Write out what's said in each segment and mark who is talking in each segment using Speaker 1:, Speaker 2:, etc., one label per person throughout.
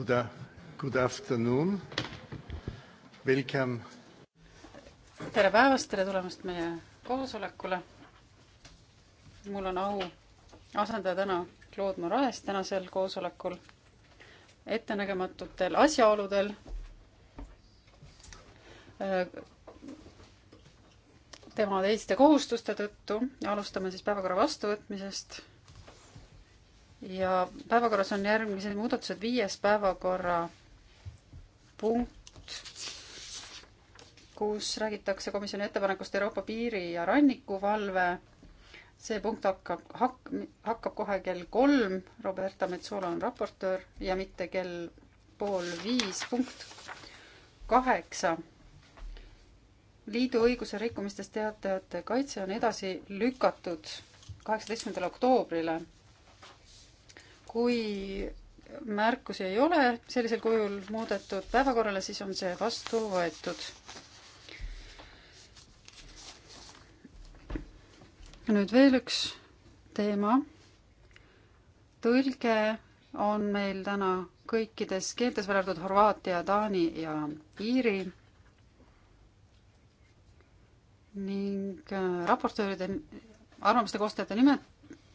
Speaker 1: Good, good afternoon. Welcome.
Speaker 2: tere päevast, tere tulemast meie koosolekule. mul on au asendada täna Claude Moraes tänasel koosolekul ettenägematutel asjaoludel tema teiste kohustuste tõttu ja alustame siis päevakorra vastuvõtmisest ja päevakorras on järgmised muudatused, viies päevakorra punkt, kus räägitakse komisjoni ettepanekust Euroopa piiri- ja rannikuvalve. see punkt hakkab, hak-, hakkab kohe kell kolm, Roberta Metsola on raportöör ja mitte kell pool viis, punkt kaheksa. liidu õiguse rikkumistest teatajate kaitse on edasi lükatud kaheksateistkümnendale oktoobrile kui märkusi ei ole sellisel kujul muudetud päevakorrale, siis on see vastu võetud. nüüd veel üks teema. tõlge on meil täna kõikides keeltes, välja arvatud Horvaatia, Taani ja Iiri. ning äh, raportööride, arvamuste koostajate nimed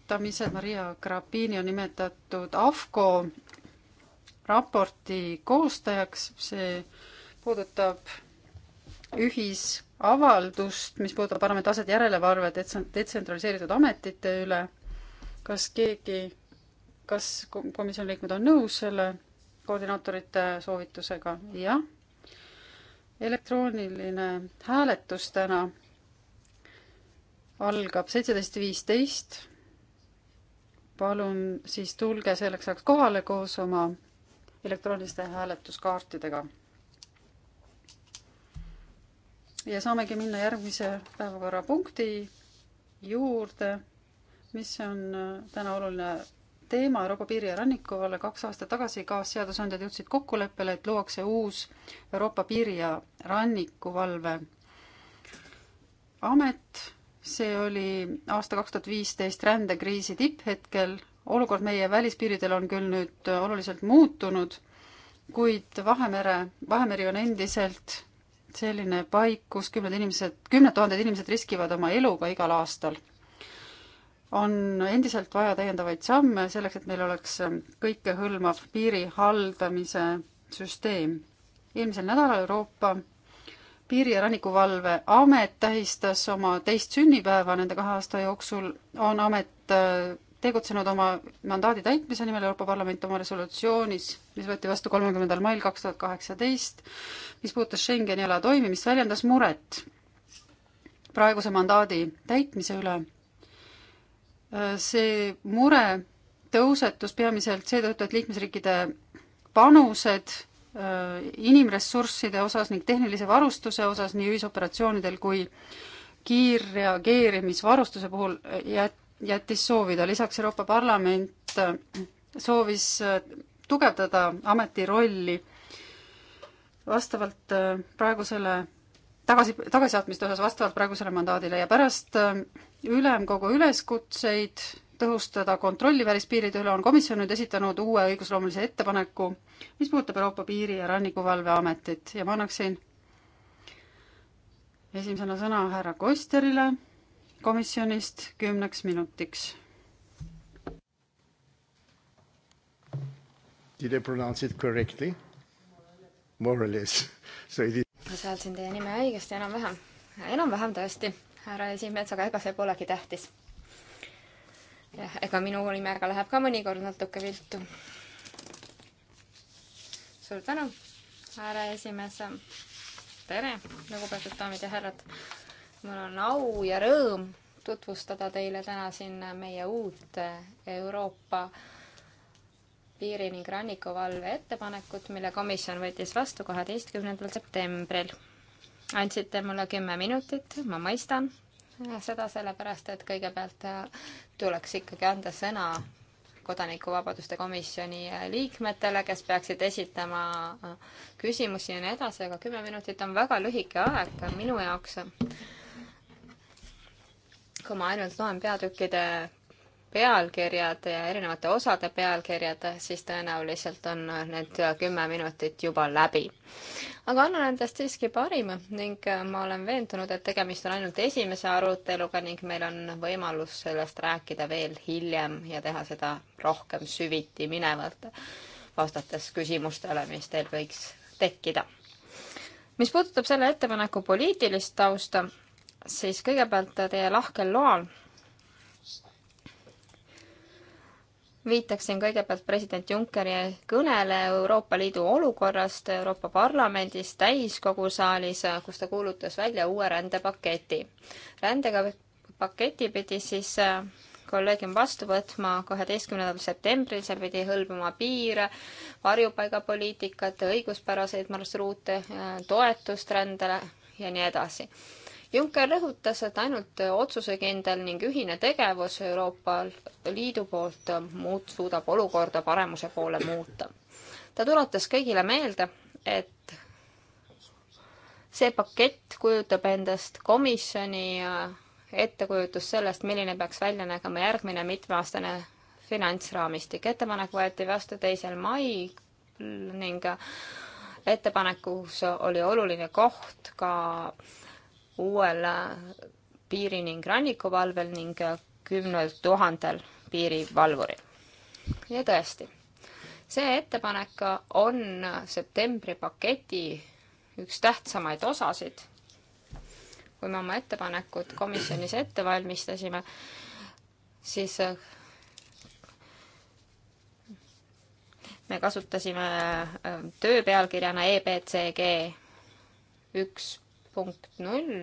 Speaker 2: nimetamised, Maria Grapini on nimetatud AFCO raporti koostajaks, see puudutab ühisavaldust, mis puudutab parlamentaarset järelevalvet detsentraliseeritud ametite üle. kas keegi, kas komisjoni liikmed on nõus selle koordinaatorite soovitusega? jah. elektrooniline hääletus täna algab seitseteist viisteist palun siis tulge selleks ajaks kohale koos oma elektrooniliste hääletuskaartidega. ja saamegi minna järgmise päevakorrapunkti juurde, mis on äh, täna oluline teema Euroopa piiri ja rannikuvalve kaks aastat tagasi kaasseadusandjad jõudsid kokkuleppele, et luuakse uus Euroopa piiri ja rannikuvalve amet see oli aasta kaks tuhat viisteist rändekriisi tipphetkel, olukord meie välispiiridel on küll nüüd oluliselt muutunud, kuid Vahemere, Vahemeri on endiselt selline paik, kus kümned inimesed, kümned tuhanded inimesed riskivad oma eluga igal aastal. on endiselt vaja täiendavaid samme selleks, et meil oleks kõikehõlmav piiri haldamise süsteem. eelmisel nädalal Euroopa piiri- ja rannikuvalveamet tähistas oma teist sünnipäeva nende kahe aasta jooksul, on amet äh, tegutsenud oma mandaadi täitmise nimel Euroopa Parlament oma resolutsioonis, mis võeti vastu kolmekümnendal mail kaks tuhat kaheksateist, mis puudutas Schengeni ala toimimist, väljendas muret praeguse mandaadi täitmise üle. Äh, see mure tõusetus peamiselt seetõttu, et liikmesriikide panused Äh, inimressursside osas ning tehnilise varustuse osas nii ühisoperatsioonidel kui kiirreageerimisvarustuse puhul äh, jät-, jättis soovida, lisaks Euroopa Parlament äh, soovis tugevdada ameti rolli vastavalt praegusele tagasi, tagasisaatmiste osas vastavalt praegusele mandaadile ja pärast ülemkogu üleskutseid tõhustada kontrolli välispiiride üle, on komisjon nüüd esitanud uue õigusloomulise ettepaneku, mis puudutab Euroopa Piiri- ja Rannikuvalveametit ja ma annaksin esimesena sõna härra Koisterile komisjonist kümneks minutiks.
Speaker 1: Did I pronounce it correctly? More or less. So it is
Speaker 3: ma seadsin teie nime õigesti enam-vähem, enam-vähem tõesti, härra esimees, aga ega see polegi tähtis ega minu nimega läheb ka mõnikord natuke viltu. suur tänu, härra esimees. tere, lugupeetud daamid ja härrad. mul on au ja rõõm tutvustada teile täna siin meie uut Euroopa piiri ning rannikuvalve ettepanekut, mille komisjon võttis vastu kaheteistkümnendal septembril. andsite mulle kümme minutit, ma mõistan seda sellepärast, et kõigepealt äh, tuleks ikkagi anda sõna kodanikuvabaduste komisjoni äh, liikmetele, kes peaksid esitama äh, küsimusi ja nii edasi, aga kümme minutit on väga lühike aeg minu jaoks. kui ma ainult loen peatükkide pealkirjad ja erinevate osade pealkirjad, siis tõenäoliselt on need kümme minutit juba läbi. aga annan endast siiski parima ning ma olen veendunud, et tegemist on ainult esimese aruteluga ning meil on võimalus sellest rääkida veel hiljem ja teha seda rohkem süviti minevalt, vastates küsimustele, mis teil võiks tekkida. mis puudutab selle ettepaneku poliitilist tausta, siis kõigepealt teie lahkel loal viitaksin kõigepealt president Junckeri kõnele Euroopa Liidu olukorrast Euroopa Parlamendis täiskogu saalis, kus ta kuulutas välja uue rändepaketi. rändega paketi pidi siis äh, kolleegium vastu võtma kaheteistkümnendal septembril, see pidi hõlbuma piire, varjupaigapoliitikat, õiguspäraseid marsruute, äh, toetust rändele ja nii edasi Juncker rõhutas, et ainult otsusekindel ning ühine tegevus Euroopa Liidu poolt muut-, suudab olukorda paremuse poole muuta. ta tuletas kõigile meelde, et see pakett kujutab endast komisjoni ettekujutust sellest, milline peaks välja nägema järgmine mitmeaastane finantsraamistik. ettepanek võeti vastu teisel mail ning ettepanekus oli oluline koht ka äh, uuel äh, piiri- ning rannikuvalvel ning äh, kümnel tuhandel piirivalvuril. ja tõesti, see ettepanek on äh, septembri paketi üks tähtsamaid osasid. kui me oma ettepanekud komisjonis ette valmistasime, siis me kasutasime töö pealkirjana EBCG üks punkt null,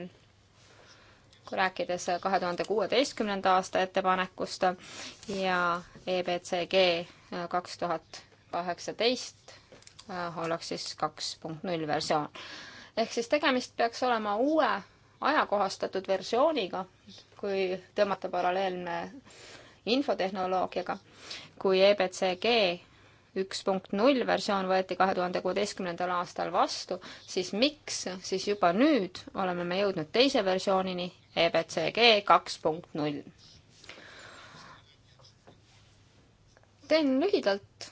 Speaker 3: kui rääkides kahe tuhande kuueteistkümnenda aasta ettepanekust ja EBCG kaks tuhat kaheksateist äh, oleks siis kaks punkt null versioon. ehk siis tegemist peaks olema uue ajakohastatud versiooniga, kui tõmmata paralleelne infotehnoloogiaga, kui EBCG üks punkt null versioon võeti kahe tuhande kuueteistkümnendal aastal vastu, siis miks siis juba nüüd oleme me jõudnud teise versioonini EBCG kaks punkt null? teen lühidalt.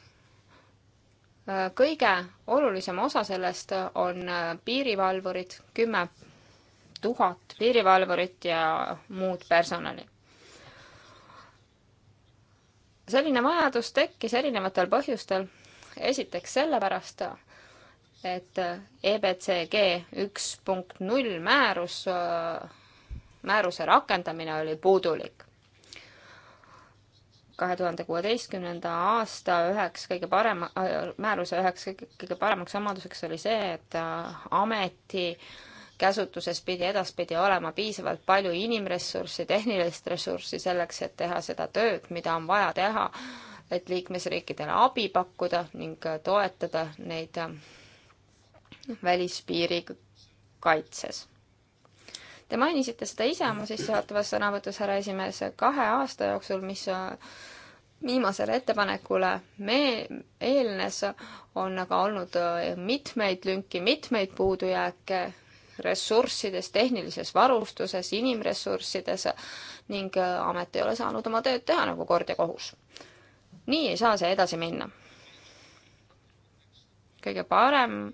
Speaker 3: kõige olulisem osa sellest on piirivalvurid, kümme tuhat piirivalvurit ja muud personali selline vajadus tekkis erinevatel põhjustel. esiteks sellepärast, et EBCG üks punkt null määrus, määruse rakendamine oli puudulik. kahe tuhande kuueteistkümnenda aasta üheks kõige parema, määruse üheks kõige paremaks omaduseks oli see, et ameti äh, käsutuses pidi edaspidi olema piisavalt palju inimressurssi, tehnilist ressurssi selleks, et teha seda tööd, mida on vaja teha, et liikmesriikidele abi pakkuda ning toetada neid äh, välispiiri kaitses. Te mainisite seda ise oma sissejuhatavas sõnavõtus, härra esimees, kahe aasta jooksul, mis äh, viimasele ettepanekule me eelnes, on aga olnud äh, mitmeid lünki, mitmeid puudujääke ressurssides, tehnilises varustuses, inimressurssides ning äh, amet ei ole saanud oma tööd teha nagu kord ja kohus. nii ei saa see edasi minna. kõige parem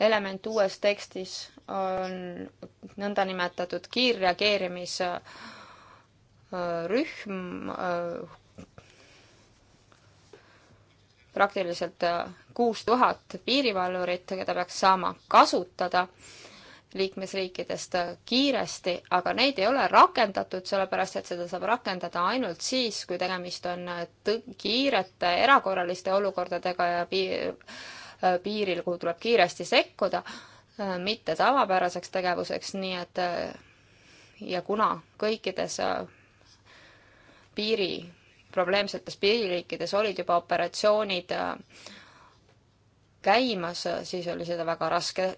Speaker 3: element uues tekstis on nõndanimetatud kiirreageerimisrühm, äh, äh, praktiliselt kuus tuhat piirivalvurit, keda peaks saama kasutada liikmesriikidest kiiresti, aga neid ei ole rakendatud, sellepärast et seda saab rakendada ainult siis, kui tegemist on äh, kiirete erakorraliste olukordadega ja piir, äh, piiril, kuhu tuleb kiiresti sekkuda, äh, mitte tavapäraseks tegevuseks, nii et ja kuna kõikides piiri, probleemsetes piiririikides olid juba operatsioonid käimas, siis oli seda väga raske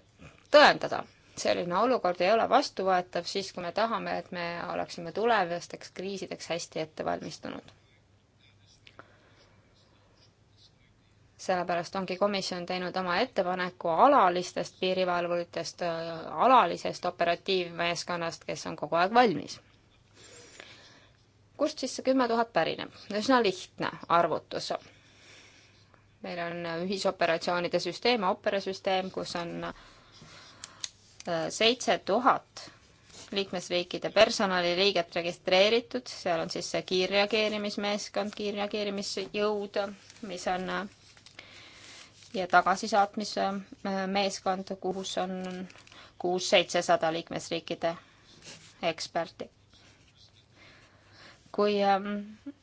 Speaker 3: tõendada selline olukord ei ole vastuvõetav siis, kui me tahame, et me oleksime tulevasteks kriisideks hästi ette valmistunud. sellepärast ongi komisjon teinud oma ettepaneku alalistest piirivalvuritest, alalisest operatiivmeeskonnast, kes on kogu aeg valmis. kust siis see kümme tuhat pärineb? üsna lihtne arvutus meil on ühisoperatsioonide süsteem, operasüsteem, kus on seitse tuhat liikmesriikide personaliliiget registreeritud, seal on siis see kiirreageerimismeeskond, kiirreageerimisjõud, mis on ja tagasisaatmise äh, meeskond, kus on kuus-seitsesada liikmesriikide eksperti. kui ähm,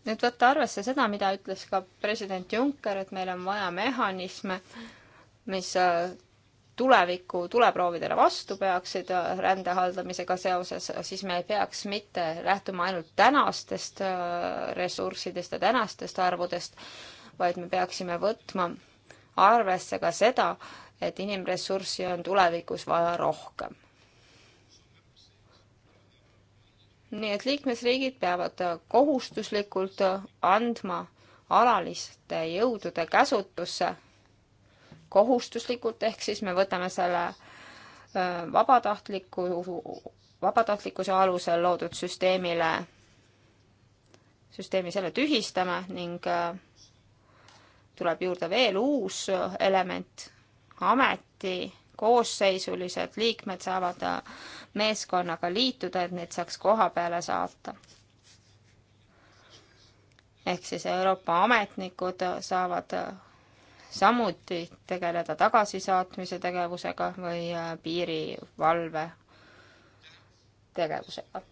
Speaker 3: nüüd võtta arvesse seda, mida ütles ka president Juncker, et meil on vaja mehhanisme, mis äh, tuleviku tuleproovidele vastu peaksid äh, rände haldamisega seoses, siis me ei peaks mitte lähtuma ainult tänastest äh, ressurssidest ja tänastest arvudest, vaid me peaksime võtma arvesse ka seda, et inimressurssi on tulevikus vaja rohkem. nii et liikmesriigid peavad äh, kohustuslikult andma alaliste jõudude käsutusse kohustuslikult, ehk siis me võtame selle äh, vabatahtliku, vabatahtlikkuse alusel loodud süsteemile, süsteemi selle tühistame ning äh, tuleb juurde veel uus element, ameti koosseisulised liikmed saavad äh, meeskonnaga liituda, et neid saaks koha peale saata. ehk siis Euroopa ametnikud saavad samuti tegeleda tagasisaatmise tegevusega või äh, piirivalve tegevusega.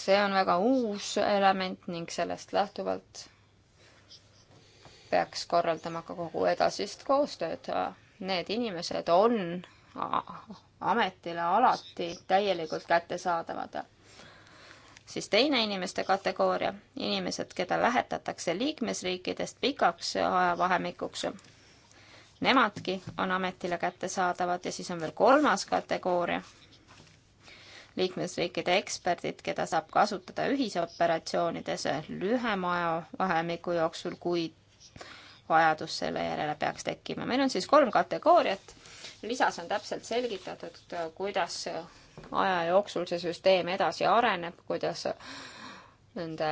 Speaker 3: see on väga uus element ning sellest lähtuvalt peaks korraldama ka kogu edasist koostööd. Need inimesed on äh, ametile alati täielikult kättesaadavad siis teine inimeste kategooria, inimesed, keda lähetatakse liikmesriikidest pikaks ajavahemikuks, nemadki on ametile kättesaadavad ja siis on veel kolmas kategooria, liikmesriikide eksperdid, keda saab kasutada ühisoperatsioonides lühema ajavahemiku jooksul, kui vajadus selle järele peaks tekkima. meil on siis kolm kategooriat, lisas on täpselt selgitatud, kuidas aja jooksul see süsteem edasi areneb, kuidas nende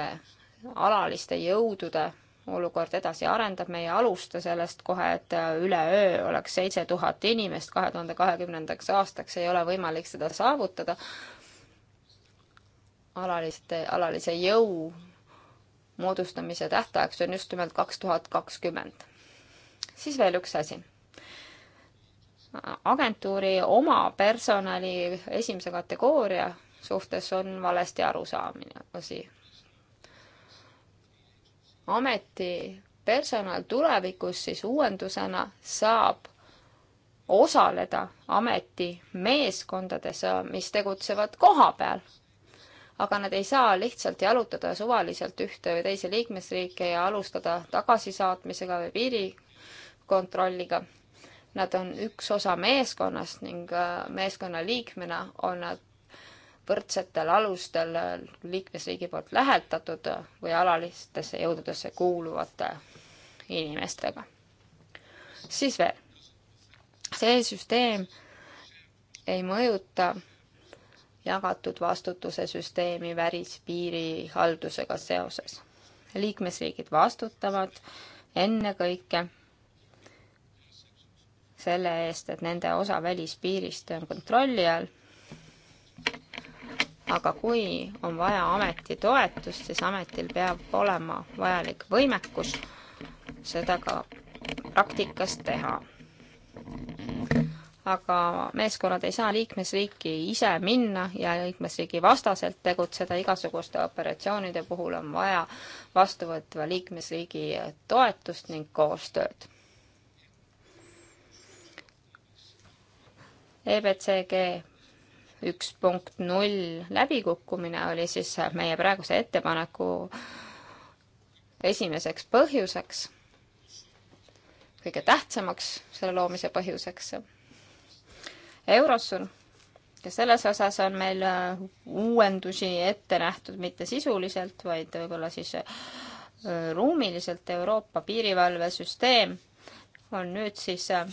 Speaker 3: alaliste jõudude olukord edasi arendab, me ei alusta sellest kohe, et üleöö oleks seitse tuhat inimest kahe tuhande kahekümnendaks aastaks, ei ole võimalik seda saavutada. alaliste, alalise jõu moodustamise tähtajaks on just nimelt kaks tuhat kakskümmend. siis veel üks asi agentuuri oma personali esimese kategooria suhtes on valesti arusaamine osi. ameti personal tulevikus siis uuendusena saab osaleda ameti meeskondades, mis tegutsevad koha peal. aga nad ei saa lihtsalt jalutada suvaliselt ühte või teise liikmesriike ja alustada tagasisaatmisega või piirikontrolliga Nad on üks osa meeskonnast ning äh, meeskonna liikmena on nad võrdsetel alustel äh, liikmesriigi poolt lähetatud äh, või alalistesse jõududesse kuuluvate inimestega. siis veel. see süsteem ei mõjuta jagatud vastutuse süsteemi välispiiri haldusega seoses. liikmesriigid vastutavad ennekõike selle eest, et nende osa välispiirist on kontrolli all. aga kui on vaja ameti toetust, siis ametil peab olema vajalik võimekus seda ka praktikas teha. aga meeskonnad ei saa liikmesriiki ise minna ja liikmesriigi vastaselt tegutseda, igasuguste operatsioonide puhul on vaja vastuvõtva liikmesriigi toetust ning koostööd EBCG üks punkt null läbikukkumine oli siis meie praeguse ettepaneku esimeseks põhjuseks, kõige tähtsamaks selle loomise põhjuseks. Eurosur, ka selles osas on meil äh, uuendusi ette nähtud mitte sisuliselt, vaid võib-olla siis äh, ruumiliselt Euroopa piirivalvesüsteem on nüüd siis äh,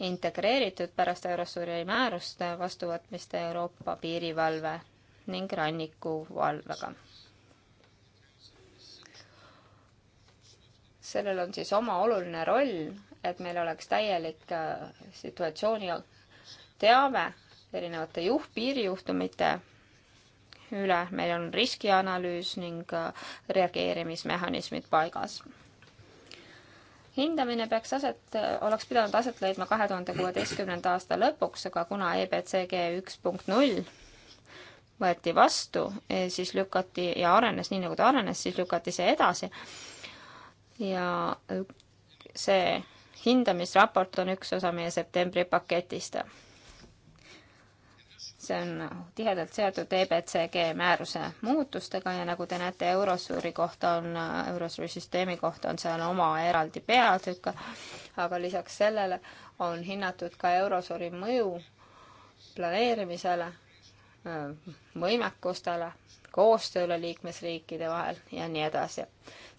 Speaker 3: integreeritud pärast Eurosuri määrust vastuvõtmist Euroopa piirivalve ning rannikuvalvega. sellel on siis oma oluline roll, et meil oleks täielik äh, situatsiooni teave erinevate juht, piirijuhtumite üle, meil on riskianalüüs ning äh, reageerimismehhanismid paigas hindamine peaks aset, oleks pidanud aset leidma kahe tuhande kuueteistkümnenda aasta lõpuks, aga kuna EBCG üks punkt null võeti vastu, e, siis lükati ja arenes nii, nagu ta arenes, siis lükati see edasi. ja see hindamisraport on üks osa meie septembri paketist see on tihedalt seotud EBCG määruse muutustega ja nagu te näete, Eurosuuri kohta on, Eurosuuri süsteemi kohta on seal oma eraldi peatükk, aga lisaks sellele on hinnatud ka Eurosuuri mõju planeerimisele, võimekustele koostööle liikmesriikide vahel ja nii edasi.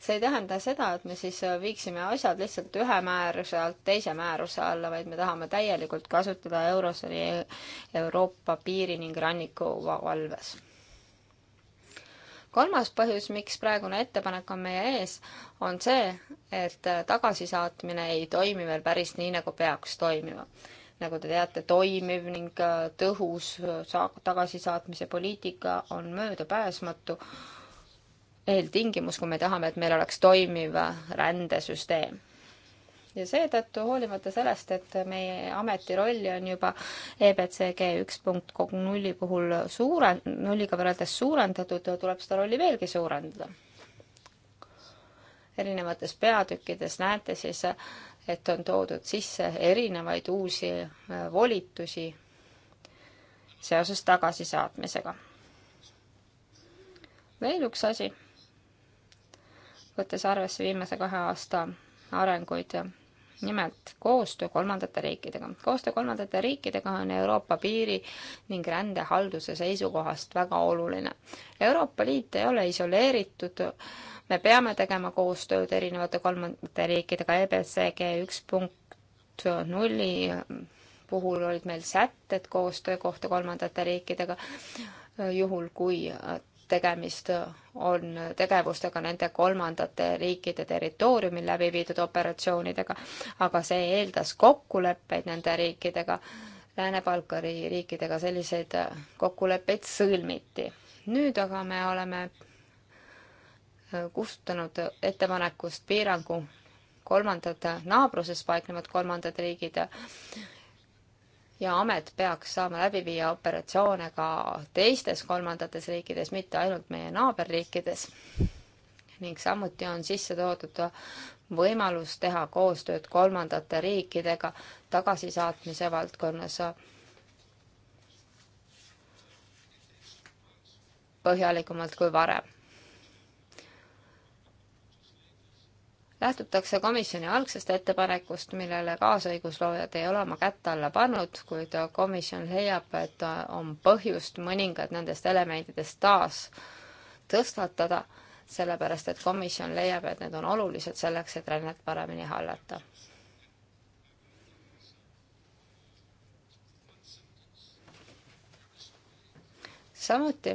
Speaker 3: see ei tähenda seda, et me siis viiksime asjad lihtsalt ühe määruse alt teise määruse alla, vaid me tahame täielikult kasutada Eurosoni Euroopa piiri ning ranniku valves kolmas põhjus, miks praegune ettepanek on meie ees, on see, et tagasisaatmine ei toimi veel päris nii, nagu peaks toimima nagu te teate, toimiv ning tõhus tagasisaatmise poliitika on möödapääsmatu eeltingimus, kui me tahame, et meil oleks toimiv rändesüsteem. ja seetõttu, hoolimata sellest, et meie ameti rolli on juba EBCG üks punkt kogu nulli puhul suure, nulliga võrreldes suurendatud, tuleb seda rolli veelgi suurendada. erinevates peatükkides näete siis et on toodud sisse erinevaid uusi äh, volitusi seoses tagasisaatmisega. veel üks asi, võttes arvesse viimase kahe aasta arenguid, nimelt koostöö kolmandate riikidega. koostöö kolmandate riikidega on Euroopa piiri ning rändehalduse seisukohast väga oluline. Euroopa Liit ei ole isoleeritud äh, me peame tegema koostööd erinevate kolmandate riikidega, EBCG üks punkt nulli puhul olid meil sätted koostöö kohta kolmandate riikidega, juhul kui tegemist on tegevustega nende kolmandate riikide territooriumil läbi viidud operatsioonidega, aga see eeldas kokkuleppeid nende riikidega, Lääne-Balkani riikidega selliseid kokkuleppeid sõlmiti. nüüd aga me oleme kustutanud ettepanekust piirangu kolmandad naabruses paiknevad kolmandad riigid ja amet peaks saama läbi viia operatsioone ka teistes kolmandates riikides, mitte ainult meie naaberriikides. ning samuti on sisse toodud võimalus teha koostööd kolmandate riikidega tagasisaatmise valdkonnas. põhjalikumalt kui varem. lähtutakse komisjoni algsest ettepanekust, millele kaasõigusloojad ei ole oma kätt alla pannud, kuid komisjon leiab, et on põhjust mõningad nendest elementidest taas tõstatada, sellepärast et komisjon leiab, et need on olulised selleks, et rännet paremini hallata. samuti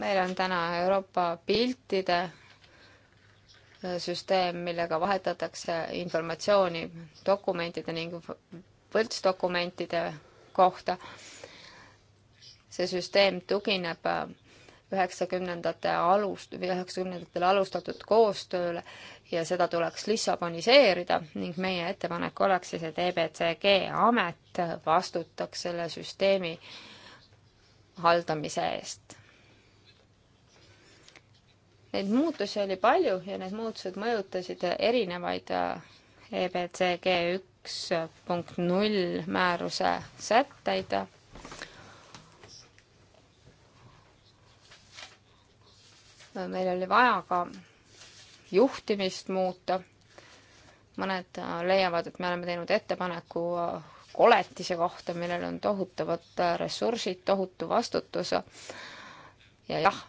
Speaker 3: meil on täna Euroopa piltide süsteem, millega vahetatakse informatsiooni dokumentide ning võltsdokumentide kohta. see süsteem tugineb üheksakümnendate alust, üheksakümnendatel alustatud koostööle ja seda tuleks lissaboniseerida ning meie ettepanek oleks siis, et EBCG amet vastutaks selle süsteemi haldamise eest Neid muutusi oli palju ja need muutused mõjutasid erinevaid äh, EBCG üks punkt null määruse sätteid. meil oli vaja ka juhtimist muuta. mõned äh, leiavad, et me oleme teinud ettepaneku äh, koletise kohta, millel on tohutavad ressursid, tohutu vastutus. ja jah,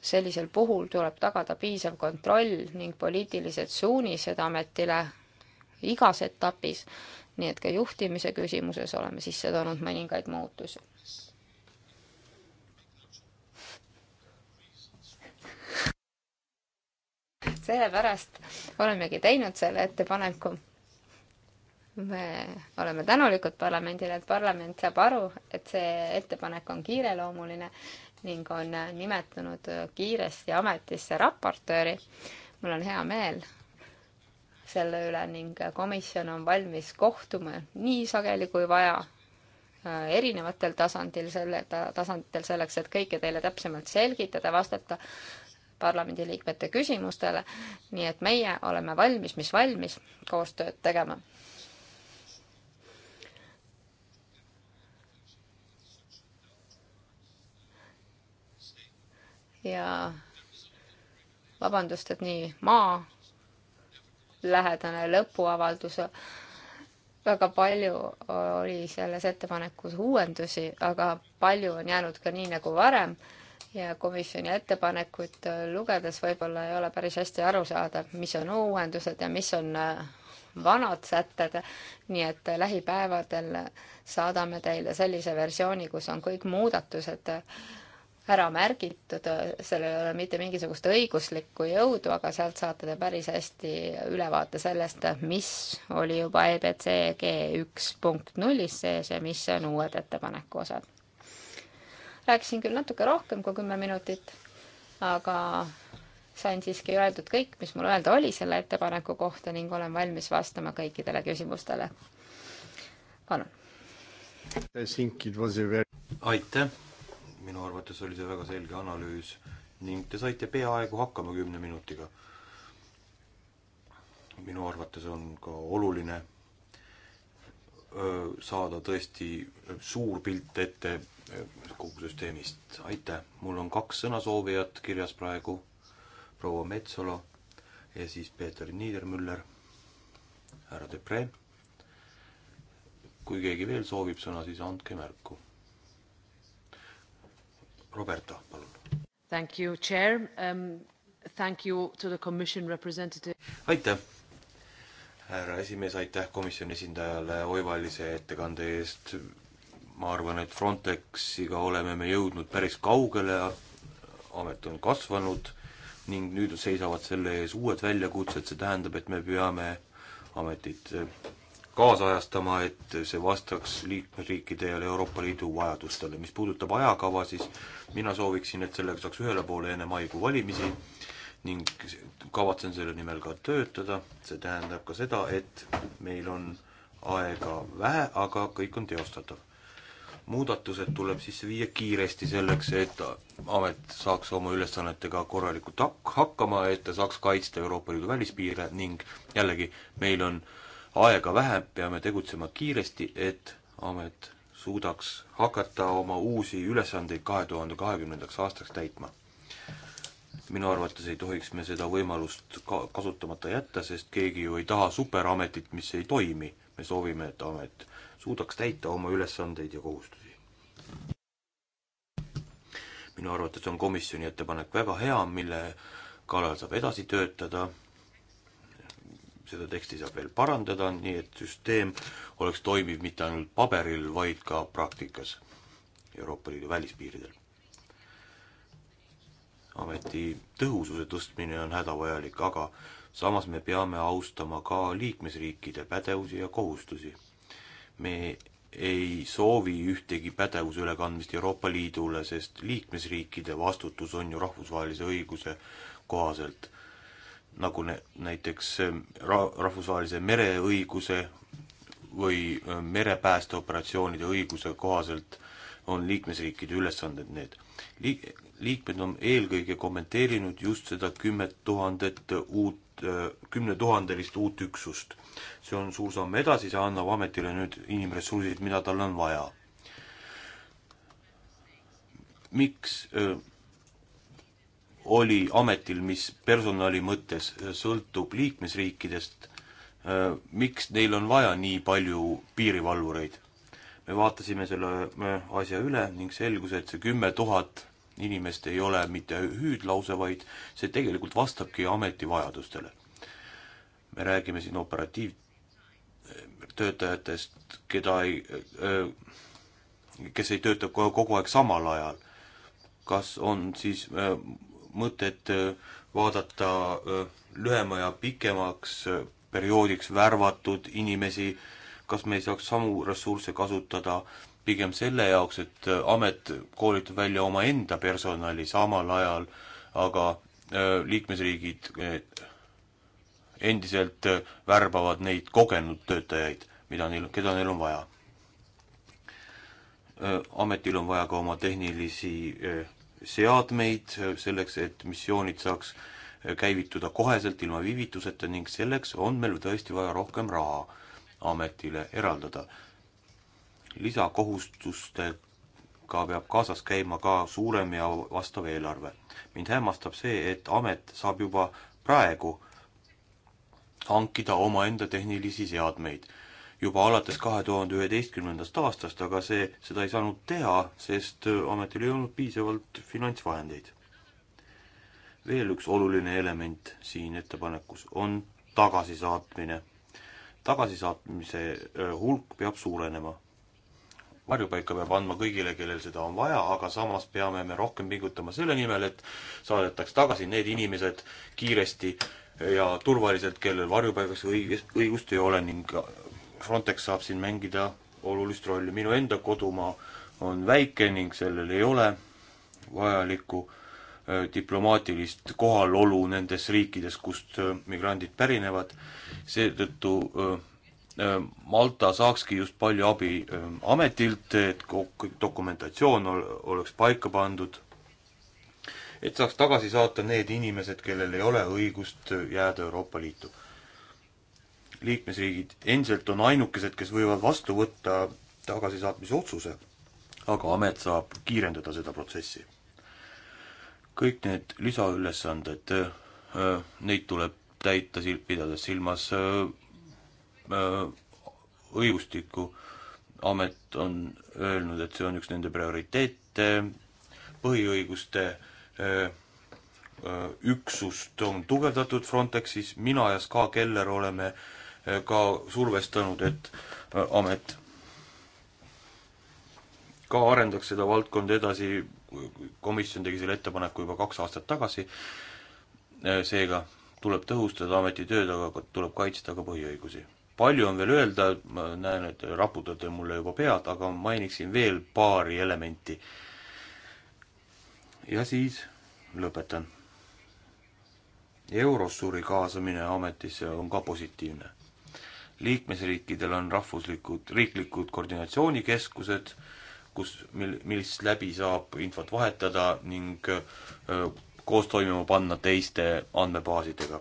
Speaker 3: sellisel puhul tuleb tagada piisav kontroll ning poliitilised suunised ametile igas etapis, nii et ka juhtimise küsimuses oleme sisse toonud mõningaid muutusi. sellepärast olemegi teinud selle ettepaneku. me oleme tänulikud parlamendile, et parlament saab aru, et see ettepanek on kiireloomuline ning on nimetanud kiiresti ametisse raportööri. mul on hea meel selle üle ning komisjon on valmis kohtuma nii sageli kui vaja äh, erinevatel tasandil, selle ta,, tasanditel selleks, et kõike teile täpsemalt selgitada, vastata parlamendiliikmete küsimustele. nii et meie oleme valmis, mis valmis, koostööd tegema ja vabandust, et nii maa lähedane lõpuavaldus väga palju oli selles ettepanekus uuendusi, aga palju on jäänud ka nii nagu varem ja komisjoni ettepanekut lugedes võib-olla ei ole päris hästi aru saada, mis on uuendused ja mis on äh, vanad sätted. nii et lähipäevadel saadame teile sellise versiooni, kus on kõik muudatused ära märgitud, sellel ei ole mitte mingisugust õiguslikku jõudu, aga sealt saate te päris hästi ülevaate sellest, mis oli juba EBC G1 punkt nullis sees ja mis on uued ettepaneku osad. rääkisin küll natuke rohkem kui kümme minutit, aga sain siiski öeldud kõik, mis mul öelda oli selle ettepaneku kohta ning olen valmis vastama kõikidele küsimustele. palun.
Speaker 4: aitäh minu arvates oli see väga selge analüüs ning te saite peaaegu hakkama kümne minutiga. minu arvates on ka oluline saada tõesti suur pilt ette kogu süsteemist. aitäh, mul on kaks sõnasoovijat kirjas praegu, proua Metsola ja siis Peeter Niedermüller, härra Depre. kui keegi veel soovib sõna, siis andke märku Roberta, palun.
Speaker 5: Thank you, chair um,. Thank you to the commission representative.
Speaker 4: aitäh, härra esimees, aitäh komisjoni esindajale oivalise ettekande eest. ma arvan, et Frontexiga oleme me jõudnud päris kaugele, amet on kasvanud ning nüüd seisavad selle ees uued väljakutsed, see tähendab, et me peame ametit kaasajastama, et see vastaks liikmesriikide ja Euroopa Liidu vajadustele. mis puudutab ajakava, siis mina sooviksin, et sellega saaks ühele poole enne maikuu valimisi ning kavatsen selle nimel ka töötada. see tähendab ka seda, et meil on aega vähe, aga kõik on teostatav. muudatused tuleb sisse viia kiiresti selleks, et amet saaks oma ülesannetega korralikult hakkama, et ta saaks kaitsta Euroopa Liidu välispiire ning jällegi, meil on äh, aega vähe, peame tegutsema kiiresti, et amet suudaks hakata oma uusi ülesandeid kahe tuhande kahekümnendaks aastaks täitma. minu arvates ei tohiks me seda võimalust ka kasutamata jätta, sest keegi ju ei taha superametit, mis ei toimi. me soovime, et amet suudaks täita oma ülesandeid ja kohustusi. minu arvates on komisjoni ettepanek väga hea, mille kallal saab edasi töötada seda teksti saab veel parandada, nii et süsteem oleks toimiv mitte ainult paberil, vaid ka praktikas Euroopa Liidu välispiiridel. ameti tõhususe tõstmine on hädavajalik, aga samas me peame austama ka liikmesriikide pädevusi ja kohustusi. me ei soovi ühtegi pädevuse ülekandmist Euroopa Liidule, sest liikmesriikide vastutus on ju rahvusvahelise õiguse kohaselt nagu ne-, näiteks ähm, ra-, rahvusvahelise mereõiguse või äh, merepäästeoperatsioonide õiguse kohaselt on liikmesriikide ülesanded need. Liik-, liikmed on eelkõige kommenteerinud just seda kümmet tuhandet uut, äh, kümnetuhandelist uut üksust. see on suur samm edasi, see annab ametile nüüd inimressursid, mida tal on vaja. miks öö, äh, oli ametil, mis personali mõttes sõltub liikmesriikidest, äh, miks neil on vaja nii palju piirivalvureid? me vaatasime selle äh, asja üle ning selgus, et see kümme tuhat inimest ei ole mitte hüüdlause, vaid see tegelikult vastabki ameti vajadustele. me räägime siin operatiivtöötajatest, äh, keda ei, kes ei tööta kogu aeg samal ajal. kas on siis mõtet äh, vaadata äh, lühema ja pikemaks äh, perioodiks värvatud inimesi, kas me ei saaks samu ressursse kasutada pigem selle jaoks, et amet koolitab välja omaenda personali samal ajal, aga liikmesriigid endiselt värbavad neid kogenud töötajaid, mida neil, keda neil on vaja. ametil on vaja ka oma tehnilisi seadmeid selleks, et missioonid saaks käivituda koheselt ilma viivituseta ning selleks on meil tõesti vaja rohkem raha ametile eraldada. lisakohustustega peab kaasas käima ka suurem ja vastav eelarve. mind hämmastab see, et amet saab juba praegu hankida omaenda tehnilisi seadmeid juba alates kahe tuhande üheteistkümnendast aastast, aga see, seda ei saanud teha, sest äh, ametil ei olnud piisavalt finantsvahendeid. veel üks oluline element siin ettepanekus on tagasisaatmine. tagasisaatmise äh, hulk peab suurenema. varjupaika peab andma kõigile, kellel seda on vaja, aga samas peame me rohkem pingutama selle nimel, et saadetaks tagasi need inimesed kiiresti ja turvaliselt, kellel varjupaigaks õigest, õigust ei ole ning Frontex saab siin mängida olulist rolli. minu enda kodumaa on väike ning sellel ei ole vajalikku äh, diplomaatilist kohalolu nendes riikides, kust äh, migrandid pärinevad. seetõttu äh, Malta saakski just palju abi ametilt, et kõik dokumentatsioon oleks paika pandud, et saaks tagasi saata need inimesed, kellel ei ole õigust jääda Euroopa Liitu liikmesriigid endiselt on ainukesed, kes võivad vastu võtta tagasisaatmise otsuse, aga amet saab kiirendada seda protsessi. kõik need lisaülesanded, äh, neid tuleb täita sil-, pidades silmas äh, äh, õigustikku, amet on öelnud, et see on üks nende prioriteete, põhiõiguste öö, üksust on tugevdatud Frontexis, mina ja Ska Keller oleme Äh, ka survestanud, et äh, amet ka arendaks seda valdkonda edasi, komisjon tegi selle ettepaneku juba kaks aastat tagasi, äh, seega tuleb tõhustada ameti tööd, aga tuleb kaitsta ka põhiõigusi. palju on veel öelda, ma näen, et raputate mulle juba pead, aga mainiksin veel paari elementi. ja siis lõpetan. Eurosuri kaasamine ametisse on ka positiivne liikmesriikidel on rahvuslikud, riiklikud koordinatsioonikeskused, kus, mil, millest läbi saab infot vahetada ning öö, koos toimima panna teiste andmebaasidega.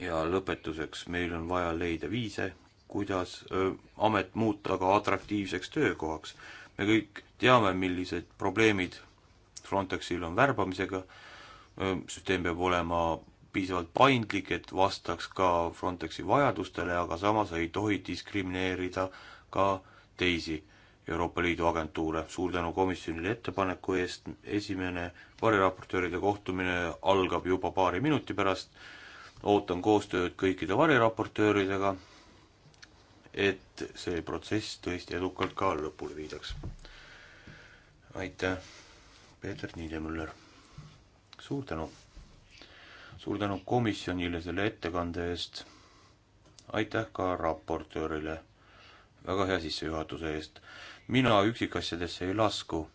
Speaker 4: ja lõpetuseks, meil on vaja leida viise, kuidas öö, amet muuta ka atraktiivseks töökohaks. me kõik teame, millised probleemid Frontexil on värbamisega, süsteem peab olema piisavalt paindlik, et vastaks ka Frontexi vajadustele, aga samas ei tohi diskrimineerida ka teisi Euroopa Liidu agentuure. suur tänu komisjonile ettepaneku eest, esimene variraportööride kohtumine algab juba paari minuti pärast, ootan koostööd kõikide variraportööridega, et see protsess tõesti edukalt ka lõpule viidaks. aitäh, Peeter Niidemüller! suur tänu! suur tänu komisjonile selle ettekande eest. aitäh ka raportöörile väga hea sissejuhatuse eest. mina üksikasjadesse ei lasku.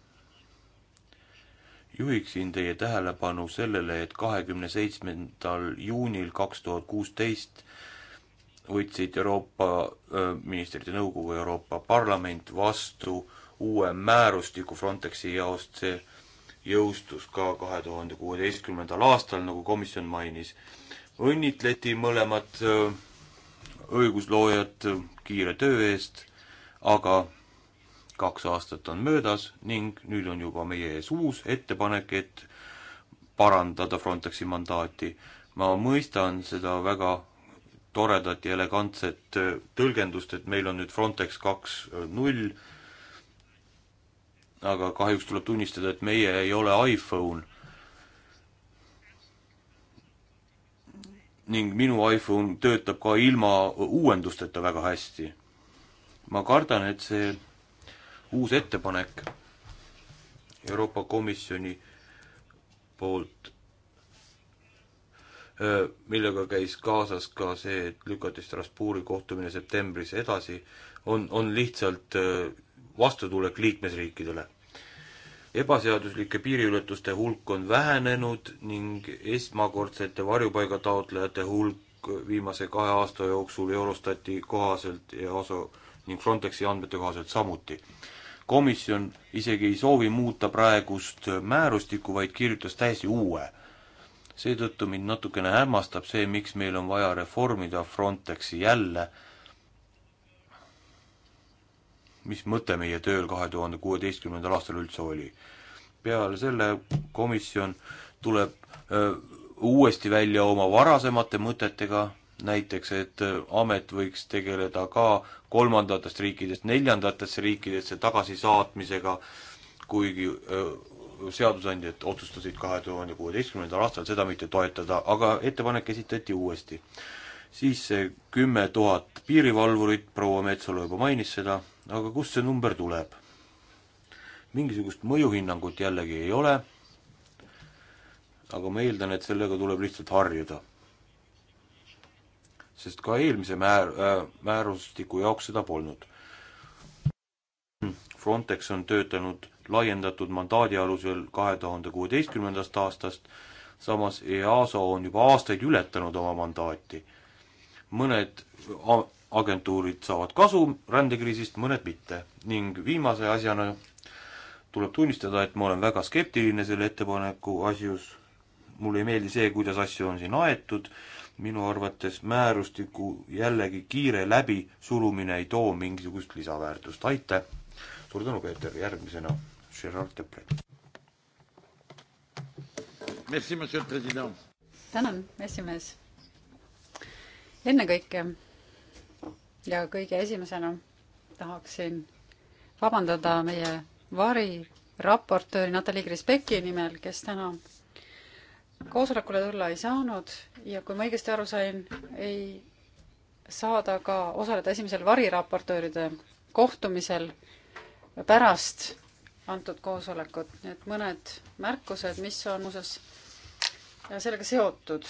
Speaker 4: juhiksin teie tähelepanu sellele, et kahekümne seitsmendal juunil kaks tuhat kuusteist võtsid Euroopa Ministrite Nõukogu, Euroopa Parlament vastu uue määrustiku Frontexi jaost, see jõustus ka kahe tuhande kuueteistkümnendal aastal, nagu komisjon mainis. õnnitleti mõlemad äh, õigusloojad äh, kiire töö eest, aga kaks aastat on möödas ning nüüd on juba meie ees uus ettepanek, et parandada Frontexi mandaati. ma mõistan seda väga toredat ja elegantset äh, tõlgendust, et meil on nüüd Frontex kaks null aga kahjuks tuleb tunnistada, et meie ei ole iPhone. ning minu iPhone töötab ka ilma uuendusteta väga hästi. ma kardan, et see uus ettepanek Euroopa Komisjoni poolt, millega käis kaasas ka see, et lükati Strasbourgi kohtumine septembris edasi, on, on lihtsalt vastutulek liikmesriikidele. ebaseaduslike piiriületuste hulk on vähenenud ning esmakordsete varjupaigataotlejate hulk viimase kahe aasta jooksul Eurostati kohaselt ja osa ning Frontexi andmete kohaselt samuti. komisjon isegi ei soovi muuta praegust määrustikku, vaid kirjutas täiesti uue seetõttu mind natukene hämmastab see, miks meil on vaja reformida Frontexi jälle mis mõte meie tööl kahe tuhande kuueteistkümnendal aastal üldse oli. peale selle komisjon tuleb öö, uuesti välja oma varasemate mõtetega, näiteks et amet võiks tegeleda ka kolmandatest riikidest neljandatesse riikidesse tagasisaatmisega, kuigi öö, seadusandjad otsustasid kahe tuhande kuueteistkümnendal aastal seda mitte toetada, aga ettepanek esitati uuesti. siis see kümme tuhat piirivalvurit, proua Metsalu juba mainis seda aga kust see number tuleb? mingisugust mõjuhinnangut jällegi ei ole, aga ma eeldan, et sellega tuleb lihtsalt harjuda. sest ka eelmise määr- äh,, määrustiku jaoks seda polnud. Frontex on töötanud laiendatud mandaadi alusel kahe tuhande kuueteistkümnendast aastast, samas EASO on juba aastaid ületanud oma mandaati mõned. mõned agentuurid saavad kasu rändekriisist, mõned mitte. ning viimase asjana tuleb tunnistada, et ma olen väga skeptiline selle ettepaneku asjus. mulle ei meeldi see, kuidas asju on siin aetud, minu arvates määrustiku jällegi kiire läbisurumine ei too mingisugust lisaväärtust, aitäh! suur tänu, Peeter, järgmisena Gerard Tepre.
Speaker 2: tänan, esimees! ennekõike ja kõige esimesena tahaksin vabandada meie variraportööri Natalja Krispeki nimel, kes täna koosolekule tulla ei saanud ja kui ma õigesti aru sain, ei saa ta ka osaleda esimesel variraportööride kohtumisel pärast antud koosolekut, nii et mõned märkused, mis on muuseas sellega seotud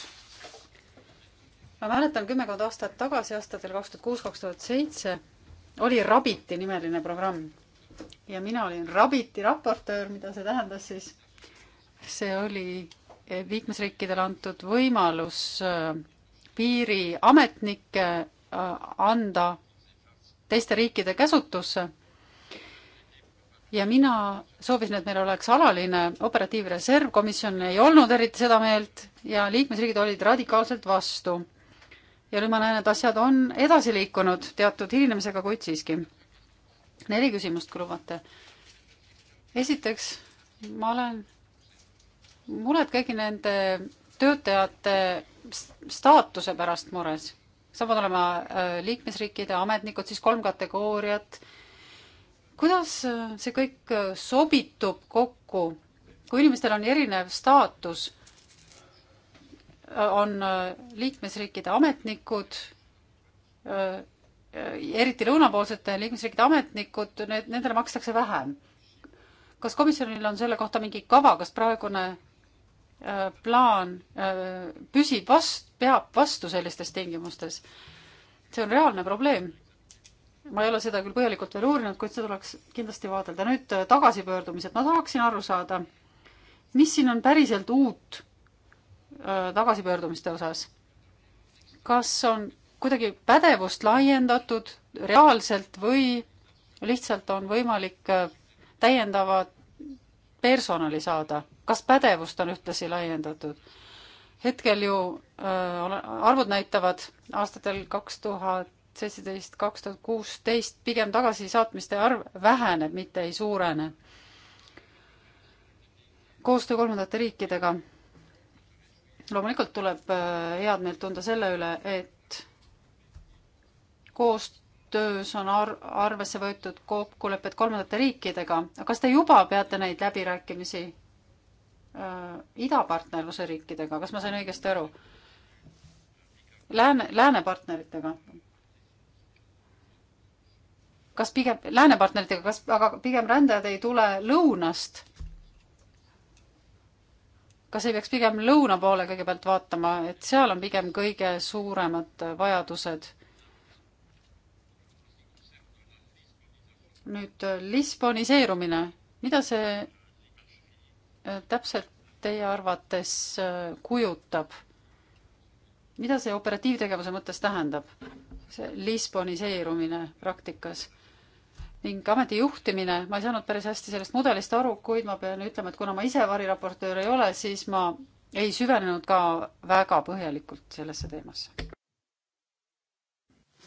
Speaker 2: ma mäletan kümmekond aastat tagasi, aastatel kaks tuhat kuus, kaks tuhat seitse, oli Rabiti nimeline programm. ja mina olin Rabiti raportöör, mida see tähendas siis? see oli eh, liikmesriikidele antud võimalus eh, piiriametnikke eh, anda teiste riikide käsutusse. ja mina soovisin, et meil oleks alaline operatiivreserv, komisjon ei olnud eriti seda meelt ja liikmesriigid olid radikaalselt vastu ja nüüd ma näen, et asjad on edasi liikunud teatud hilinemisega, kuid siiski. neli küsimust, kui lubate. esiteks, ma olen mured kõigi nende töötajate staatuse pärast mures. saavad olema äh, liikmesriikide ametnikud, siis kolm kategooriat. kuidas äh, see kõik äh, sobitub kokku, kui inimestel on erinev staatus on äh, liikmesriikide ametnikud, äh, äh, eriti lõunapoolsete liikmesriikide ametnikud, need, nendele makstakse vähem. kas komisjonil on selle kohta mingi kava, kas praegune plaan püsib vast-, peab vastu sellistes tingimustes? see on reaalne probleem. ma ei ole seda küll põhjalikult veel uurinud, kuid seda tuleks kindlasti vaadelda. nüüd tagasipöördumised, ma tahaksin aru saada, mis siin on päriselt uut Äh, tagasipöördumiste osas. kas on kuidagi pädevust laiendatud reaalselt või lihtsalt on võimalik äh, täiendavat personali saada, kas pädevust on ühtlasi laiendatud? hetkel ju äh, arvud näitavad aastatel kaks tuhat seitseteist, kaks tuhat kuusteist pigem tagasisaatmiste arv väheneb, mitte ei suurene. koostöö kolmandate riikidega loomulikult tuleb äh, head meelt tunda selle üle, et koostöös on ar-, arvesse võetud kokkulepped kolmandate riikidega. kas te juba peate neid läbirääkimisi äh, idapartnerluse riikidega, kas ma sain õigesti aru? Lääne, lääne partneritega? kas pigem, lääne partneritega, kas, aga pigem rändajad ei tule lõunast kas ei peaks pigem lõuna poole kõigepealt vaatama, et seal on pigem kõige suuremad vajadused? nüüd lisboniseerumine, mida see äh, täpselt teie arvates äh, kujutab? mida see operatiivtegevuse mõttes tähendab, see lisboniseerumine praktikas? ning ameti juhtimine, ma ei saanud päris hästi sellest mudelist aru, kuid ma pean ütlema, et kuna ma ise variraportöör ei ole, siis ma ei süvenenud ka väga põhjalikult sellesse teemasse.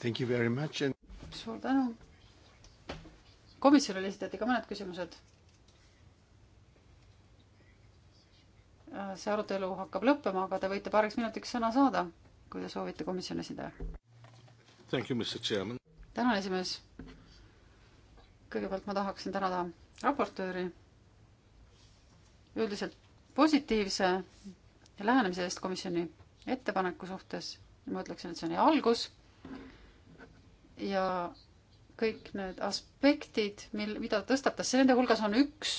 Speaker 1: And...
Speaker 2: suur tänu. komisjonile esitati ka mõned küsimused. see arutelu hakkab lõppema, aga te võite paariks minutiks sõna saada, kui te soovite komisjoni esindaja. tänan, esimees kõigepealt ma tahaksin tänada raportööri üldiselt positiivse lähenemise eest komisjoni ettepaneku suhtes. ma ütleksin, et see on hea algus. ja kõik need aspektid, mil, mida tõstatas, see nende hulgas on üks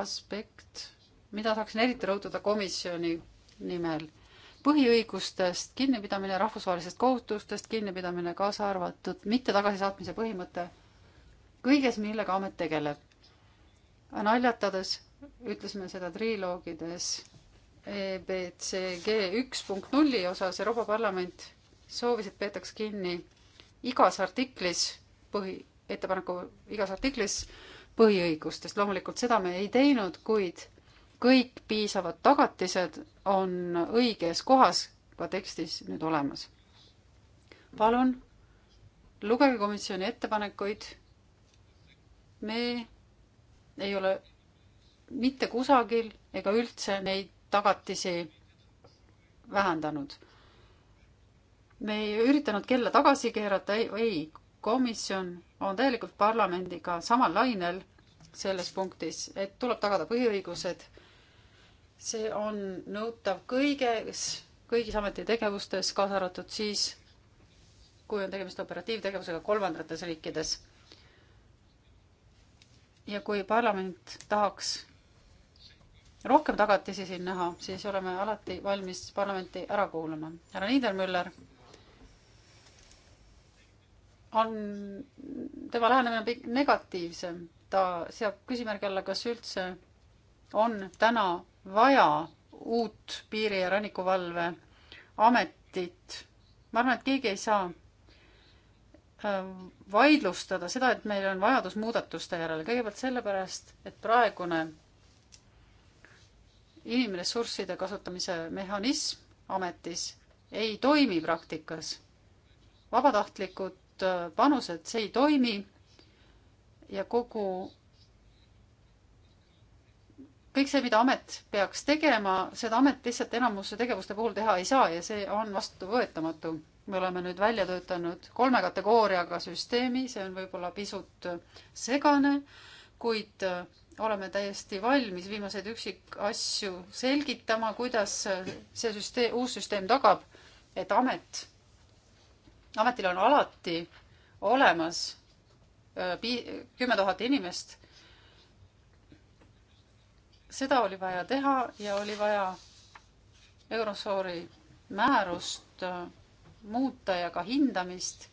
Speaker 2: aspekt, mida tahaksin eriti rõhutada komisjoni nimel. põhiõigustest kinnipidamine, rahvusvahelisest kohutustest kinnipidamine, kaasa arvatud mitte tagasisaatmise põhimõte kõiges, millega amet tegeleb. naljatades ütlesime seda triloogides EBCG üks punkt nulli osas Euroopa Parlament soovis, et peetaks kinni igas artiklis põhi, ettepaneku igas artiklis põhiõigustest. loomulikult seda me ei teinud, kuid kõik piisavad tagatised on õiges kohas ka tekstis nüüd olemas. palun lugege komisjoni ettepanekuid me ei ole mitte kusagil ega üldse neid tagatisi vähendanud. me ei üritanud kella tagasi keerata, ei, ei, komisjon on täielikult parlamendiga samal lainel selles punktis, et tuleb tagada põhiõigused. see on nõutav kõiges, kõigis ametitegevustes, kaasa arvatud siis, kui on tegemist operatiivtegevusega kolmandates riikides ja kui parlament tahaks rohkem tagatisi siin näha, siis oleme alati valmis parlamenti ära kuulama. härra Niedermüller on, tema lähenemine on negatiivsem, ta seab küsimärgi alla, kas üldse on täna vaja uut piiri- ja rannikuvalve ametit. ma arvan, et keegi ei saa Äh, vaidlustada seda, et meil on vajadus muudatuste järele, kõigepealt sellepärast, et praegune inimressursside kasutamise mehhanism ametis ei toimi praktikas. vabatahtlikud äh, panused, see ei toimi ja kogu, kõik see, mida amet peaks tegema, seda amet lihtsalt enamuse tegevuste puhul teha ei saa ja see on vastuvõetamatu me oleme nüüd välja töötanud kolme kategooriaga süsteemi, see on võib-olla pisut segane, kuid äh, oleme täiesti valmis viimaseid üksikasju selgitama, kuidas äh, see süsteem, uus süsteem tagab, et amet, ametil on alati olemas äh, pii-, kümme tuhat inimest. seda oli vaja teha ja oli vaja Eurosoori määrust muuta ja ka hindamist.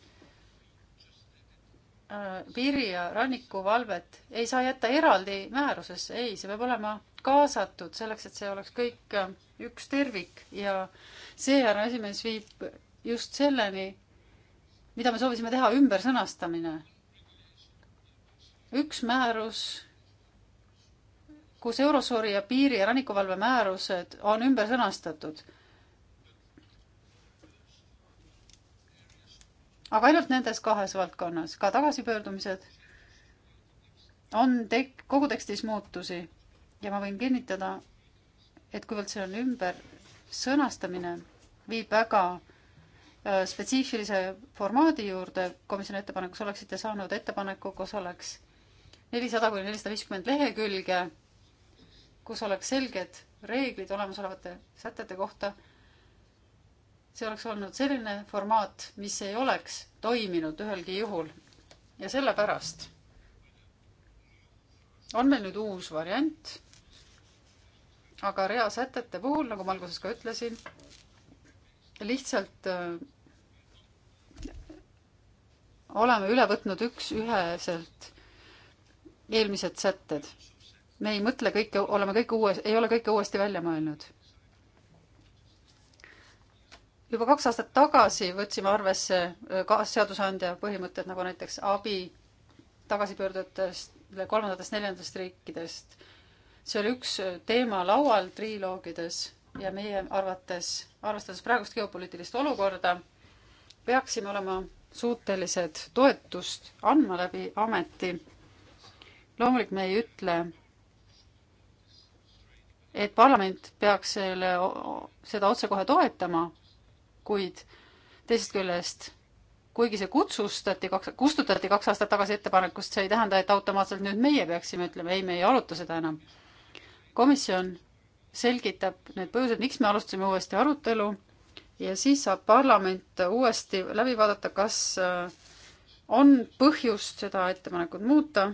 Speaker 2: Äh, piiri- ja rannikuvalvet ei saa jätta eraldi määrusesse, ei, see peab olema kaasatud selleks, et see oleks kõik äh, üks tervik ja see, härra esimees, viib just selleni, mida me soovisime teha, ümbersõnastamine. üks määrus, kus Eurosori ja piiri- ja rannikuvalve määrused on ümber sõnastatud aga ainult nendes kahes valdkonnas, ka tagasipöördumised on tek-, kogu tekstis muutusi ja ma võin kinnitada, et kuivõrd see on ümber sõnastamine, viib väga äh, spetsiifilise formaadi juurde komisjoni ettepanekus, oleksite saanud ettepaneku, kus oleks nelisada kuni nelisada viiskümmend lehekülge, kus oleks selged reeglid olemasolevate sätete kohta see oleks olnud selline formaat, mis ei oleks toiminud ühelgi juhul. ja sellepärast on meil nüüd uus variant. aga reasätete puhul, nagu ma alguses ka ütlesin, lihtsalt öö, äh, oleme üle võtnud üks-üheselt eelmised sätted. me ei mõtle kõike, oleme kõike uue, ei ole kõike uuesti välja mõelnud juba kaks aastat tagasi võtsime arvesse äh, kaasseadusandja põhimõtted, nagu näiteks abi tagasipöördujatest kolmandatest, neljandast riikidest. see oli üks äh, teema laual triloogides ja meie arvates, arvestades praegust geopoliitilist olukorda, peaksime olema suutelised toetust andma läbi ameti. loomulikult me ei ütle, et parlament peaks selle, seda otsekohe toetama, kuid teisest küljest, kuigi see kutsustati, kustutati kaks aastat tagasi ettepanekust, see ei tähenda, et automaatselt nüüd meie peaksime ütlema, ei, me ei aruta seda enam. komisjon selgitab need põhjused, miks me alustasime uuesti arutelu ja siis saab parlament uuesti läbi vaadata, kas äh, on põhjust seda ettepanekut muuta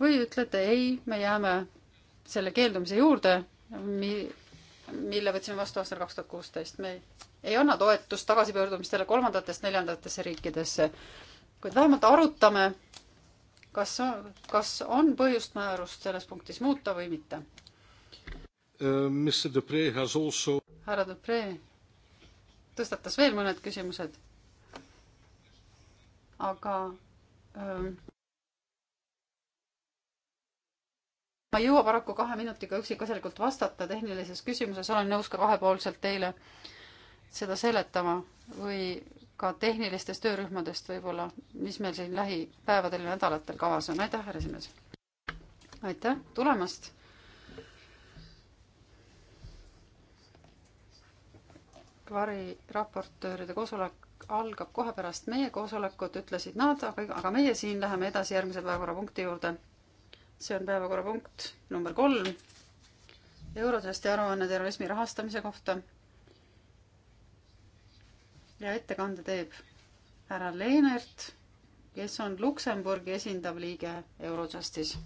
Speaker 2: või ütlete ei, me jääme selle keeldumise juurde, mille võtsime vastu aastal kaks tuhat kuusteist. me ei anna toetust tagasipöördumistele kolmandatest neljandatesse riikidesse, kuid vähemalt arutame, kas, kas on põhjust määrust selles punktis muuta või mitte
Speaker 4: uh,. Also...
Speaker 2: härra Dupre tõstatas veel mõned küsimused, aga um, ma ei jõua paraku kahe minutiga üksikasjalikult vastata tehnilises küsimuses, olen nõus ka kahepoolselt teile seda seletama või ka tehnilistest töörühmadest võib-olla, mis meil siin lähipäevadel ja nädalatel kavas on. aitäh, härra esimees! aitäh tulemast! Kvari raportööride koosolek algab kohe pärast meie koosolekut, ütlesid nad, aga, aga meie siin läheme edasi järgmise päevakorrapunkti juurde see on päevakorrapunkt number kolm, Eurotesti aruanne terrorismi rahastamise kohta. ja ettekande teeb härra Leenert, kes on Luksemburgi esindav liige Eurojustis.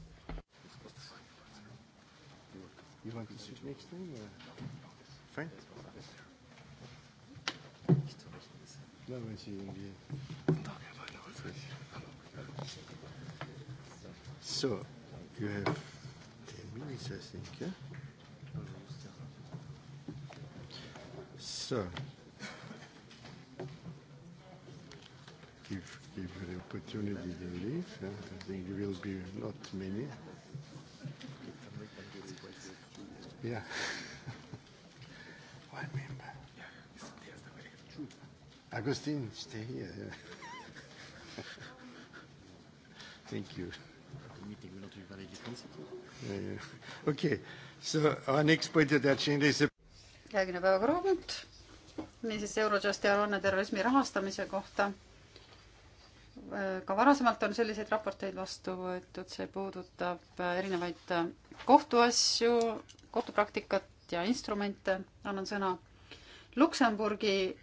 Speaker 2: You want to switch next time? Uh, Frank?
Speaker 1: No, it's you.
Speaker 5: So, you have 10
Speaker 1: minutes, I think. Yeah? So, give, give the opportunity to leave. Yeah? I think there will be not many. Yeah. One member. Agustin, stay here. Yeah. Thank you okei, so our next point of the agenda is.
Speaker 2: järgmine päevakorrapunkt, niisiis Eurojusti aruanne terrorismi rahastamise kohta. ka varasemalt on selliseid raporteid vastu võetud, see puudutab erinevaid kohtuasju, kohtupraktikat ja instrumente. annan sõna Luksemburgi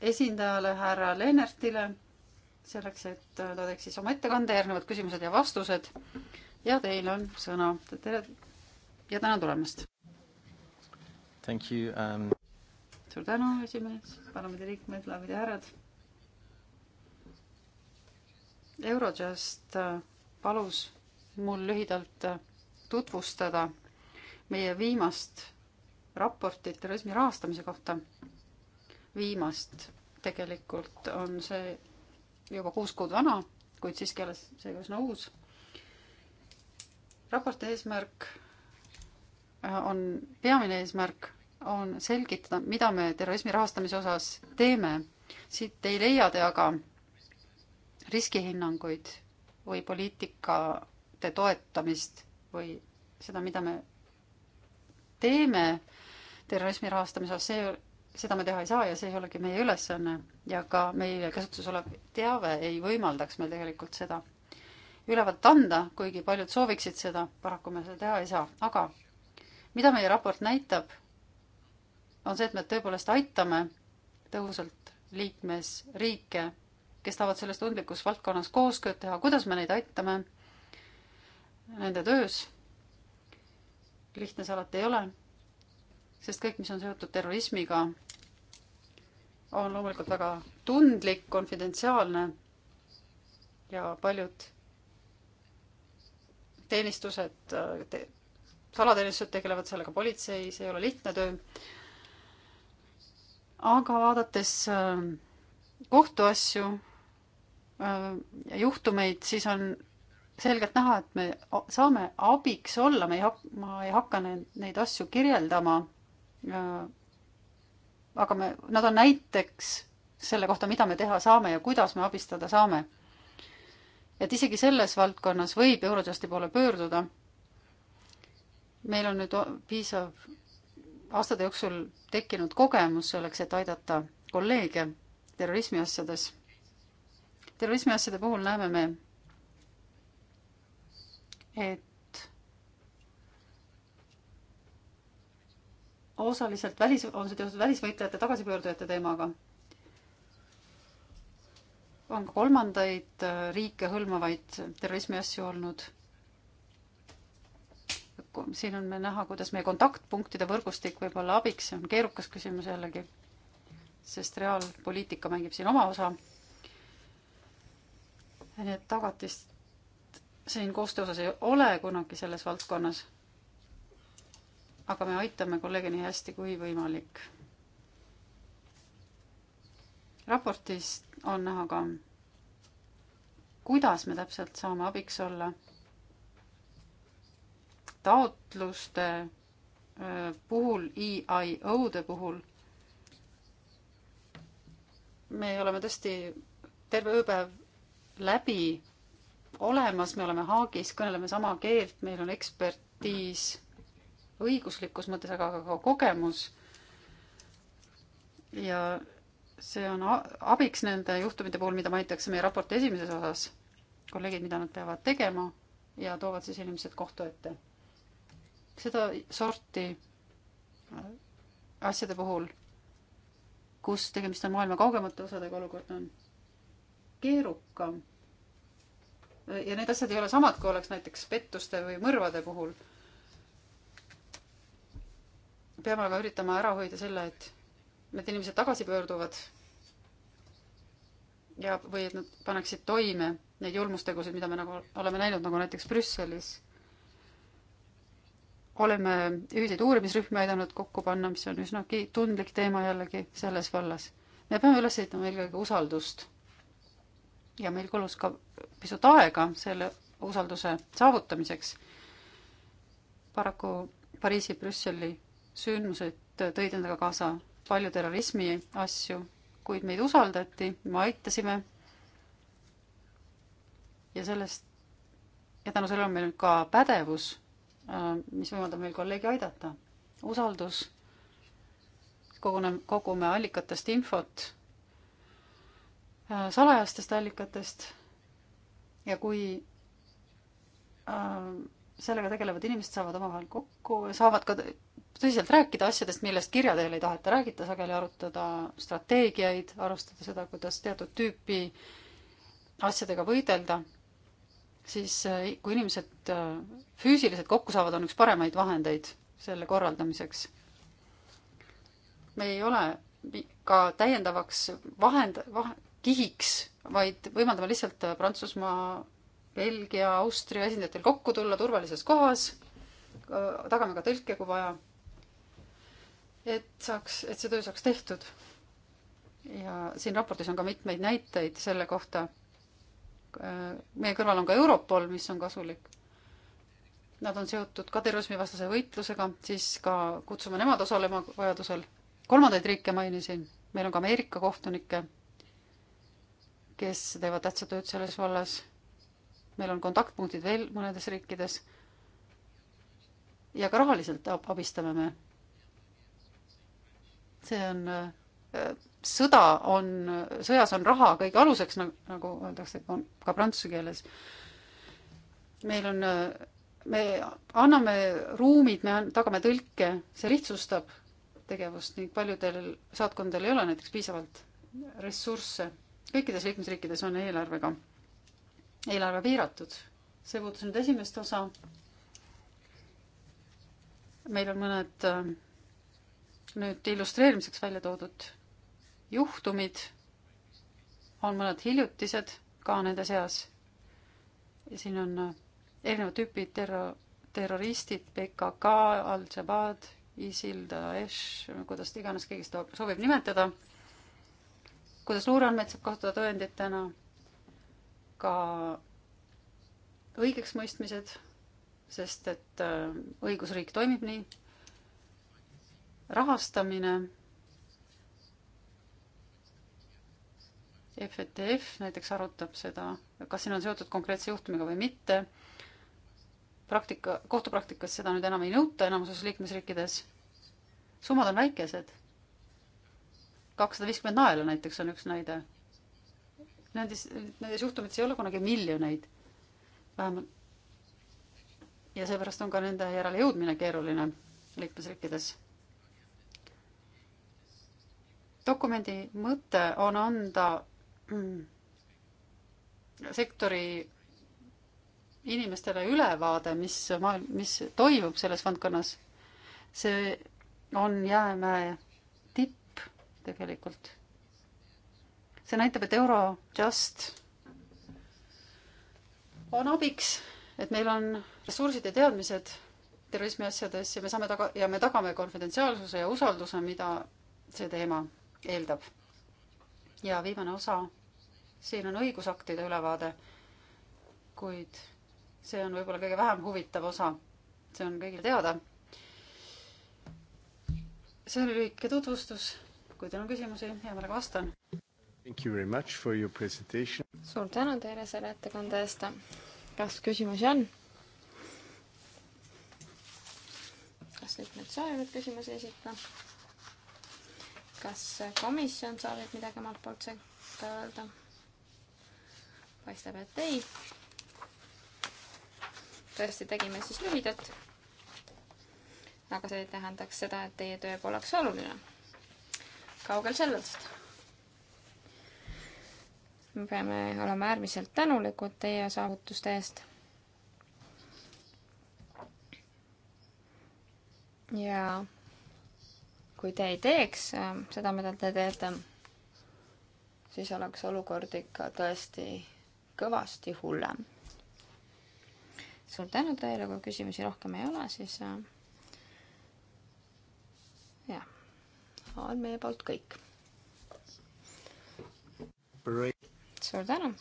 Speaker 2: esindajale härra Leenertile selleks, et äh, ta teeks siis oma ettekande, järgnevad küsimused ja vastused. ja teil on sõna. tere ja tänan tulemast! Thank you um.... suur tänu, esimees, parlamendi liikmed, daamid ja härrad. Eurojust äh, palus mul lühidalt äh, tutvustada meie viimast raportit terrorismi rahastamise kohta. viimast tegelikult on see juba kuus kuud vana, kuid siiski alles seega üsna uus. raporti eesmärk äh, on, peamine eesmärk on selgitada, mida me terrorismi rahastamise osas teeme. siit ei leia te aga riskihinnanguid või poliitikate toetamist või seda, mida me teeme terrorismi rahastamise osas, see seda me teha ei saa ja see ei olegi meie ülesanne ja ka meie käsutuses olev teave ei võimaldaks meil tegelikult seda ülevalt anda, kuigi paljud sooviksid seda, paraku me seda teha ei saa, aga mida meie raport näitab, on see, et me tõepoolest aitame tõhusalt liikmesriike, kes tahavad selles tundlikus valdkonnas koostööd teha, kuidas me neid aitame nende töös. lihtne see alati ei ole sest kõik, mis on seotud terrorismiga, on loomulikult väga tundlik, konfidentsiaalne ja paljud teenistused te,, salateenistused tegelevad sellega, politseis ei ole lihtne töö. aga vaadates äh, kohtuasju äh, ja juhtumeid, siis on selgelt näha, et me saame abiks olla, me ei hak-, ma ei hakka neid, neid asju kirjeldama aga me, nad on näiteks selle kohta, mida me teha saame ja kuidas me abistada saame. et isegi selles valdkonnas võib Eurojusti poole pöörduda. meil on nüüd piisav aastate jooksul tekkinud kogemus selleks, et aidata kolleege terrorismiasjades. terrorismiasjade puhul näeme me, et osaliselt välis, on see seotud välisvõitlejate tagasipöördujate teemaga. on ka kolmandaid äh, riike hõlmavaid terrorismiasju olnud. siin on meil näha, kuidas meie kontaktpunktide võrgustik võib olla abiks, see on keerukas küsimus jällegi, sest reaalpoliitika mängib siin oma osa. nii et tagatist siin koostöö osas ei ole kunagi selles valdkonnas aga me aitame kolleege nii hästi kui võimalik. raportis on näha ka, kuidas me täpselt saame abiks olla taotluste puhul, EIO-de puhul. me oleme tõesti terve ööpäev läbi olemas, me oleme Haagis, kõneleme sama keelt, meil on ekspertiis õiguslikus mõttes, aga ka kogemus. ja see on abiks nende juhtumite puhul, mida mainitakse meie raporti esimeses osas, kolleegid, mida nad peavad tegema ja toovad siis inimesed kohtu ette. seda sorti äh, asjade puhul, kus tegemist on maailma kaugemate osadega, olukord on keerukam. Äh, ja need asjad ei ole samad, kui oleks näiteks pettuste või mõrvade puhul peame aga üritama ära hoida selle, et need inimesed tagasi pöörduvad ja, või et nad paneksid toime neid julmustegusid, mida me nagu oleme näinud, nagu näiteks Brüsselis. oleme ühiseid uurimisrühmi aidanud kokku panna, mis on üsnagi tundlik teema jällegi selles vallas. me peame üles ehitama eelkõige usaldust. ja meil kulus ka pisut aega selle usalduse saavutamiseks. paraku Pariisi, Brüsseli sündmused tõid endaga kaasa palju terrorismi asju, kuid meid usaldati, me aitasime. ja sellest ja tänu sellele on meil ka pädevus, äh, mis võimaldab meil kolleegi aidata. usaldus, kogunem-, kogume allikatest infot, äh, salajastest allikatest ja kui äh, sellega tegelevad inimesed saavad omavahel kokku, saavad ka tõsiselt rääkida asjadest, millest kirjadel ei taheta räägida, sageli arutada strateegiaid, arvestada seda, kuidas teatud tüüpi asjadega võidelda, siis eh, kui inimesed eh, füüsiliselt kokku saavad, on üks paremaid vahendeid selle korraldamiseks. me ei ole ka täiendavaks vahend, vah-, kihiks, vaid võimaldame lihtsalt eh, Prantsusmaa, Belgia, Austria esindajatel kokku tulla turvalises kohas, tagame ka tõlke, kui vaja et saaks, et see töö saaks tehtud. ja siin raportis on ka mitmeid näiteid selle kohta. meie kõrval on ka Europol, mis on kasulik. Nad on seotud ka terrorismivastase võitlusega, siis ka kutsume nemad osalema vajadusel. kolmandaid riike mainisin, meil on ka Ameerika kohtunikke, kes teevad tähtsat tööd selles vallas. meil on kontaktpunktid veel mõnedes riikides. ja ka rahaliselt abistame me see on, äh, sõda on, sõjas on raha kõige aluseks, nagu, nagu öeldakse ka prantsuse keeles. meil on, äh, me anname ruumid, me tagame tõlke, see lihtsustab tegevust ning paljudel saatkondadel ei ole näiteks piisavalt ressursse. kõikides liikmesriikides on eelarvega, eelarve piiratud. see puudutas nüüd esimest osa. meil on mõned äh, nüüd illustreerimiseks välja toodud juhtumid on mõned hiljutised ka nende seas. ja siin on äh, erinevad tüübid terro-, terroristid, PKK, Al-Shabaab, ISIL, Daesh, kuidas iganes keegi seda soovib nimetada, kuidas luureandmeid saab kasutada tõenditena, ka õigeksmõistmised, sest et äh, õigusriik toimib nii rahastamine. FETF näiteks arutab seda, kas siin on seotud konkreetse juhtumiga või mitte. praktika, kohtupraktikas seda nüüd enam ei nõuta enamuses liikmesriikides. summad on väikesed. kakssada viiskümmend naela näiteks on üks näide. Nendes, nendes juhtumites ei ole kunagi miljoneid. vähemalt ja seepärast on ka nende järele jõudmine keeruline liikmesriikides dokumendi mõte on anda mm, sektori inimestele ülevaade, mis maailm, mis toimub selles valdkonnas. see on jäämäe tipp tegelikult. see näitab, et Eurojust on abiks, et meil on ressursid ja teadmised terrorismiasjades ja me saame taga ja me tagame konfidentsiaalsuse ja usalduse, mida see teema eeldab. ja viimane osa, siin on õigusaktide ülevaade, kuid see on võib-olla kõige vähem huvitav osa, see on kõigile teada. see oli lühike tutvustus, kui teil on küsimusi, hea meelega vastan.
Speaker 3: suur tänu teile selle ettekande eest. kas küsimusi on? kas liikmed soovivad küsimusi esitada? kas komisjon soovib midagi omalt poolt sekka öelda? paistab, et ei. tõesti, tegime siis lühidalt. aga see tähendaks seda, et teie töö poleks oluline. kaugel sellest me peame olema äärmiselt tänulikud teie saavutuste eest. ja kui te ei teeks ähm, seda, mida te teete, siis oleks olukord ikka tõesti kõvasti hullem. suur tänu teile, kui küsimusi rohkem ei ole, siis äh, jah, on meie poolt kõik. suur tänu!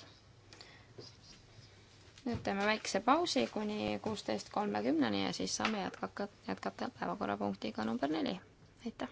Speaker 3: nüüd teeme väikse pausi kuni kuusteist kolmekümneni ja siis saame jätkata, jätkata päevakorrapunktiga number neli aitäh!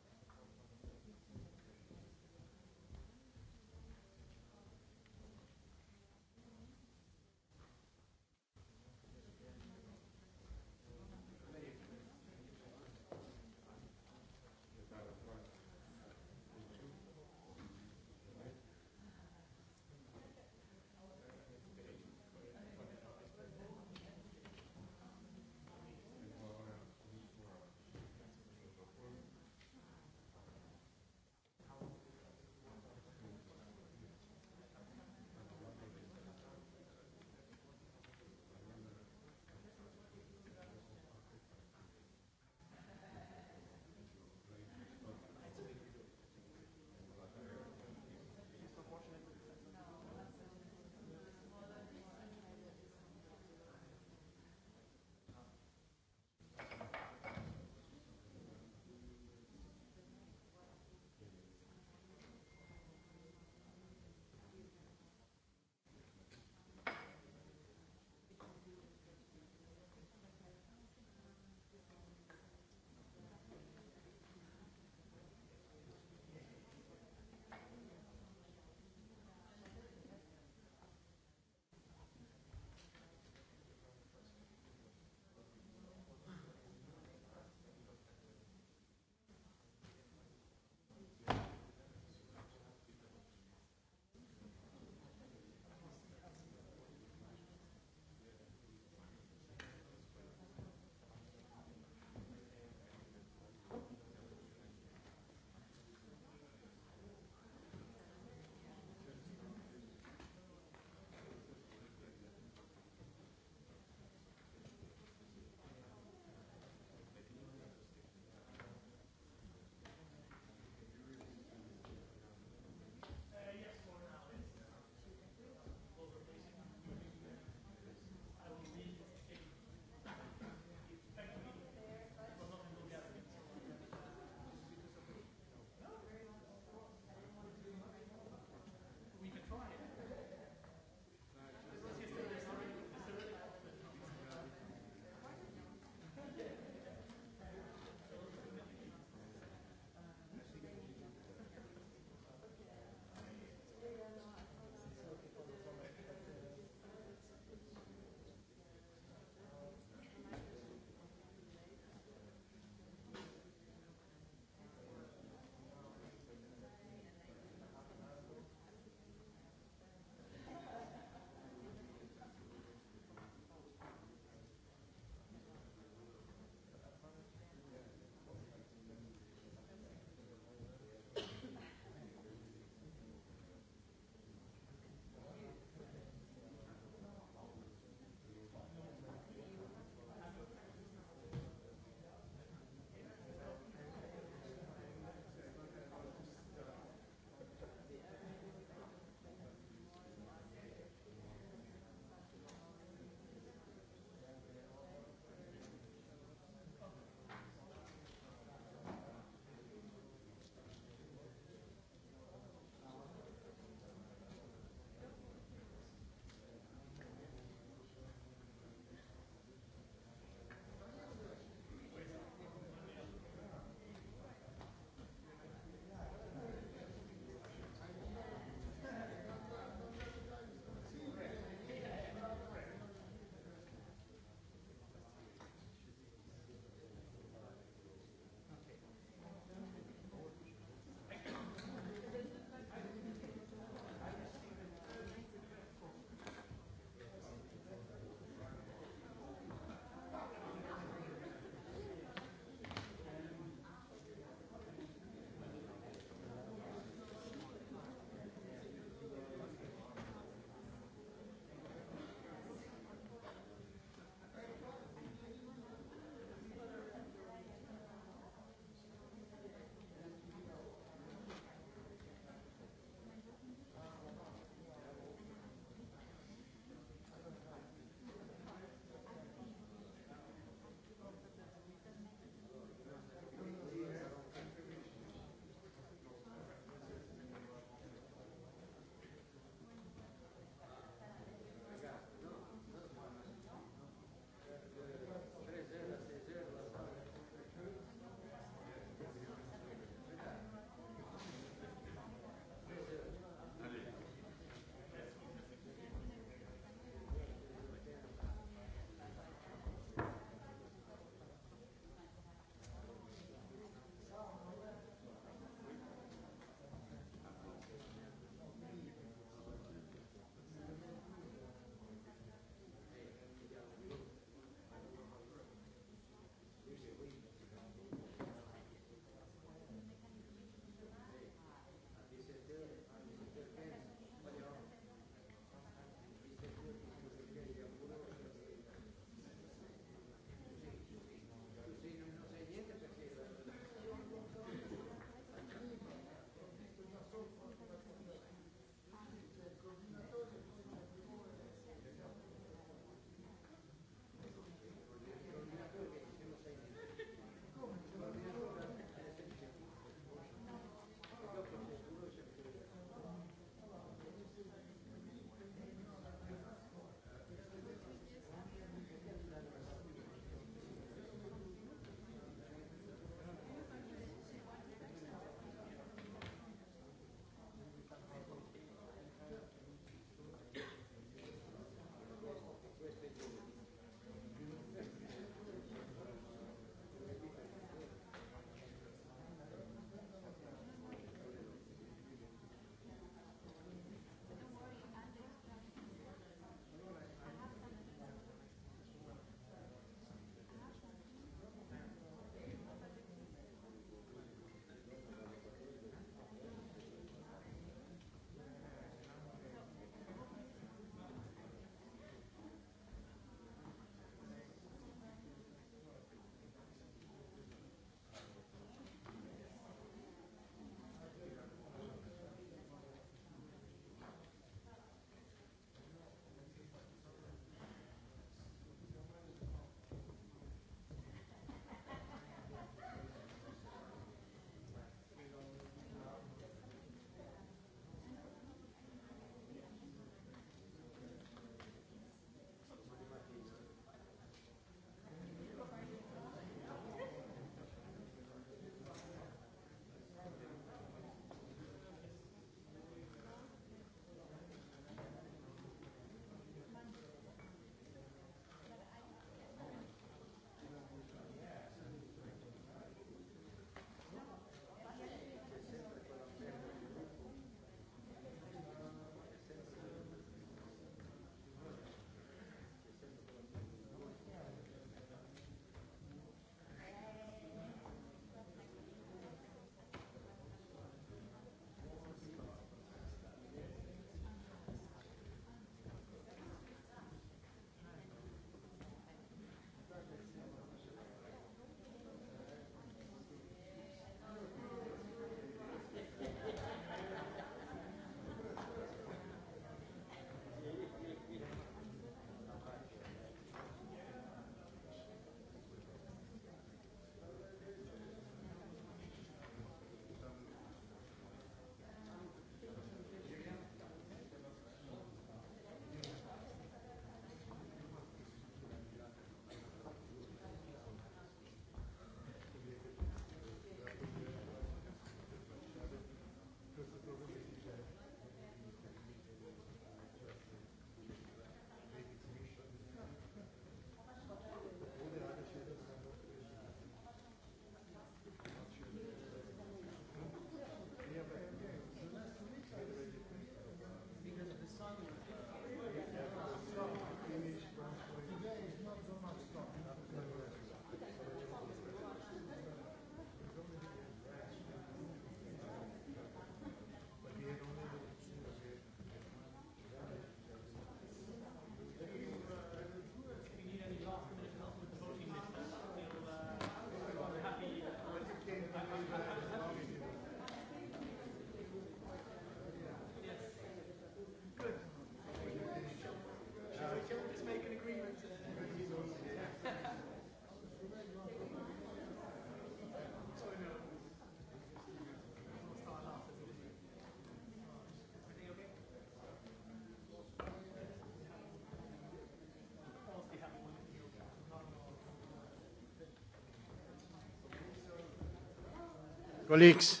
Speaker 1: Colleagues,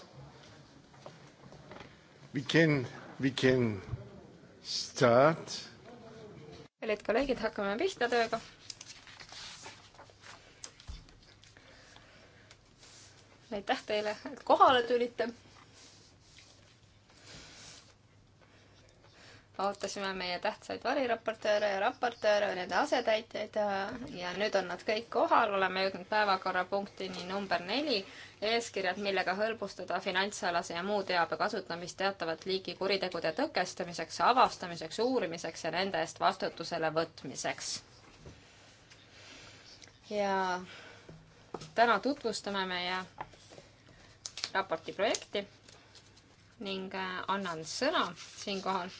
Speaker 1: we can, we can start.
Speaker 3: kallid kolleegid, hakkame pihta tööga. aitäh teile, et kohale tulite ootasime meie tähtsaid variraportööre ja raportööre, nende asetäitjaid ja, äh, ja nüüd on nad kõik kohal, oleme jõudnud päevakorrapunktini number neli, eeskirjad, millega hõlbustada finantsalase ja muu teabe kasutamist teatavat liiki kuritegude tõkestamiseks, avastamiseks, uurimiseks ja nende eest vastutusele võtmiseks. ja täna tutvustame meie raporti projekti ning äh, annan sõna siinkohal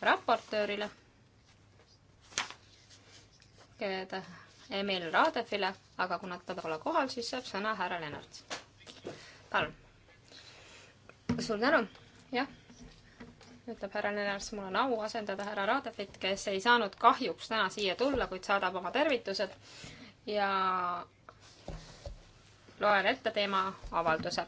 Speaker 3: raportöörile, keda Emil Raadefile, aga kuna ta pole kohal, siis saab sõna härra Lennart. palun. suur tänu, jah, ütleb härra Lennart, mul on au asendada härra Raadefit, kes ei saanud kahjuks täna siia tulla, kuid saadab oma tervitused ja loen ette tema avalduse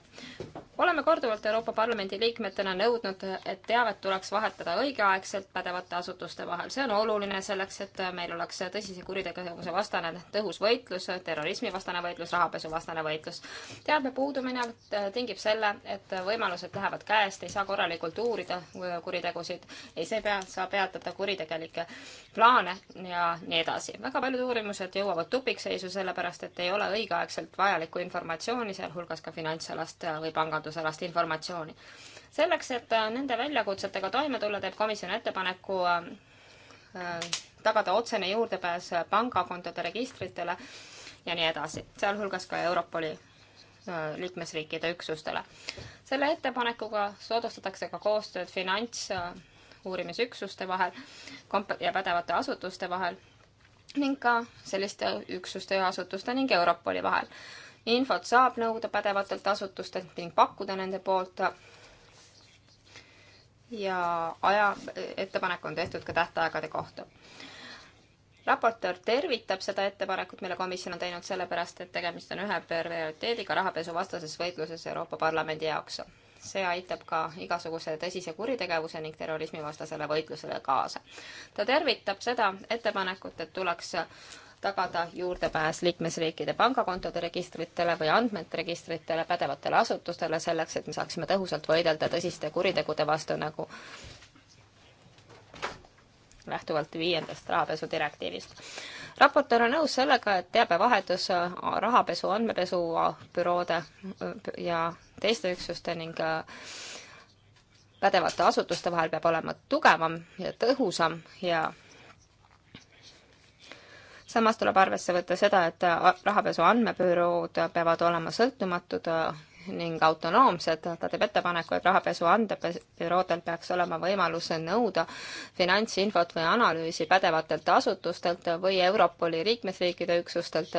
Speaker 3: oleme korduvalt Euroopa Parlamendi liikmetena nõudnud, et teavet tuleks vahetada õigeaegselt pädevate asutuste vahel. see on oluline selleks, et meil oleks tõsise kuritegevuse vastane tõhus võitlus, terrorismivastane võitlus, rahapesuvastane võitlus. teabe puudumine tingib selle, et võimalused lähevad käest, ei saa korralikult uurida kuritegusid, ei see pea, saa peatada kuritegelikke plaane ja nii edasi. väga paljud uurimused jõuavad tupikseisu, sellepärast et ei ole õigeaegselt vajalikku informatsiooni, sealhulgas ka finantsalast või pangandus haldusalast informatsiooni. selleks, et äh, nende väljakutsetega toime tulla, teeb komisjon ettepaneku äh, äh, tagada otsene juurdepääs pangakontode registritele ja nii edasi, sealhulgas ka Europoli liikmesriikide üksustele. selle ettepanekuga soodustatakse ka koostööd finantsuurimisüksuste vahel komp- ja pädevate asutuste vahel ning ka selliste üksuste ja asutuste ning Europoli vahel infot saab nõuda pädevatelt asutustelt ning pakkuda nende poolt. ja aja, ettepanek on tehtud ka tähtaegade kohta. raportöör tervitab seda ettepanekut, mille komisjon on teinud sellepärast, et tegemist on ühe prioriteediga rahapesuvastases võitluses Euroopa Parlamendi jaoks see aitab ka igasuguse tõsise kuritegevuse ning terrorismivastasele võitlusele kaasa. ta tervitab seda ettepanekut, et tuleks tagada juurdepääs liikmesriikide pangakontode registritele või andmete registritele pädevatele asutustele selleks, et me saaksime tõhusalt võidelda tõsiste kuritegude vastu, nagu lähtuvalt viiendast rahapesu direktiivist. raportöör on nõus sellega, et teabevahetus rahapesu, andmepesu büroode ja teiste üksuste ning äh, pädevate asutuste vahel peab olema tugevam ja tõhusam ja samas tuleb arvesse võtta seda, et äh, rahapesu andmebürood peavad olema sõltumatud äh, ning autonoomsed, ta teeb ettepaneku, et rahapesu andmebüroodel peaks olema võimalus nõuda finantsinfot või analüüsi pädevatelt asutustelt või Europoli liikmesriikide üksustelt,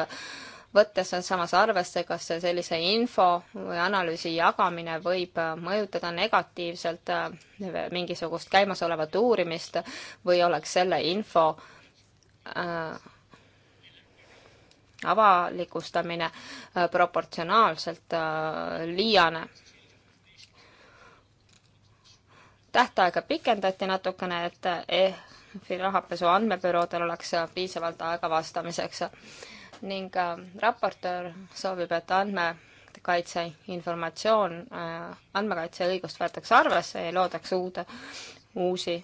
Speaker 3: võttes samas arvesse, kas sellise info või analüüsi jagamine võib äh, mõjutada negatiivselt mingisugust käimasolevat uurimist või oleks selle info äh, avalikustamine äh, proportsionaalselt äh, liiane. tähtaega pikendati natukene, et eh, rahapesu andmebüroodel oleks piisavalt aega vastamiseks ning äh, raportöör soovib, et andmekaitse informatsioon, andmekaitse õigust võetakse arvesse ja loodaks uud, uusi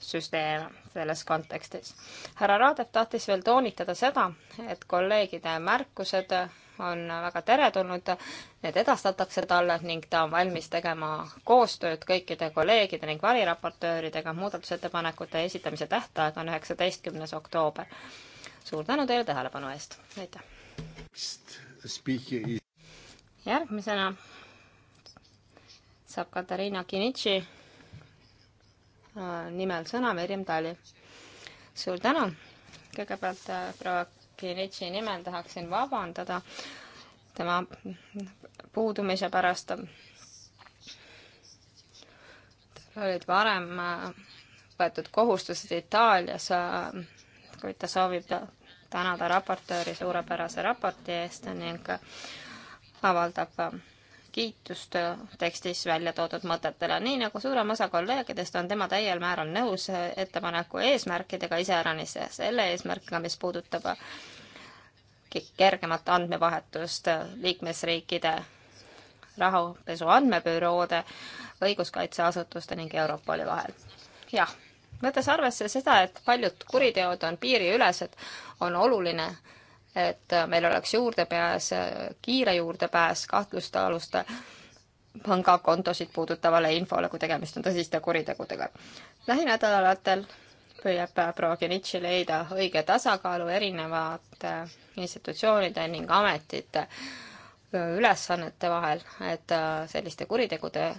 Speaker 3: süsteem selles kontekstis. härra Raadev tahtis veel toonitada seda, et kolleegide märkused on väga teretulnud, need edastatakse talle ning ta on valmis tegema koostööd kõikide kolleegide ning variraportööridega, muudatusettepanekute esitamise tähtaeg on üheksateistkümnes oktoober. suur tänu teile tähelepanu eest, aitäh! järgmisena saab Katariina Kinitši Äh, nimel sõna Merjam Tali. suur tänu, kõigepealt äh, proua Kiritši nimel tahaksin vabandada tema puudumise pärast. tal olid varem äh, võetud kohustused Itaalias, kuid ta soovib tänada raportööri suurepärase raporti eest ning avaldab kiitust äh, tekstis välja toodud mõtetele, nii nagu suurem osa kolleegidest on tema täiel määral nõus äh, ettepaneku eesmärkidega iseäranis selle eesmärkiga, mis puudutab äh, kergemat andmevahetust liikmesriikide rahapesu andmebüroode, õiguskaitseasutuste ning Europoli vahel. jah, võttes arvesse seda, et paljud kuriteod on piiriülesed, on oluline et äh, meil oleks juurdepääs, äh, kiire juurdepääs kahtlustaluste pangakontosid puudutavale infole, kui tegemist on tõsiste kuritegudega. lähinädalatel püüab äh, proua Genitši leida õige tasakaalu erinevate institutsioonide ning ametite ülesannete vahel, et selliste kuritegude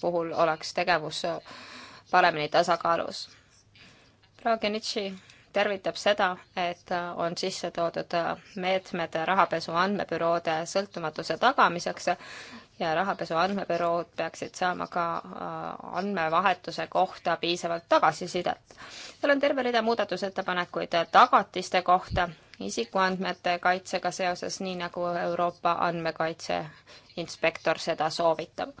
Speaker 3: puhul oleks tegevus paremini tasakaalus. proua Genitši tervitab seda, et on sisse toodud meetmed rahapesu andmebüroode sõltumatuse tagamiseks ja rahapesu andmebürood peaksid saama ka äh, andmevahetuse kohta piisavalt tagasisidet. seal on terve rida muudatusettepanekuid tagatiste kohta, isikuandmete kaitsega seoses, nii nagu Euroopa andmekaitse inspektor seda soovitab.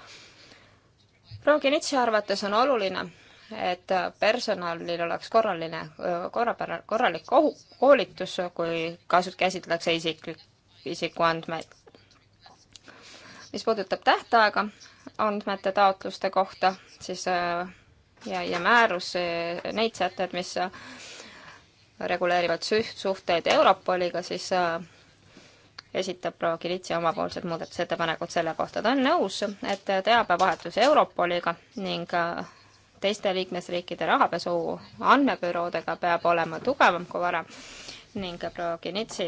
Speaker 3: proua Genitši arvates on oluline, et personalil oleks korraline, korrapära-, korralik kohu, koolitus, kui kasut-, käsitletakse isiklik, isikuandmeid. mis puudutab tähtaega andmete taotluste kohta, siis äh, ja, ja määrus, äh, neid sätteid, mis äh, reguleerivad suht-, suhteid Europoliga, siis esitab proua Kilitsi omapoolsed muudatusettepanekud selle kohta. ta on nõus, et teabevahetus Europoliga ning teiste liikmesriikide rahapesu andmebüroodega peab olema tugevam kui varem ning proua Kinitsi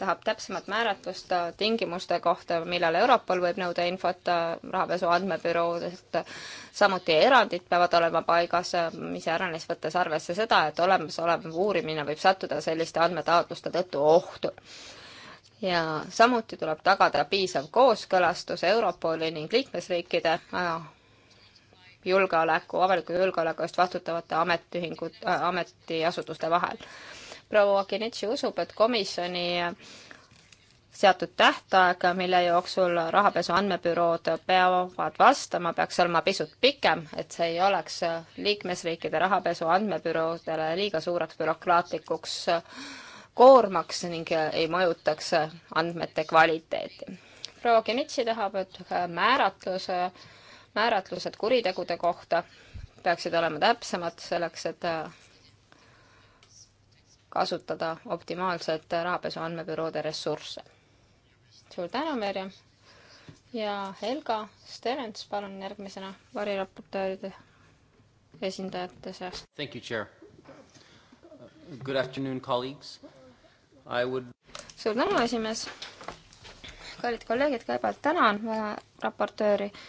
Speaker 3: tahab täpsemat määratlust tingimuste kohta, millal Europol võib nõuda infot rahapesu andmebüroodest. samuti erandid peavad olema paigas, iseäranis võttes arvesse seda, et olemasolev uurimine võib sattuda selliste andmetaotluste tõttu ohtu ja samuti tuleb tagada piisav kooskõlastus Europoli ning liikmesriikide julgeoleku, avaliku julgeoleku eest vastutavate ametiühingud äh,, ametiasutuste vahel. proua Kinitši usub, et komisjoni seatud tähtaeg, mille jooksul rahapesu andmebürood peavad vastama, peaks olema pisut pikem, et see ei oleks liikmesriikide rahapesu andmebüroodele liiga suureks bürokraatlikuks koormaks ning ei mõjutaks andmete kvaliteeti. proua Genitsi tahab, et määratluse määratlused kuritegude kohta peaksid olema täpsemad selleks, et äh, kasutada optimaalselt rahapesu andmebüroode ressursse. suur tänu, Merje! ja Helga Sterents, palun järgmisena variraportööride esindajate seast.
Speaker 2: Thank you, chair. Good afternoon, colleagues. I would suur tänu,
Speaker 3: esimees! kallid kolleegid, kõigepealt tänan raportööri äh,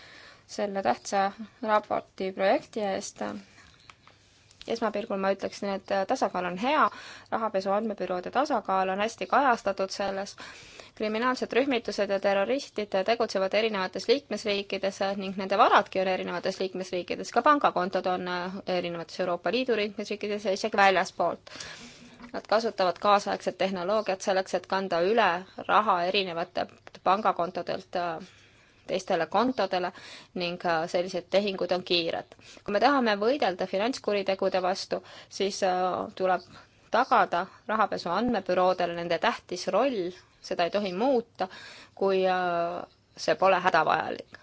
Speaker 3: selle tähtsa raporti projekti eest. esmapilgul ma ütleksin, et tasakaal on hea, rahapesu andmebüroode tasakaal on hästi kajastatud selles. kriminaalsed rühmitused ja terroristid tegutsevad erinevates liikmesriikides ning nende varadki on erinevates liikmesriikides, ka pangakontod on erinevates Euroopa Liidu liikmesriikides ja isegi väljaspoolt nad kasutavad kaasaegset tehnoloogiat selleks, et kanda üle raha erinevate pangakontodelt teistele kontodele ning äh, sellised tehingud on kiired. kui me tahame võidelda finantskuritegude vastu, siis äh, tuleb tagada rahapesu andmebüroodele nende tähtis roll, seda ei tohi muuta, kui äh, see pole hädavajalik.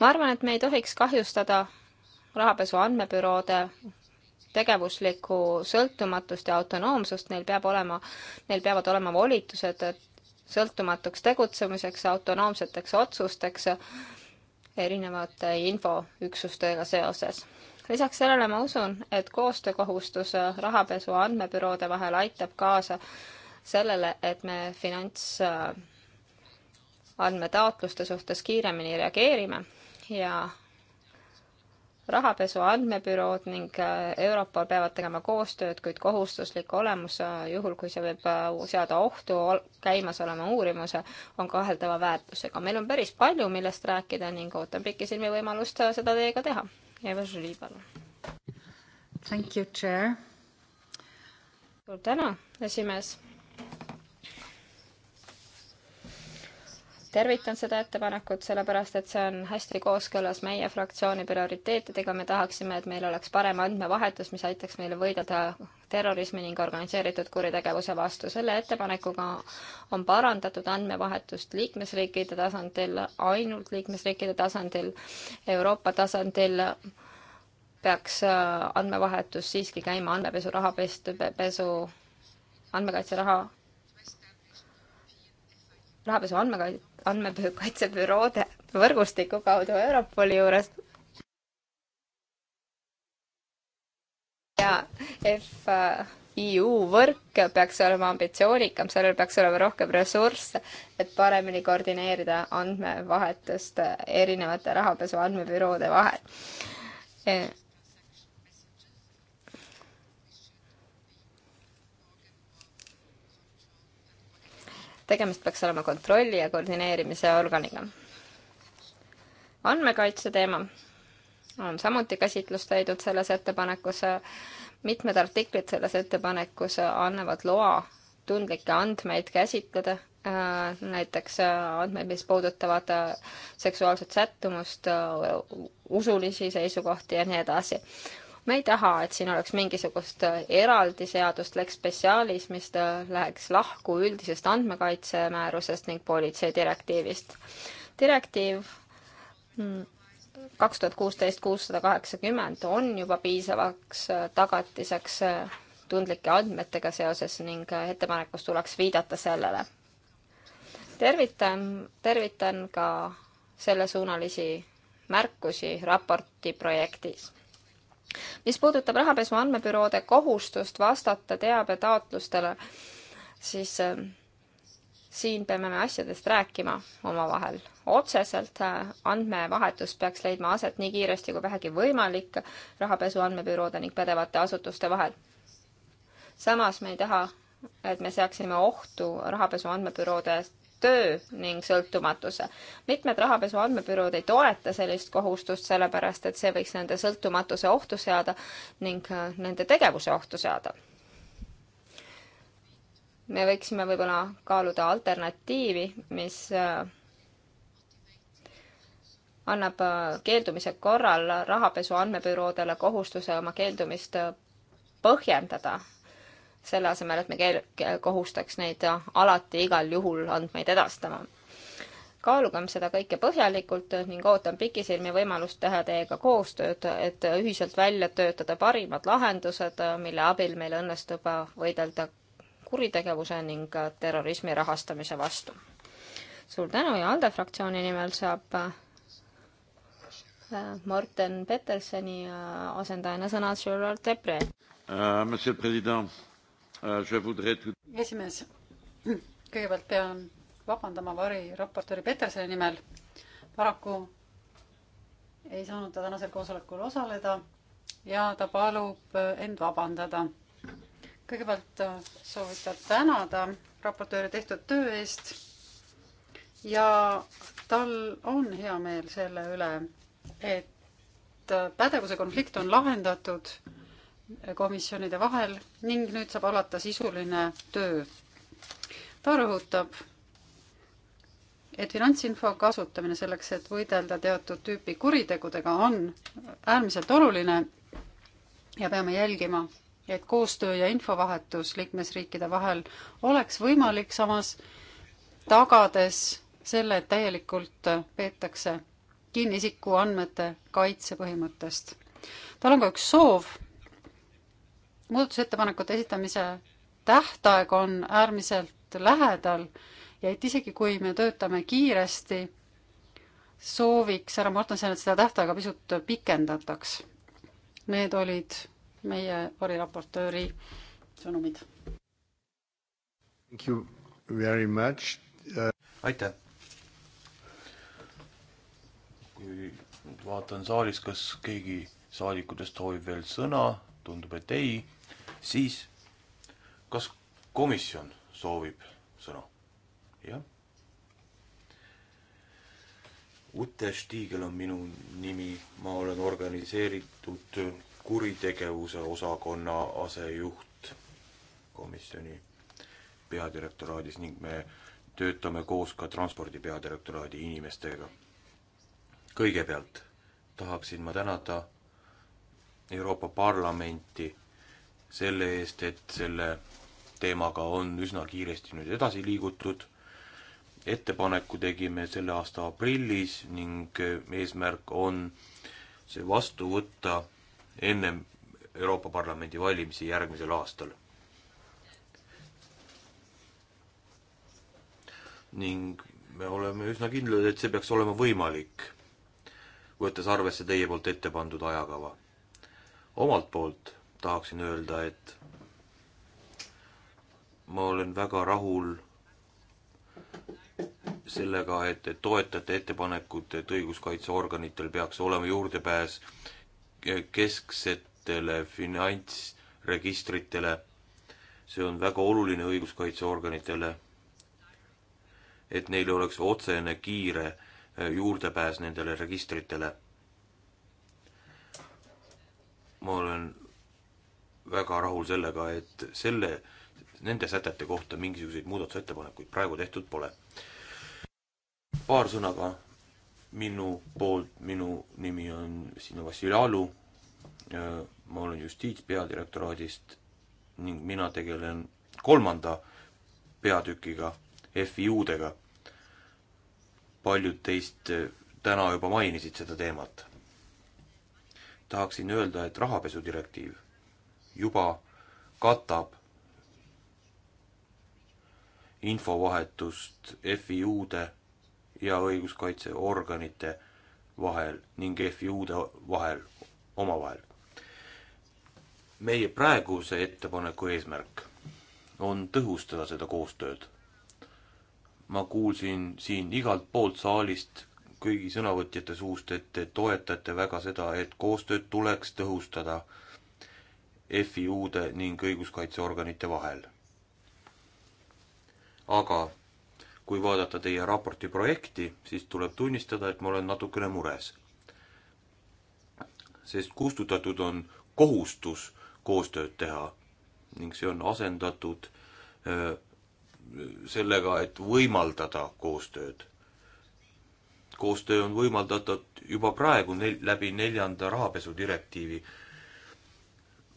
Speaker 3: ma arvan, et me ei tohiks kahjustada rahapesu andmebüroode tegevuslikku sõltumatust ja autonoomsust, neil peab olema, neil peavad olema volitused sõltumatuks tegutsemiseks, autonoomseteks otsusteks erinevate infoüksustega seoses. lisaks sellele ma usun, et koostöökohustus rahapesu andmebüroode vahel aitab kaasa sellele, et me finantsandmetaotluste äh, suhtes kiiremini reageerime ja rahapesu andmebürood ning äh, Europol peavad tegema koostööd, kuid kohustuslik olemus, äh, juhul kui see võib äh, seada ohtu käimasoleva uurimuse, on kaheldava väärtusega. meil on päris palju, millest rääkida ning ootan pikisilmi võimalust seda teiega teha. Eva Žuli, palun. Thank you, chair. suur tänu, esimees tervitan seda ettepanekut, sellepärast et see on hästi kooskõlas meie fraktsiooni prioriteetidega, me tahaksime, et meil oleks parem andmevahetus, mis aitaks meile võidelda terrorismi ning organiseeritud kuritegevuse vastu. selle ettepanekuga on parandatud andmevahetust liikmesriikide tasandil, ainult liikmesriikide tasandil, Euroopa tasandil peaks äh, andmevahetus siiski käima andmepesu, rahapesu, pesu, andmekaitse raha, rahapesu andmekaitse andmekaitsebüroode võrgustiku kaudu Europoli juures. ja FIU võrk peaks olema ambitsioonikam, sellel peaks olema rohkem ressursse, et paremini koordineerida andmevahetust erinevate rahapesu andmebüroode vahel tegemist peaks olema kontrolli ja koordineerimise organiga. andmekaitse teema on samuti käsitlust leidnud selles ettepanekus. mitmed artiklid selles ettepanekus annavad loa tundlikke andmeid käsitleda, äh, näiteks äh, andmeid, mis puudutavad äh, seksuaalset sättumust, usulisi seisukohti ja nii edasi me ei taha, et siin oleks mingisugust äh, eraldi seadust, lex specialis, mis äh, läheks lahku üldisest andmekaitsemäärusest ning politsei direktiivist. direktiiv mm, kaks tuhat kuusteist kuussada kaheksakümmend on juba piisavaks äh, tagatiseks tundlike andmetega seoses ning ettepanekus tuleks viidata sellele. tervitan, tervitan ka sellesuunalisi märkusi raporti projektis mis puudutab rahapesu andmebüroode kohustust vastata teabetaotlustele, siis ähm, siin peame me asjadest rääkima omavahel otseselt. Äh, andmevahetus peaks leidma aset nii kiiresti kui vähegi võimalik rahapesu andmebüroode ning pädevate asutuste vahel. samas me ei taha, et me seaksime ohtu rahapesu andmebüroode töö ning sõltumatuse. mitmed rahapesu andmebürood ei toeta sellist kohustust, sellepärast et see võiks nende sõltumatuse ohtu seada ning äh, nende tegevuse ohtu seada. me võiksime võib-olla kaaluda alternatiivi, mis äh, annab äh, keeldumise korral rahapesu andmebüroodele kohustuse oma keeldumist põhjendada selle asemel, et me keel-, kohustaks neid äh, alati igal juhul andmeid edastama. kaalugem seda kõike põhjalikult äh, ning ootan pikisilmi võimalust teha teiega koostööd, et äh, ühiselt välja töötada parimad lahendused, mille abil meil õnnestub võidelda kuritegevuse ning terrorismi rahastamise vastu. suur tänu ja ALDE fraktsiooni nimel saab Morten Petersoni asendajana sõna Gerard Debre.
Speaker 4: Monsieur le Président, Euh,
Speaker 2: esimees, kõigepealt pean vabandama variraportööri Petersoni nimel. paraku ei saanud ta tänasel koosolekul osaleda ja ta palub äh, end vabandada. kõigepealt äh, soovib ta tänada raportööri tehtud töö eest ja tal on hea meel selle üle, et äh, pädevuse konflikt on lahendatud komisjonide vahel ning nüüd saab alata sisuline töö. ta rõhutab, et finantsinfo kasutamine selleks, et võidelda teatud tüüpi kuritegudega, on äärmiselt oluline ja peame jälgima, et koostöö ja infovahetus liikmesriikide vahel oleks võimalik, samas tagades selle, et täielikult peetakse kinni isikuandmete kaitse põhimõttest. tal on ka üks soov muudatusettepanekute esitamise tähtaeg on äärmiselt lähedal ja et isegi, kui me töötame kiiresti, sooviks härra Mortensen, et seda tähtaega pisut pikendataks. Need olid meie variraportööri sõnumid.
Speaker 1: Thank you very much uh.... aitäh.
Speaker 4: kui vaatan saalis, kas keegi saadikutest soovib veel sõna, tundub, et ei siis kas komisjon soovib sõna? jah. Ute Stiigel on minu nimi, ma olen organiseeritud kuritegevuse osakonna asejuht komisjoni peadirektoraadis ning me töötame koos ka transpordi peadirektoraadi inimestega. kõigepealt tahaksin ma tänada Euroopa Parlamenti selle eest, et selle teemaga on üsna kiiresti nüüd edasi liigutud. ettepaneku tegime selle aasta aprillis ning eesmärk on see vastu võtta ennem Euroopa Parlamendi valimisi järgmisel aastal. ning me oleme üsna kindlad, et see peaks olema võimalik, võttes arvesse teie poolt ette pandud ajakava. omalt poolt tahaksin öelda, et ma olen väga rahul sellega, et te toetate ettepanekut, et õiguskaitseorganitel peaks olema juurdepääs kesksetele finantsregistritele. see on väga oluline õiguskaitseorganitele, et neil oleks otsene kiire juurdepääs nendele registritele. ma olen väga rahul sellega, et selle, nende sätete kohta mingisuguseid muudatusettepanekuid praegu tehtud pole. paar sõnaga minu poolt, minu nimi on Sino Vassiljalu, ma olen justiitspeadirektoraadist ning mina tegelen kolmanda peatükiga, FIU-dega. paljud teist täna juba mainisid seda teemat tahaksin öelda, et rahapesudirektiiv juba katab infovahetust FIU-de ja õiguskaitseorganite vahel ning FIU-de vahel, omavahel. meie praeguse ettepaneku eesmärk on tõhustada seda koostööd. ma kuulsin siin igalt poolt saalist kõigi sõnavõtjate suust, et te toetate väga seda, et koostööd tuleks tõhustada FIU-de ning õiguskaitseorganite vahel. aga kui vaadata teie raporti projekti, siis tuleb tunnistada, et ma olen natukene mures. sest kustutatud on kohustus koostööd teha ning see on asendatud äh, sellega, et võimaldada koostööd. koostöö on võimaldatud juba praegu nel-, läbi neljanda rahapesudirektiivi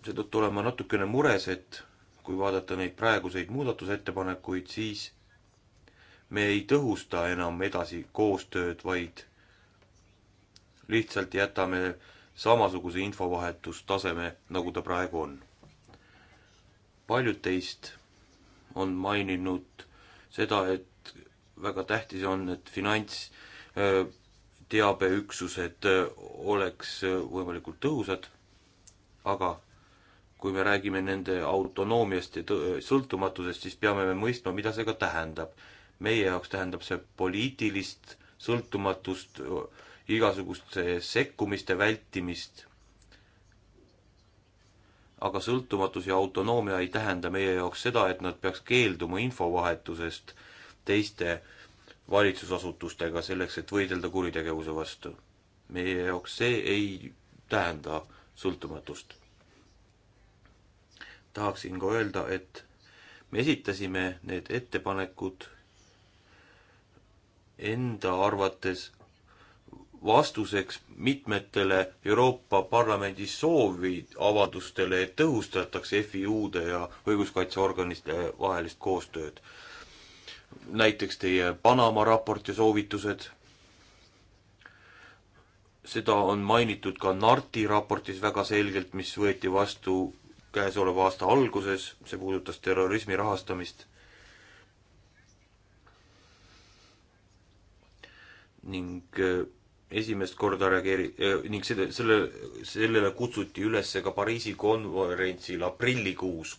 Speaker 4: seetõttu olen ma natukene mures, et kui vaadata neid praeguseid muudatusettepanekuid, siis me ei tõhusta enam edasi koostööd, vaid lihtsalt jätame samasuguse infovahetustaseme, nagu ta praegu on. paljud teist on maininud seda, et väga tähtis on, et finantsteabeüksused äh, äh, oleks võimalikult tõhusad, aga kui me räägime nende autonoomiast ja sõltumatusest, siis peame me mõistma, mida see ka tähendab. meie jaoks tähendab see poliitilist sõltumatust, igasuguste sekkumiste vältimist. aga sõltumatus ja autonoomia ei tähenda meie jaoks seda, et nad peaks keelduma infovahetusest teiste valitsusasutustega selleks, et võidelda kuritegevuse vastu. meie jaoks see ei tähenda sõltumatust tahaksin ka öelda, et me esitasime need ettepanekud enda arvates vastuseks mitmetele Euroopa Parlamendi soovid avaldustele, et tõhustatakse FIU-de ja õiguskaitseorganite vahelist koostööd. näiteks teie Panama raport ja soovitused, seda on mainitud ka NARTi raportis väga selgelt, mis võeti vastu käesoleva aasta alguses, see puudutas terrorismi rahastamist ning äh, esimest korda reageeri-, äh, ning selle, selle, sellele kutsuti üles ka Pariisi konverentsil aprillikuus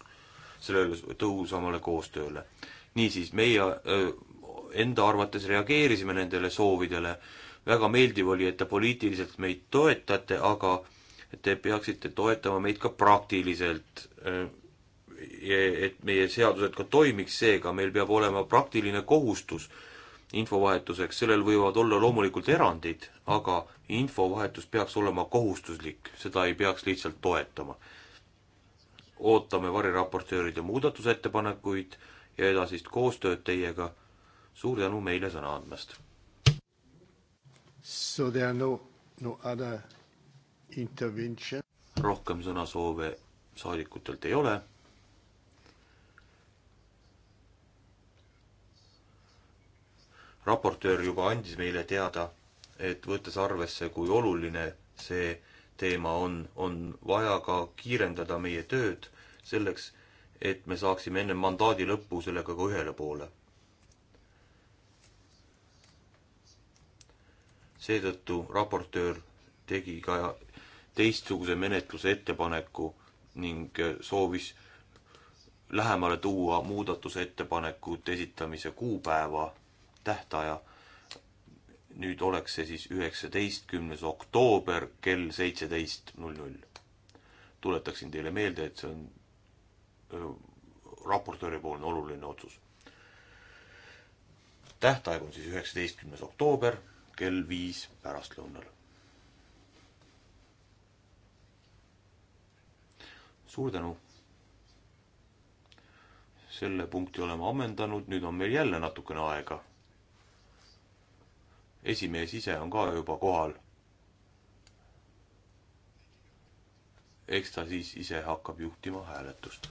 Speaker 4: sellele tõhusamale koostööle. niisiis, meie äh, enda arvates reageerisime nendele soovidele, väga meeldiv oli, et te poliitiliselt meid toetate, aga te peaksite toetama meid ka praktiliselt, äh, et meie seadused ka toimiks, seega meil peab olema praktiline kohustus infovahetuseks, sellel võivad olla loomulikult erandid, aga infovahetus peaks olema kohustuslik, seda ei peaks lihtsalt toetama. ootame variraportööride muudatusettepanekuid ja edasist koostööd teiega. suur tänu meile sõna andmast.
Speaker 1: So there are no, no other
Speaker 4: rohkem sõnasoove saadikutelt ei ole. raportöör juba andis meile teada, et võttes arvesse, kui oluline see teema on, on vaja ka kiirendada meie tööd selleks, et me saaksime enne mandaadi lõppu sellega ka ühele poole. seetõttu raportöör tegi ka teistsuguse menetluse ettepaneku ning soovis lähemale tuua muudatusettepanekute esitamise kuupäeva, tähtaja. nüüd oleks see siis üheksateistkümnes oktoober kell seitseteist null null. tuletaksin teile meelde, et see on raportööri poolne oluline otsus. tähtaeg on siis üheksateistkümnes oktoober kell viis pärastlõunal suur tänu! selle punkti oleme ammendanud, nüüd on meil jälle natukene aega. esimees ise on ka juba kohal. eks ta siis ise hakkab juhtima hääletust.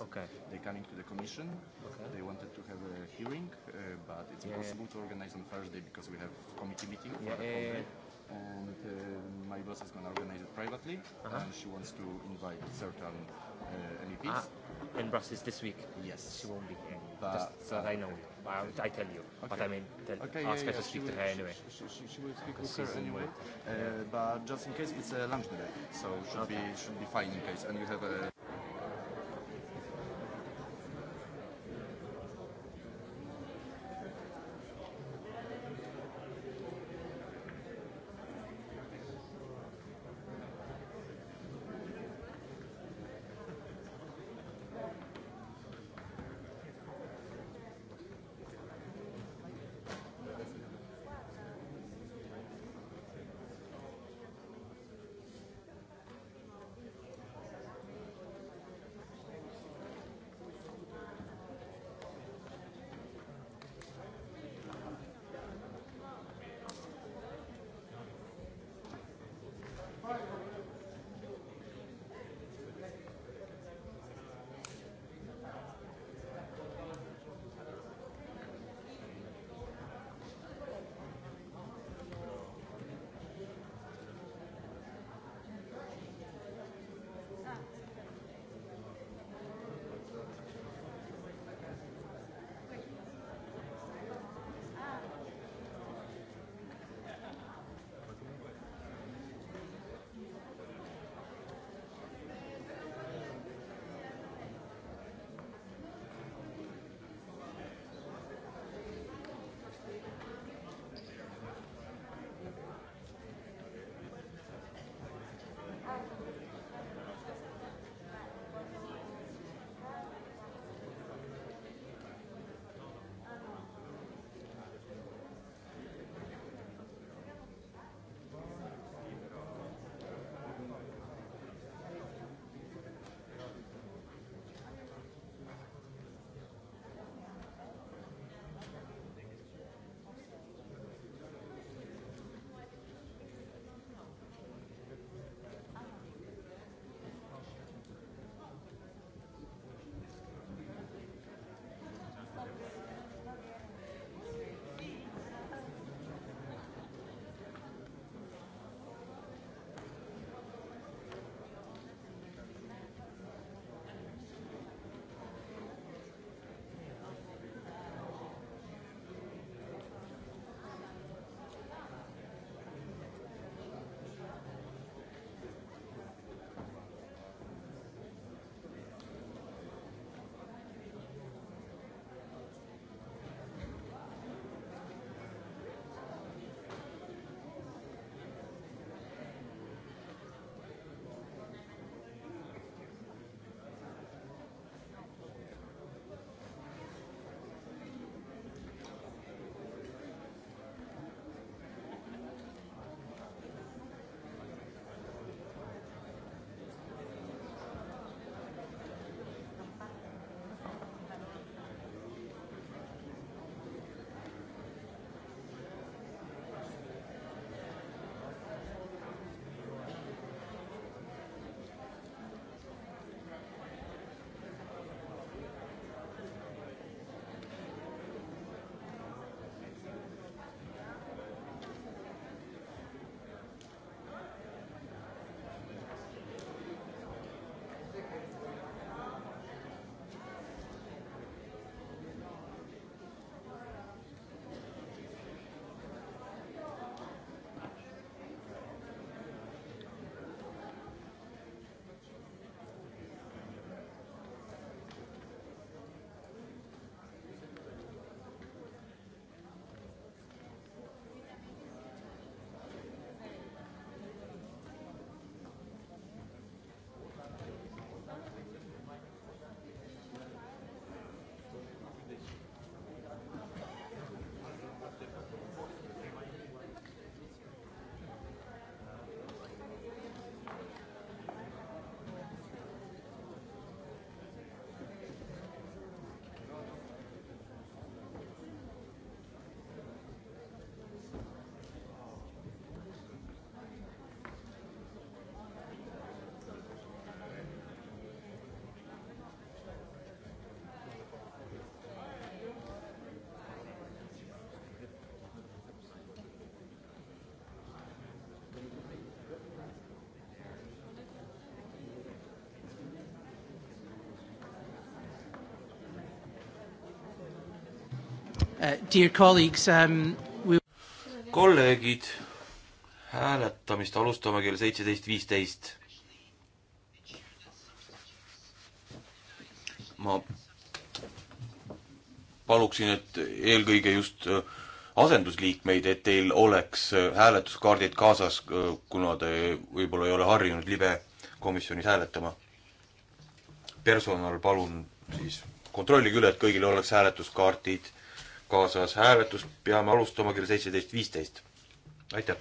Speaker 4: Okay. They coming to the commission. Okay. They wanted to have a hearing, uh, but it's yeah. impossible to organize on Thursday because we have committee meeting for yeah. the whole day. And uh, my boss is going to organize it privately, uh-huh. and she wants to invite certain uh, MEPs. Ah, in Brussels this week. Yes. She won't be here. But, Just so uh, that
Speaker 1: I know. Uh, I, I tell you. Okay. But I mean, tell, okay, ask yeah, her yeah, to speak will, to her anyway.
Speaker 5: She, she, she will speak with her anyway.
Speaker 1: Uh, yeah. But just in case, it's a lunch delay, so should okay. be should be fine in case. And you have a. Uh, dear colleagues um,, we kolleegid,
Speaker 4: hääletamist alustame kell seitseteist viisteist. ma paluksin, et eelkõige just äh, asendusliikmeid, et teil oleks äh, hääletuskaardid kaasas, äh, kuna te võib-olla ei ole harjunud libe komisjonis hääletama. personal, palun siis kontrollige üle, et kõigil oleks hääletuskaardid kaasas hääletust peame alustama kell seitseteist viisteist. aitäh!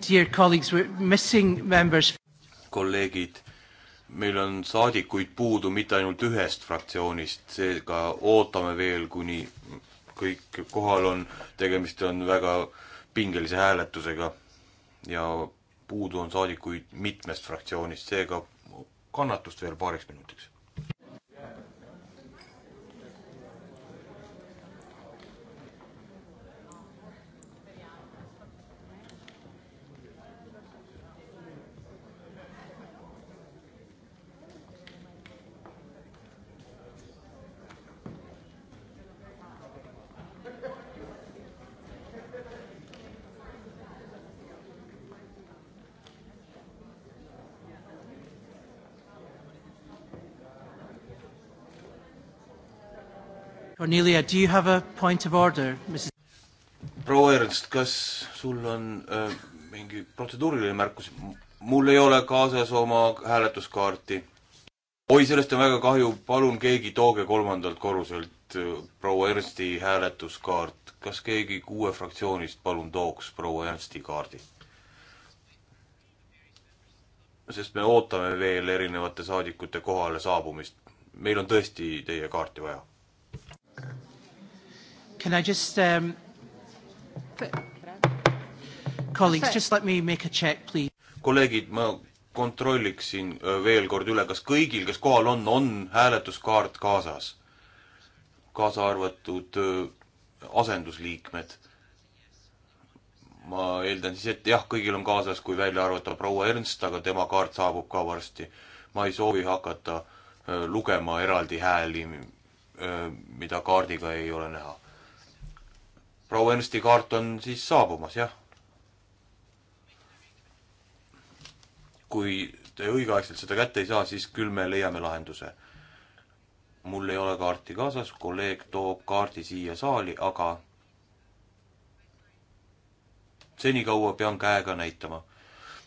Speaker 1: Dear colleagues, we are missing members.
Speaker 4: kolleegid, meil on saadikuid puudu mitte ainult ühest fraktsioonist, seega ootame veel, kuni kõik kohal on, tegemist on väga pingelise hääletusega ja puudu on saadikuid mitmest fraktsioonist, seega kannatust veel paariks minutiks.
Speaker 1: Cornelia, do you have a point of order, Mrs?
Speaker 4: proua Ernst, kas sul on äh, mingi protseduuriline märkus? mul ei ole kaasas oma hääletuskaarti. oi, sellest on väga kahju, palun keegi tooge kolmandalt korruselt äh, proua Ernsti hääletuskaart. kas keegi kuue fraktsioonist palun tooks proua Ernsti kaardi? sest me ootame veel erinevate saadikute kohale saabumist. meil on tõesti teie kaarti vaja
Speaker 1: Can I just, um, colleagues, just let me make a check, please.
Speaker 4: kolleegid, ma kontrolliksin veel kord üle, kas kõigil, kes kohal on, on hääletuskaart kaasas, kaasa arvatud asendusliikmed. ma eeldan siis, et jah, kõigil on kaasas, kui välja arvata proua Ernst, aga tema kaart saabub ka varsti. ma ei soovi hakata lugema eraldi hääli, mida kaardiga ei ole näha proua Ernsti kaart on siis saabumas, jah? kui te õigeaegselt seda kätte ei saa, siis küll me leiame lahenduse. mul ei ole kaarti kaasas, kolleeg toob kaardi siia saali, aga senikaua pean käega näitama.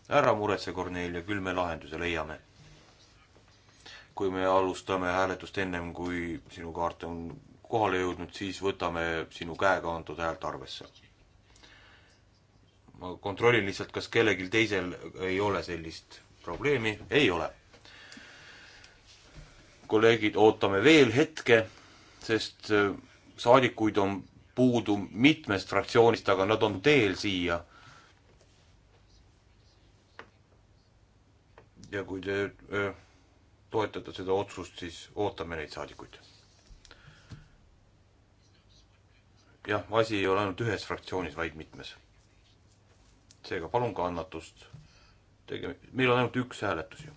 Speaker 4: ära muretse, Kornelia, küll me lahenduse leiame. kui me alustame hääletust ennem, kui sinu kaart on kohale jõudnud, siis võtame sinu käega antud häält arvesse. ma kontrollin lihtsalt, kas kellelgi teisel ei ole sellist probleemi, ei ole. kolleegid, ootame veel hetke, sest äh, saadikuid on puudu mitmest fraktsioonist, aga nad on teel siia ja kui te öö, äh, toetate seda otsust, siis ootame neid saadikuid jah, asi ei ole ainult ühes fraktsioonis, vaid mitmes. seega palun kannatust. tege-, meil on ainult üks hääletus ju.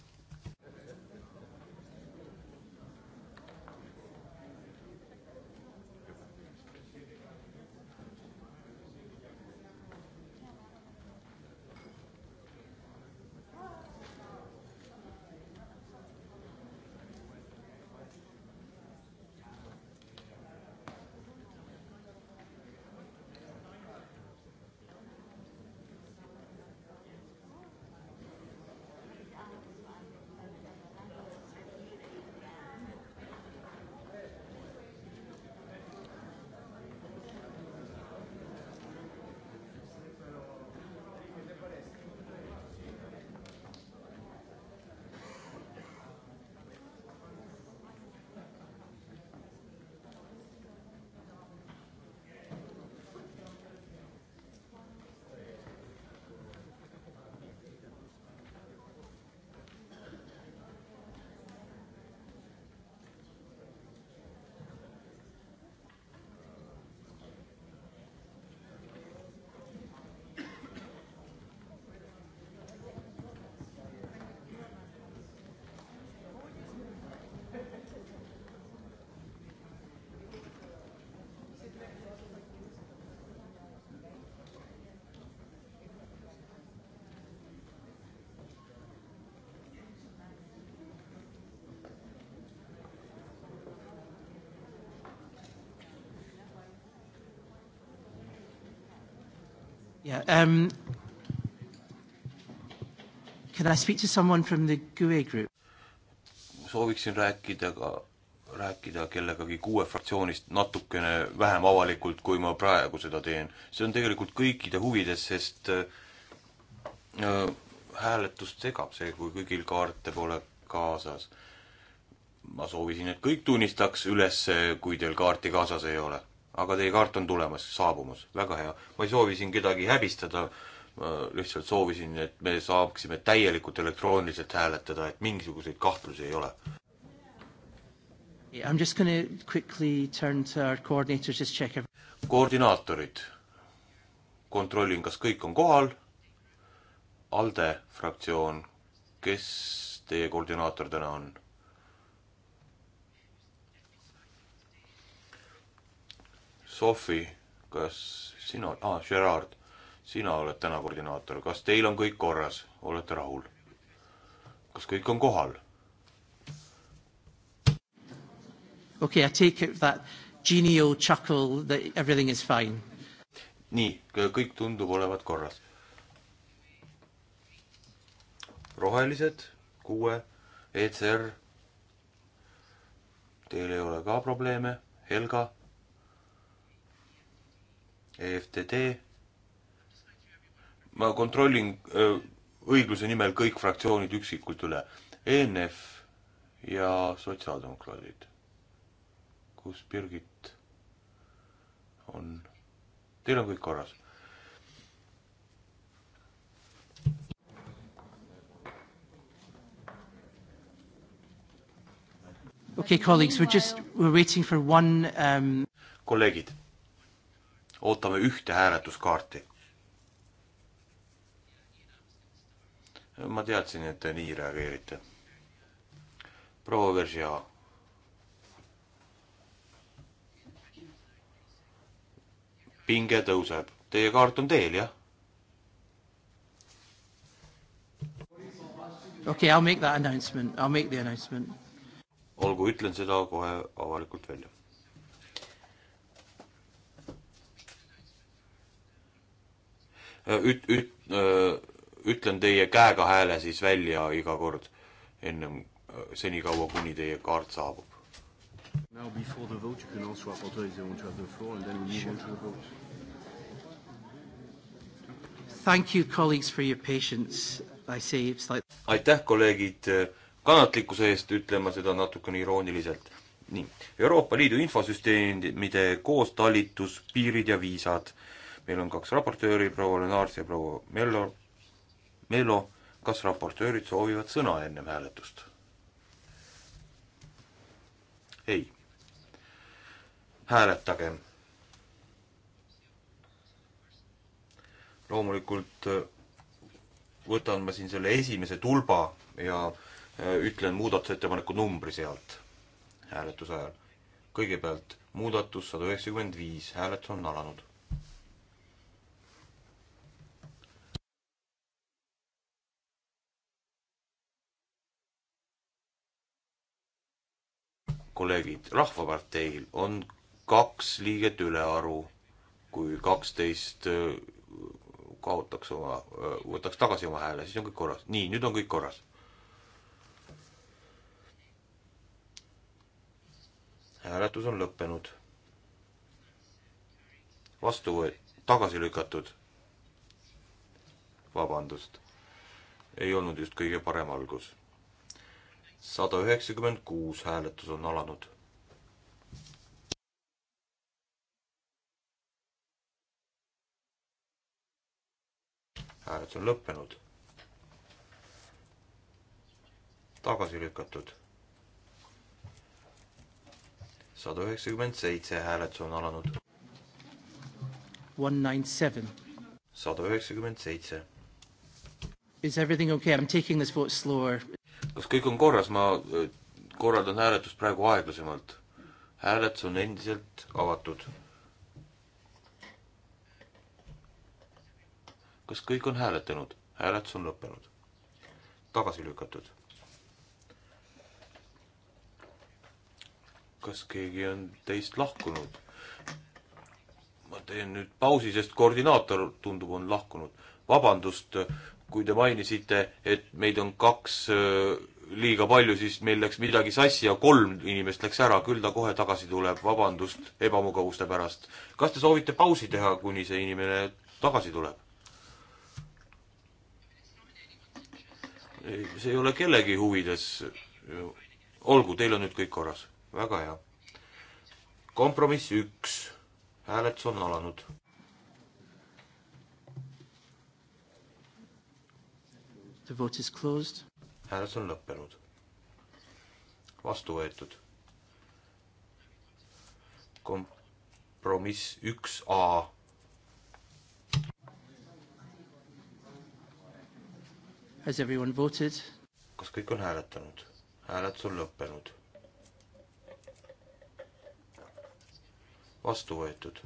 Speaker 1: Yeah, um, can I speak to someone from the GUE group? sooviksin
Speaker 4: rääkida ka, rääkida kellegagi kuue fraktsioonist natukene vähem avalikult, kui ma praegu seda teen. see on tegelikult kõikide huvides, sest äh, hääletust segab see, kui kõigil kaarte pole kaasas. ma soovisin, et kõik tunnistaks üles, kui teil kaarti kaasas ei ole aga teie kaart on tulemas, saabumas, väga hea. ma ei soovi siin kedagi häbistada, ma lihtsalt soovisin, et me saaksime täielikult elektrooniliselt hääletada, et mingisuguseid kahtlusi ei ole.
Speaker 1: I m just gonna quickly turn to our coordinators, just check every-.
Speaker 4: koordinaatorid. kontrollin, kas kõik on kohal. ALDE fraktsioon, kes teie koordinaator täna on? Sofi, kas sina ah,, Gerard, sina oled täna koordinaator, kas teil on kõik korras, olete rahul? kas kõik on kohal?
Speaker 1: okei okay,, I take it that genial chuckle that everything is fine.
Speaker 4: nii, kõik tundub olevat korras. rohelised, kuue, ECR. Teil ei ole ka probleeme, Helga EFTD. ma kontrollin õigluse nimel kõik fraktsioonid üksikult üle. ENF ja sotsiaaldemokraadid, kus Birgit on. Teil on kõik korras Okay, colleagues, we're just,
Speaker 1: we're waiting for one um...
Speaker 4: kolleegid, ootame ühte hääletuskaarti. ma teadsin, et te nii reageerite. proua Veržia. pinge tõuseb, teie kaart on teel, jah?
Speaker 1: okei okay,, I will make that announcement, I will make the announcement.
Speaker 4: olgu, ütlen seda kohe avalikult välja Äh, üt-, üt-, äh, ütlen teie käega hääle siis välja iga kord ennem äh, senikaua, kuni teie kaart saabub.
Speaker 1: Now before the vote you can also apologize if you want to have the floor and then we move on to the vote. Thank you colleagues for your patience, I say it's like
Speaker 4: aitäh, kolleegid, kannatlikkuse eest, ütlen ma seda natukene irooniliselt. nii, Euroopa Liidu infosüsteemide koostalitus, piirid ja viisad meil on kaks raportööri, proua Lenaars ja proua Mello. Mello, kas raportöörid soovivad sõna ennem hääletust? ei. hääletagem. loomulikult äh, võtan ma siin selle esimese tulba ja äh, ütlen muudatusettepaneku numbri sealt hääletuse ajal. kõigepealt muudatus sada üheksakümmend viis, hääletus on alanud. kolleegid, Rahvaparteil on kaks liiget ülearu, kui kaksteist äh, kaotaks oma, äh, võtaks tagasi oma hääle, siis on kõik korras. nii, nüüd on kõik korras. hääletus on lõppenud. vastu võet-, tagasi lükatud. vabandust, ei olnud just kõige parem algus sada üheksakümmend kuus hääletus on alanud. hääletus on lõppenud. tagasi lükatud. sada üheksakümmend seitse hääletus on alanud.
Speaker 1: One nine seven.
Speaker 4: sada üheksakümmend seitse.
Speaker 1: Is everything okay? I am taking this vote slower
Speaker 4: kas kõik on korras, ma äh, korraldan hääletust praegu aeglasemalt. hääletus on endiselt avatud. kas kõik on hääletanud? hääletus on lõppenud. tagasi lükatud. kas keegi on teist lahkunud? ma teen nüüd pausi, sest koordinaator tundub, on lahkunud. vabandust, kui te mainisite, et meid on kaks liiga palju, siis meil läks midagi sassi ja kolm inimest läks ära, küll ta kohe tagasi tuleb, vabandust ebamugavuste pärast. kas te soovite pausi teha, kuni see inimene tagasi tuleb? see ei ole kellegi huvides. olgu, teil on nüüd kõik korras. väga hea. kompromiss üks. hääletus on
Speaker 1: alanud. The vote is closed.
Speaker 4: hääletus on lõppenud. vastu võetud. kompromiss üks A.
Speaker 1: Has everyone voted?
Speaker 4: kas kõik on hääletanud? hääletus on lõppenud. vastu võetud.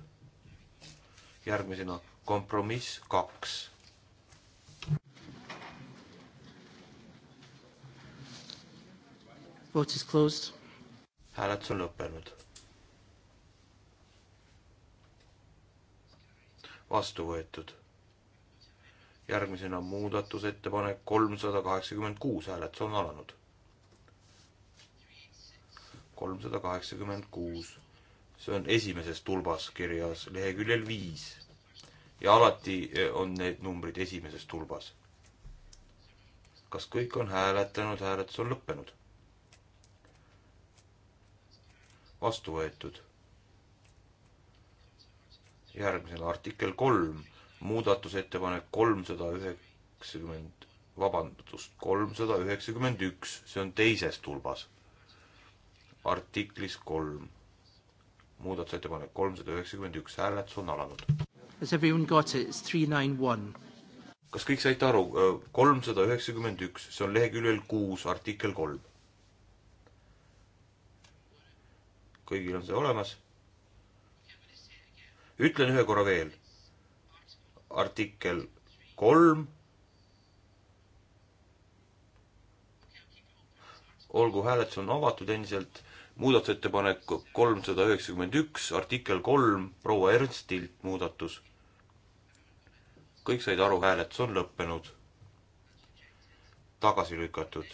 Speaker 4: järgmisena kompromiss kaks
Speaker 1: Vote is closed.
Speaker 4: hääletus on lõppenud. vastu võetud. järgmisena muudatusettepanek kolmsada kaheksakümmend kuus, hääletus on alanud. kolmsada kaheksakümmend kuus, see on esimeses tulbas kirjas leheküljel viis ja alati eh, on need numbrid esimeses tulbas. kas kõik on hääletanud, hääletus on lõppenud vastu võetud. järgmisena artikkel kolm, muudatusettepanek kolmsada üheksakümmend, vabandust, kolmsada üheksakümmend üks, see on teises tulbas. artiklis kolm, muudatusettepanek kolmsada üheksakümmend üks, hääletus on alanud.
Speaker 1: Has everyone got it? It's three nine one
Speaker 4: kas kõik saite aru, kolmsada üheksakümmend üks, see on leheküljel kuus, artikkel kolm kõigil on see olemas. ütlen ühe korra veel. artikkel kolm. olgu, hääletus on avatud endiselt. muudatusettepanek kolmsada üheksakümmend üks, artikkel kolm, proua Ernstilt muudatus. kõik said aru, hääletus on lõppenud. tagasi lükatud.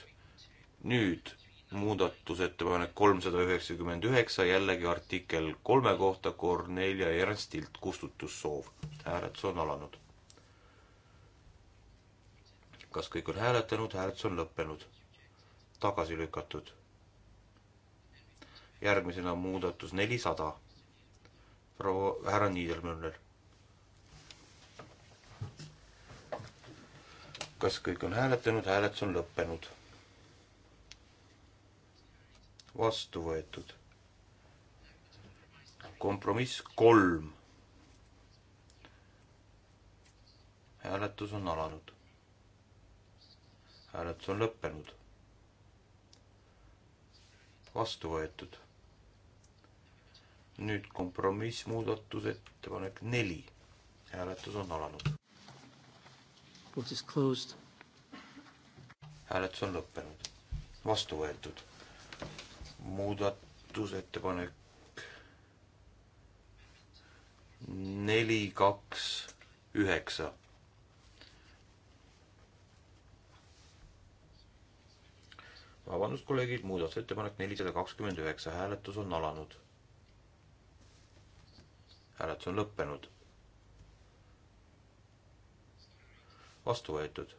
Speaker 4: nüüd muudatusettepanek kolmsada üheksakümmend üheksa, jällegi artikkel kolme kohta Kornelia Ernstilt kustutussoov. hääletus on alanud. kas kõik on hääletanud, hääletus on lõppenud. tagasi lükatud. järgmisena muudatus nelisada. proua, härra Niidermüller. kas kõik on hääletanud, hääletus on lõppenud vastu võetud. kompromiss kolm. hääletus on alanud. hääletus on lõppenud. vastu võetud. nüüd kompromiss muudatusettepanek neli. hääletus on alanud.
Speaker 1: Vote is closed.
Speaker 4: hääletus on lõppenud, vastu võetud muudatusettepanek neli, kaks, üheksa. vabandust, kolleegid, muudatusettepanek nelisada kakskümmend üheksa, hääletus on alanud. hääletus on lõppenud. vastu võetud.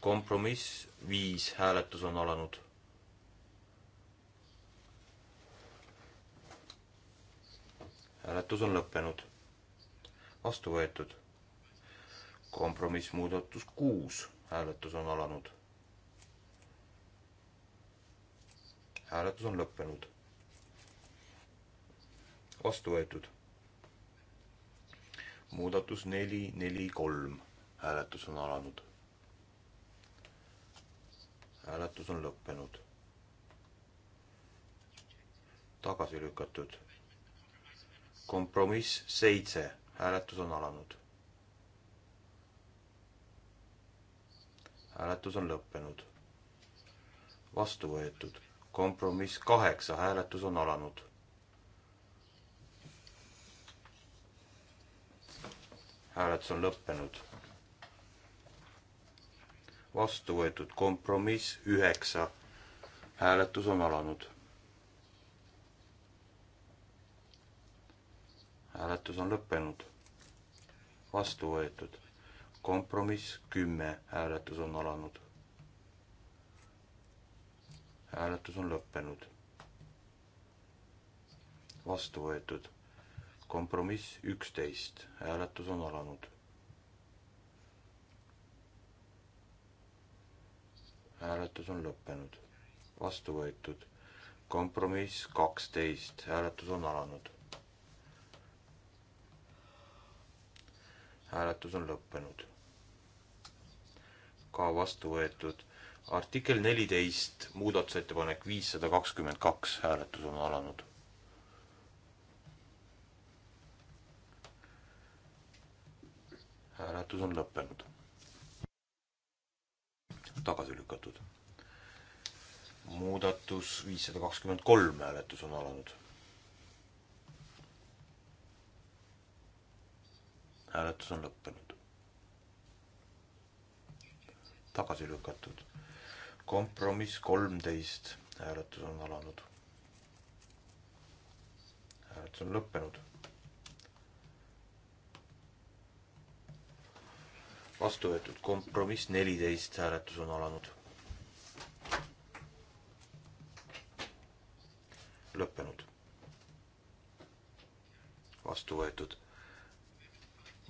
Speaker 4: kompromiss viis, hääletus on alanud hääletus on lõppenud. vastu võetud. kompromissmuudatus kuus, hääletus on alanud. hääletus on lõppenud. vastu võetud. muudatus neli, neli, kolm, hääletus on alanud. hääletus on lõppenud. tagasi lükatud kompromiss seitse, hääletus on alanud. hääletus on lõppenud. vastu võetud. kompromiss kaheksa, hääletus on alanud. hääletus on lõppenud. vastu võetud kompromiss üheksa, hääletus on alanud hääletus on lõppenud. vastu võetud. kompromiss kümme, hääletus on alanud. hääletus on lõppenud. vastu võetud. kompromiss üksteist, hääletus on alanud hääletus on lõppenud. vastu võetud. kompromiss kaksteist, hääletus on alanud. hääletus on lõppenud. ka vastu võetud artikkel neliteist, muudatusettepanek viissada kakskümmend kaks, hääletus on alanud. hääletus on lõppenud. tagasi lükatud. muudatus viissada kakskümmend kolm, hääletus on alanud hääletus on lõppenud. tagasi lükatud. kompromiss kolmteist, hääletus on alanud. hääletus on lõppenud. vastu võetud kompromiss neliteist, hääletus on alanud. lõppenud. vastu võetud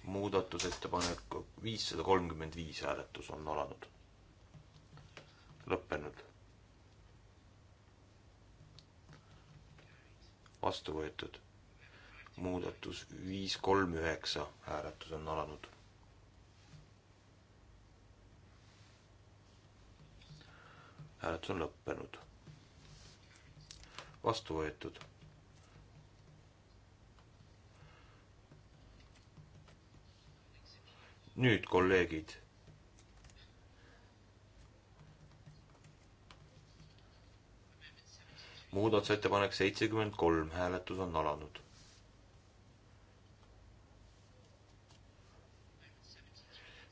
Speaker 4: muudatusettepanek viissada kolmkümmend viis hääletus on alanud. lõppenud. vastu võetud. muudatus viis kolm üheksa hääletus on alanud. hääletus on lõppenud. vastu võetud nüüd, kolleegid. muudatusettepanek seitsekümmend kolm, hääletus on alanud.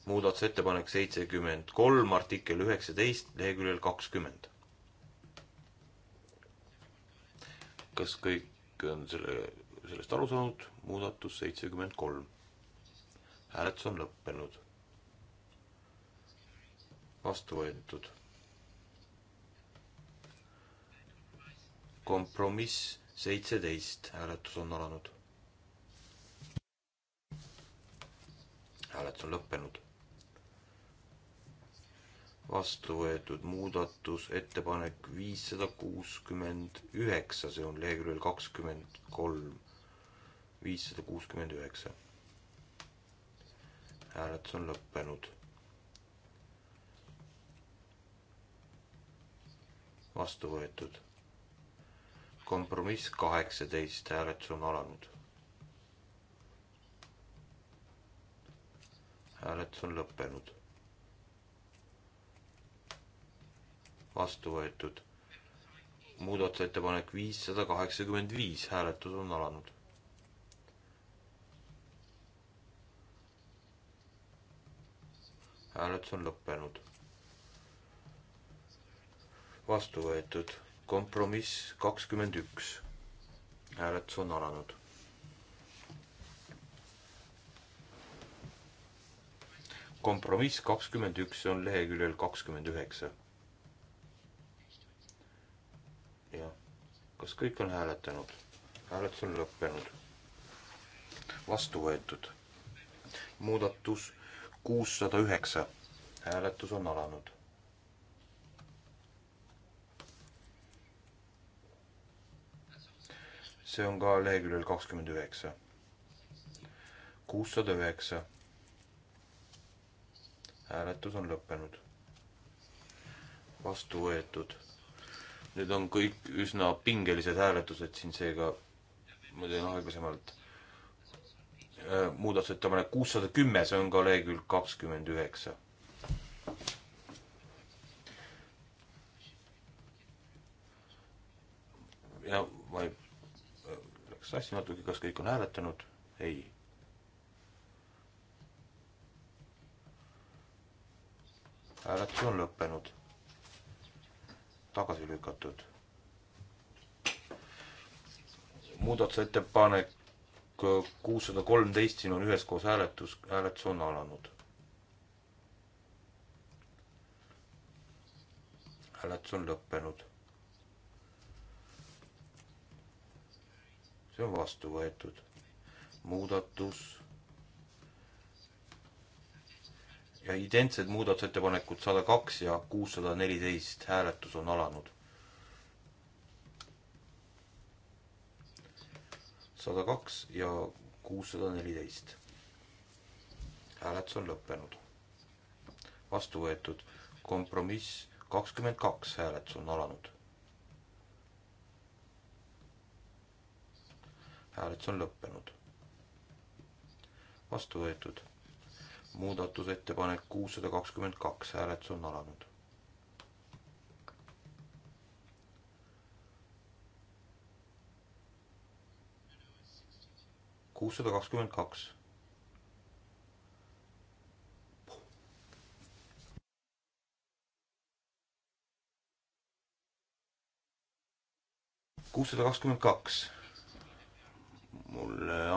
Speaker 4: muudatusettepanek seitsekümmend kolm, artikkel üheksateist, leheküljel kakskümmend. kas kõik on selle, sellest aru saanud? muudatus seitsekümmend kolm hääletus on lõppenud. vastu võetud. kompromiss seitseteist, hääletus on alanud. hääletus on lõppenud. vastu võetud muudatusettepanek viissada kuuskümmend üheksa, see on leheküljel kakskümmend kolm, viissada kuuskümmend üheksa hääletus on lõppenud. vastu võetud. kompromiss kaheksateist, hääletus on alanud. hääletus on lõppenud. vastu võetud. muudatusettepanek viissada kaheksakümmend viis, hääletus on alanud. hääletus on lõppenud. vastu võetud kompromiss kakskümmend üks. hääletus on alanud. kompromiss kakskümmend üks, see on leheküljel kakskümmend üheksa. jah, kas kõik on hääletanud? hääletus on lõppenud. vastu võetud. muudatus kuussada üheksa. hääletus on alanud. see on ka leheküljel kakskümmend üheksa. kuussada üheksa. hääletus on lõppenud. vastu võetud. Need on kõik üsna pingelised hääletused siin, seega ma teen aeglasemalt Äh, muudatusettepanek kuussada kümme, see on ka lehekülg kakskümmend üheksa. ja ma ei, läks sassi natuke, kas kõik on hääletanud? ei. hääletus on lõppenud. tagasi lükatud. muudatusettepanek kuussada kolmteist, siin on üheskoos hääletus, hääletus on alanud. hääletus on lõppenud. see on vastu võetud. muudatus ja identsed muudatusettepanekud sada kaks ja kuussada neliteist, hääletus on alanud. sada kaks ja kuussada neliteist. hääletus on lõppenud. vastu võetud kompromiss kakskümmend kaks hääletus on alanud. hääletus on lõppenud. vastu võetud muudatusettepanek kuussada kakskümmend kaks hääletus on alanud kuussada kakskümmend kaks. kuussada kakskümmend kaks. mulle äh,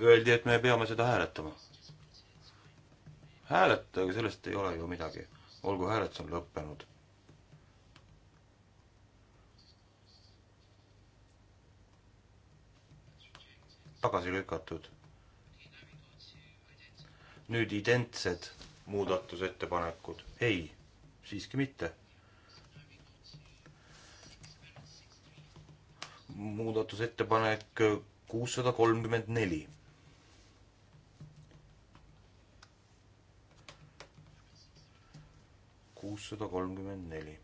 Speaker 4: öeldi, et me peame seda hääletama. hääletage, sellest ei ole ju midagi. olgu, hääletus on lõppenud tagasi lükatud. nüüd identsed muudatusettepanekud, ei, siiski mitte. muudatusettepanek kuussada kolmkümmend neli. kuussada kolmkümmend neli.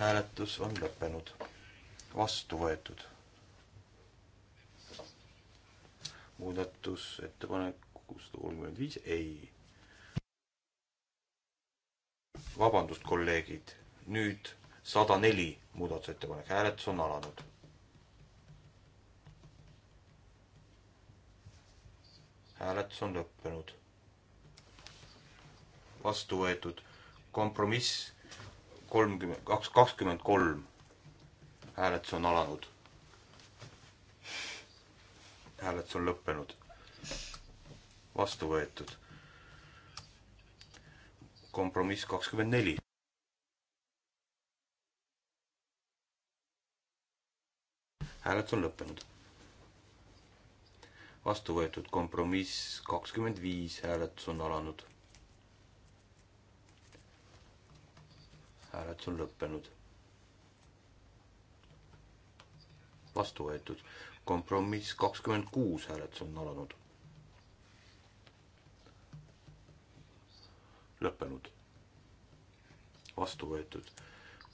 Speaker 4: hääletus on lõppenud, vastu võetud. muudatusettepanek kuussada kolmkümmend viis, ei. vabandust, kolleegid, nüüd sada neli muudatusettepanek, hääletus on alanud. hääletus on lõppenud. vastu võetud kompromiss kolmkümmend, kaks, kakskümmend kolm hääletus on alanud. hääletus on lõppenud. vastu võetud. kompromiss kakskümmend neli. hääletus on lõppenud. vastu võetud kompromiss kakskümmend viis, hääletus on alanud hääletus on lõppenud. vastu võetud. kompromiss kakskümmend kuus hääletus on alanud. lõppenud. vastu võetud.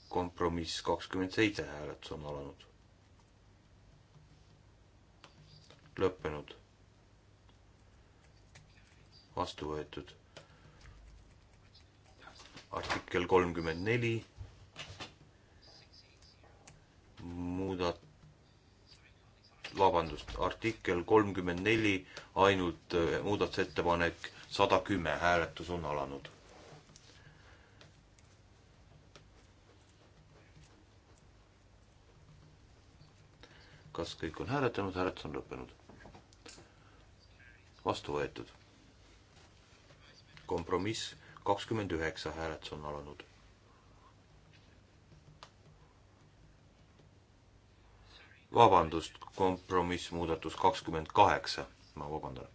Speaker 4: kompromiss kakskümmend seitse hääletus on alanud. lõppenud. vastu võetud artikkel kolmkümmend neli, muudat-, vabandust, artikkel kolmkümmend neli, ainult äh, muudatusettepanek sada kümme, hääletus on alanud. kas kõik on hääletanud, hääletus on lõppenud. vastu võetud. kompromiss kakskümmend üheksa hääletus on alanud. vabandust, kompromiss muudatus kakskümmend kaheksa, ma vabandan.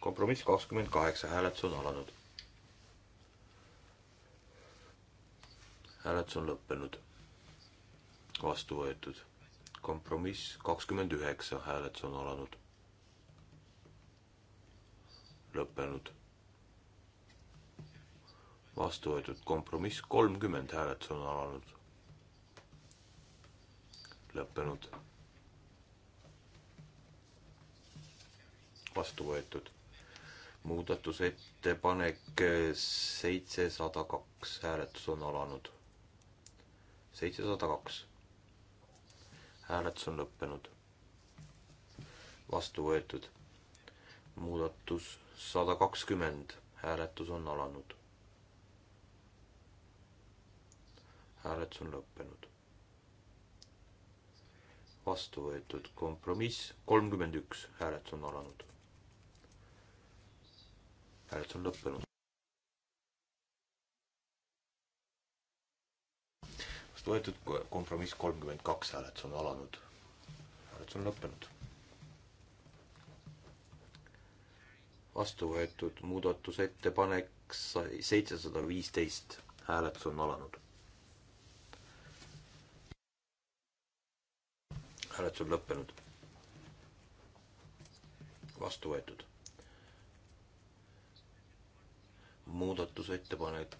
Speaker 4: kompromiss kakskümmend kaheksa, hääletus on alanud. hääletus on lõppenud. vastu võetud. kompromiss kakskümmend üheksa, hääletus on alanud. lõppenud vastu võetud kompromiss kolmkümmend hääletus on alanud. lõppenud. vastu võetud muudatusettepanek seitsesada kaks, hääletus on alanud. seitsesada kaks. hääletus on lõppenud. vastu võetud. muudatus sada kakskümmend, hääletus on alanud. hääletus on lõppenud. vastu võetud kompromiss kolmkümmend üks, hääletus on alanud. hääletus on lõppenud. vastu võetud kompromiss kolmkümmend kaks, hääletus on alanud. hääletus on lõppenud. vastu võetud muudatusettepanek seitsesada viisteist, hääletus on alanud. hääletus on lõppenud. vastu võetud. muudatusettepanek,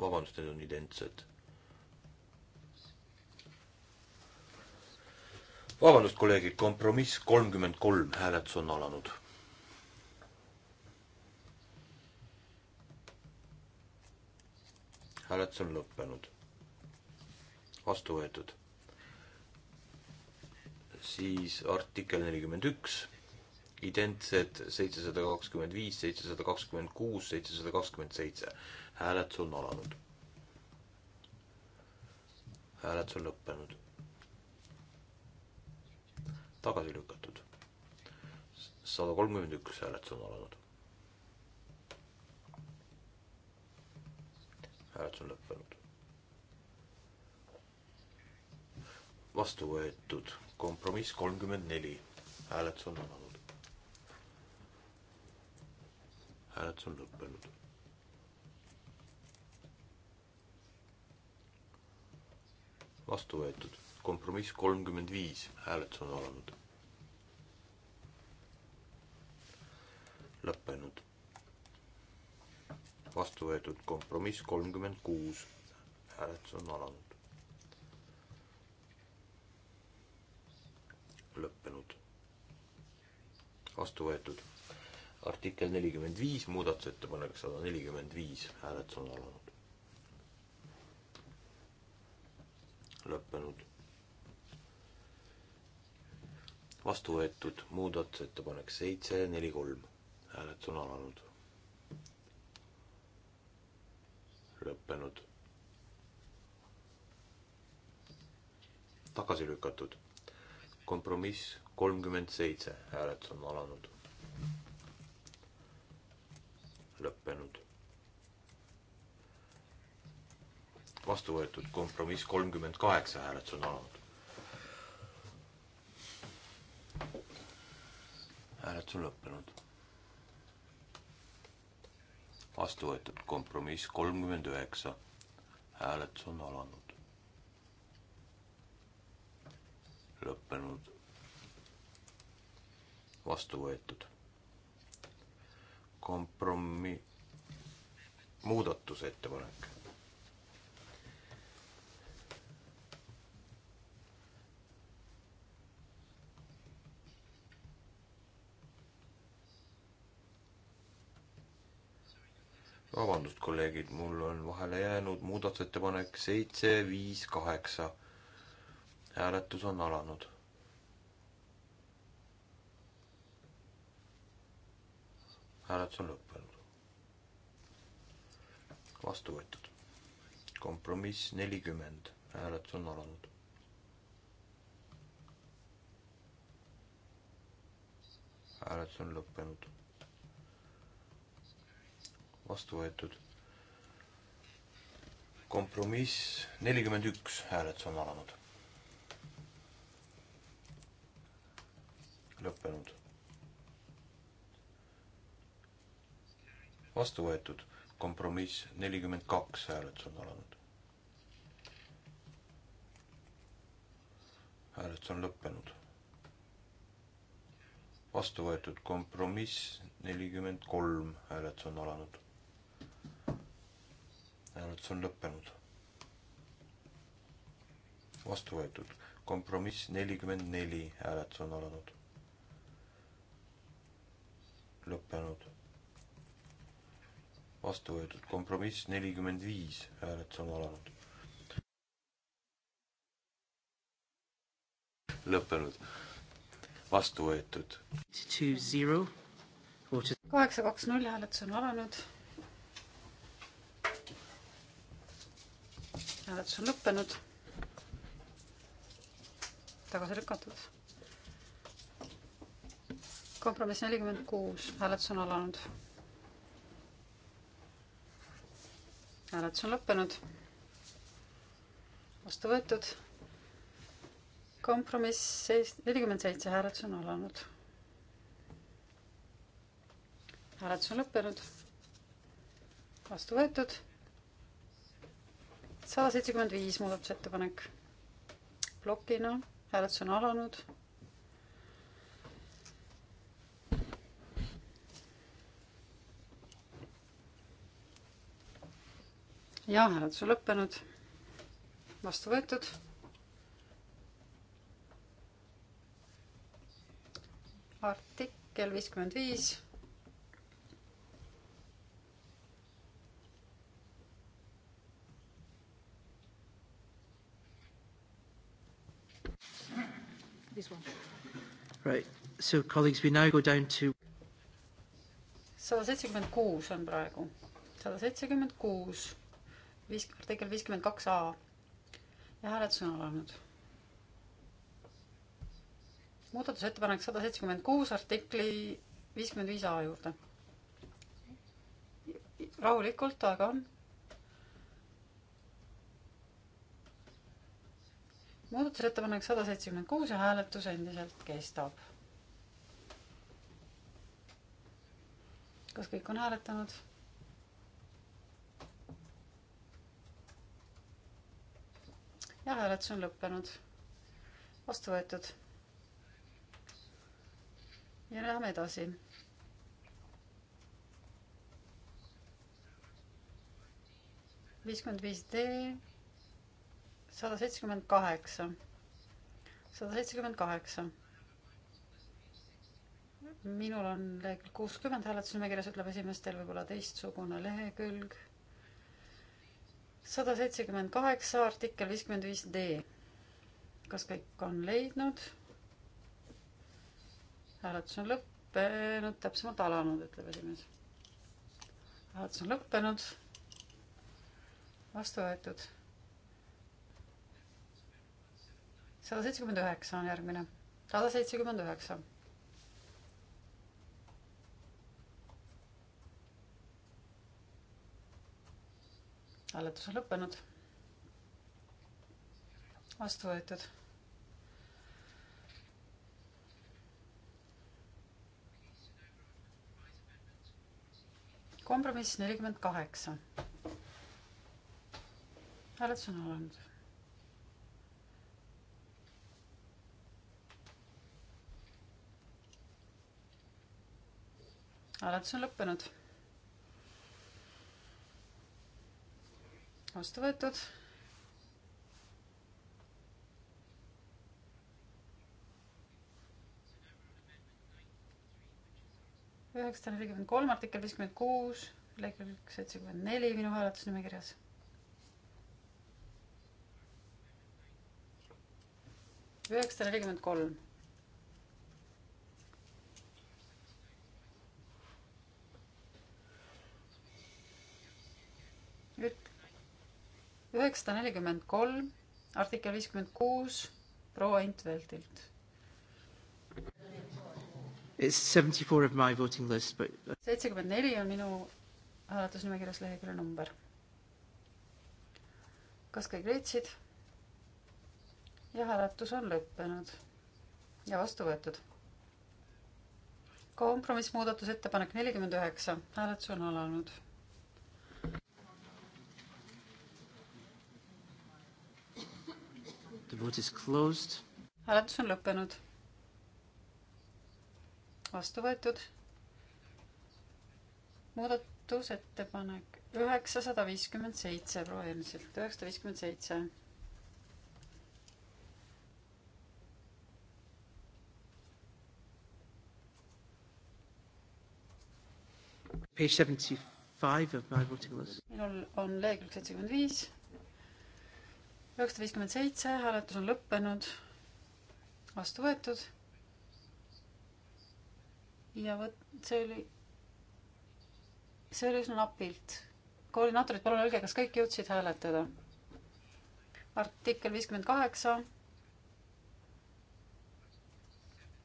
Speaker 4: vabandust, need on identsed. vabandust, kolleegid, kompromiss kolmkümmend kolm, hääletus on alanud hääletus on lõppenud. vastu võetud siis artikkel nelikümmend üks, identsed seitsesada kakskümmend viis, seitsesada kakskümmend kuus, seitsesada kakskümmend seitse. hääletus on alanud. hääletus on lõppenud. tagasi lükatud. sada kolmkümmend üks hääletus on alanud. hääletus on lõppenud. vastu võetud kompromiss kolmkümmend neli. hääletus on alanud. hääletus on lõppenud. vastu võetud. kompromiss kolmkümmend viis, hääletus on alanud. lõppenud. vastu võetud kompromiss kolmkümmend kuus, hääletus on alanud. vastu võetud. artikkel nelikümmend viis, muudatusettepanek sada nelikümmend viis, hääletus on alanud. lõppenud. vastu võetud muudatusettepanek seitse, neli, kolm, hääletus on alanud. lõppenud. tagasi lükatud kompromiss kolmkümmend seitse hääletus on alanud. lõppenud. vastu võetud kompromiss kolmkümmend kaheksa hääletus on alanud. hääletus on lõppenud. vastu võetud kompromiss kolmkümmend üheksa hääletus on alanud. lõppenud vastu võetud. kompromi-, muudatusettepanek. vabandust, kolleegid, mul on vahele jäänud muudatusettepanek seitse, viis, kaheksa. hääletus on alanud hääletus on lõppenud. vastu võetud. kompromiss nelikümmend, hääletus on alanud. hääletus on lõppenud. vastu võetud. kompromiss nelikümmend üks, hääletus on alanud. lõppenud vastu võetud, kompromiss nelikümmend kaks hääletus on alanud. hääletus on lõppenud. vastu võetud kompromiss nelikümmend kolm hääletus on alanud. hääletus on lõppenud. vastu võetud kompromiss nelikümmend neli hääletus on alanud. lõppenud vastu võetud, kompromiss nelikümmend viis, hääletus on alanud. lõppenud, vastu võetud.
Speaker 2: kaheksa, kaks, null, hääletus on alanud. hääletus on lõppenud. tagasi lükatud kompromiss nelikümmend kuus, hääletus on alanud hääletus on lõppenud. vastu võetud. kompromiss seis-, nelikümmend seitse, hääletus on alanud. hääletus on lõppenud. vastu võetud. sada seitsekümmend viis muudatusettepanek. plokina hääletus on alanud ja hääletus on lõppenud. vastu võetud. artikkel viiskümmend viis. This one.
Speaker 1: Right. So colleagues, we now go down to
Speaker 2: sada seitsekümmend kuus on praegu, sada seitsekümmend kuus viis, artikkel viiskümmend kaks A ja hääletus on alanud. muudatusettepanek sada seitsekümmend kuus artikli viiskümmend viis A juurde. rahulikult, aega on. muudatusettepanek sada seitsekümmend kuus ja hääletus endiselt kestab. kas kõik on hääletanud? ja hääletus on lõppenud. vastu võetud. ja läheme edasi. viiskümmend viis D, sada seitsekümmend kaheksa, sada seitsekümmend kaheksa minul on lehekülg kuuskümmend hääletusnimekirjas, ütleb esimees, teil võib olla teistsugune lehekülg sada seitsekümmend kaheksa, artikkel viiskümmend viis D. kas kõik on leidnud? hääletus on lõppenud, täpsemalt alanud, ütleb esimees. hääletus on lõppenud. vastu võetud. sada seitsekümmend üheksa on järgmine. sada seitsekümmend üheksa hääletus on lõppenud. vastu võetud. kompromiss nelikümmend kaheksa. hääletus on alanud. hääletus on lõppenud vastu võetud. üheksasada nelikümmend kolm, artikkel viiskümmend kuus, lehekülg seitsekümmend neli minu hääletusnimekirjas üheksasada nelikümmend kolm. üheksasada nelikümmend kolm, artikkel viiskümmend kuus, proua Intveldilt. seitsekümmend neli on minu hääletusnimekirjas lehekülje number. kas kõik leidsid? ja hääletus on lõppenud ja vastu võetud. kompromissmuudatusettepanek nelikümmend üheksa, hääletus on alanud hääletus on lõppenud. vastu võetud. muudatusettepanek üheksasada viiskümmend seitse, proua Ernsilt, üheksasada viiskümmend seitse.
Speaker 1: Page seventy five of my voting
Speaker 2: list. minul on lehekülg seitsekümmend viis üheksasada viiskümmend seitse, hääletus on lõppenud, vastu võetud. ja vot see oli, see oli üsna napilt. koordinaatorid, palun öelge, kas kõik jõudsid hääletada? artikkel viiskümmend kaheksa.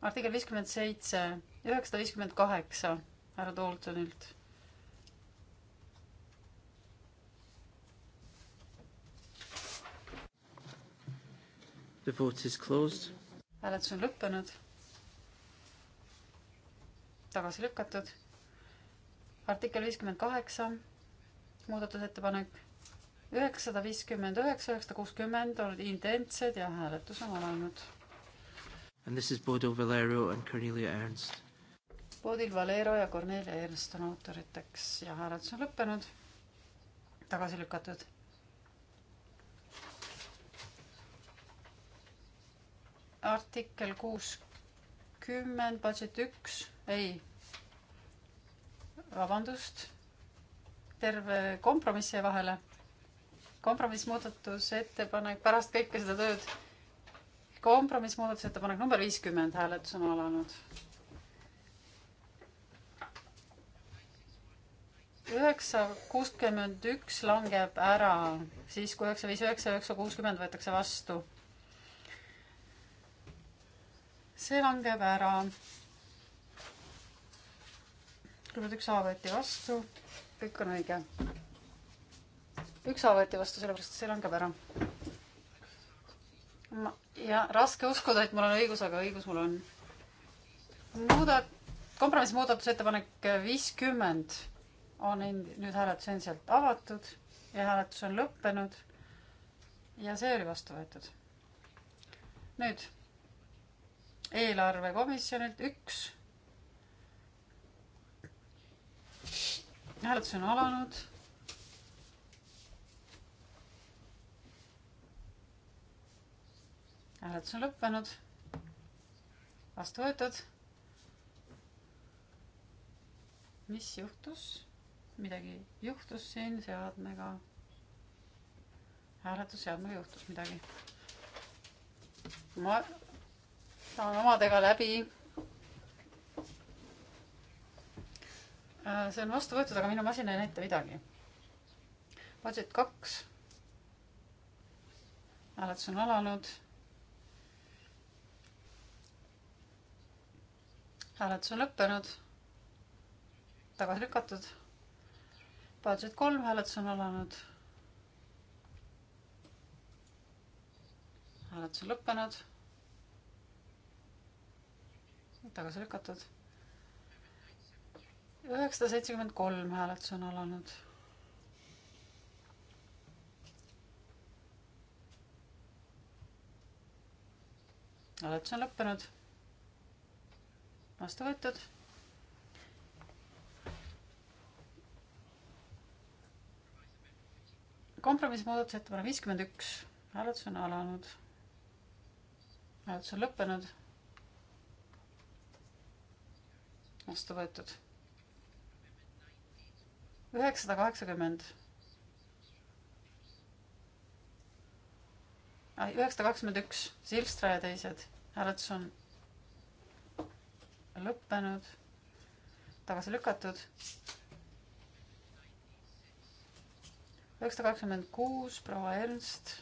Speaker 2: artikkel viiskümmend seitse, üheksasada viiskümmend kaheksa härra Toolsonilt
Speaker 1: The vote is closed.
Speaker 2: hääletus on lõppenud. tagasi lükatud. artikkel viiskümmend kaheksa, muudatusettepanek üheksasada viiskümmend üheksa, üheksasada kuuskümmend olid identsed ja hääletus on alanud.
Speaker 1: And this is Bodo Valero and Cornelia Ernst.
Speaker 2: Bodil Valero ja Cornelia Ernst on autoriteks ja hääletus on lõppenud, tagasi lükatud. artikkel kuuskümmend, budget üks, ei, vabandust, terve kompromiss jäi vahele. kompromissmuudatusettepanek, pärast kõike seda tööd, kompromissmuudatusettepanek number viiskümmend hääletus on alanud. üheksa kuuskümmend üks langeb ära siis, kui üheksa viis üheksa, üheksa kuuskümmend võetakse vastu see langeb ära. kõigepealt üks A võeti vastu, kõik on õige. üks A võeti vastu, sellepärast et see langeb ära. ma, ja raske uskuda, et mul on õigus, aga õigus mul on. muudat-, kompromissmuudatusettepanek viiskümmend on end-, nüüd hääletus endiselt avatud ja hääletus on lõppenud. ja see oli vastu võetud. nüüd eelarvekomisjonilt üks. hääletus on alanud. hääletus on lõppenud. vastu võetud. mis juhtus? midagi juhtus siin seadmega. hääletusseadmega juhtus midagi. ma saame omadega läbi. Äh, see on vastu võetud, aga minu masin ei näita midagi. budget kaks. hääletus on alanud. hääletus on lõppenud. tagasi lükatud. budget kolm, hääletus on alanud hääletus on lõppenud tagasi lükatud. üheksasada seitsekümmend kolm hääletus on alanud. hääletus on lõppenud. vastu võetud kompromissi muudatusettepanek viiskümmend üks, hääletus on alanud. hääletus on lõppenud vastu võetud. üheksasada kaheksakümmend. üheksasada kakskümmend üks, Silstra ja teised, hääletus on lõppenud, tagasi lükatud. üheksasada kaheksakümmend kuus, proua Ernst.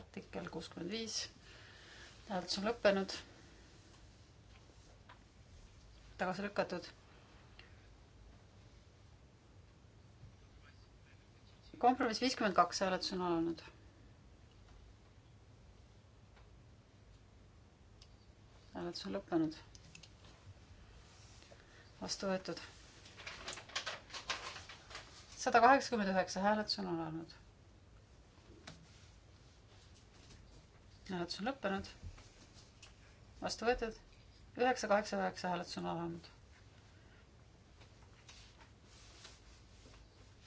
Speaker 2: artikkel kuuskümmend viis, hääletus on lõppenud tagasi lükatud. kompromiss viiskümmend kaks, hääletus on alanud. hääletus on lõppenud. vastu võetud. sada kaheksakümmend üheksa, hääletus on alanud. hääletus on lõppenud. vastu võetud üheksa, kaheksa, üheksa hääletus on alanud.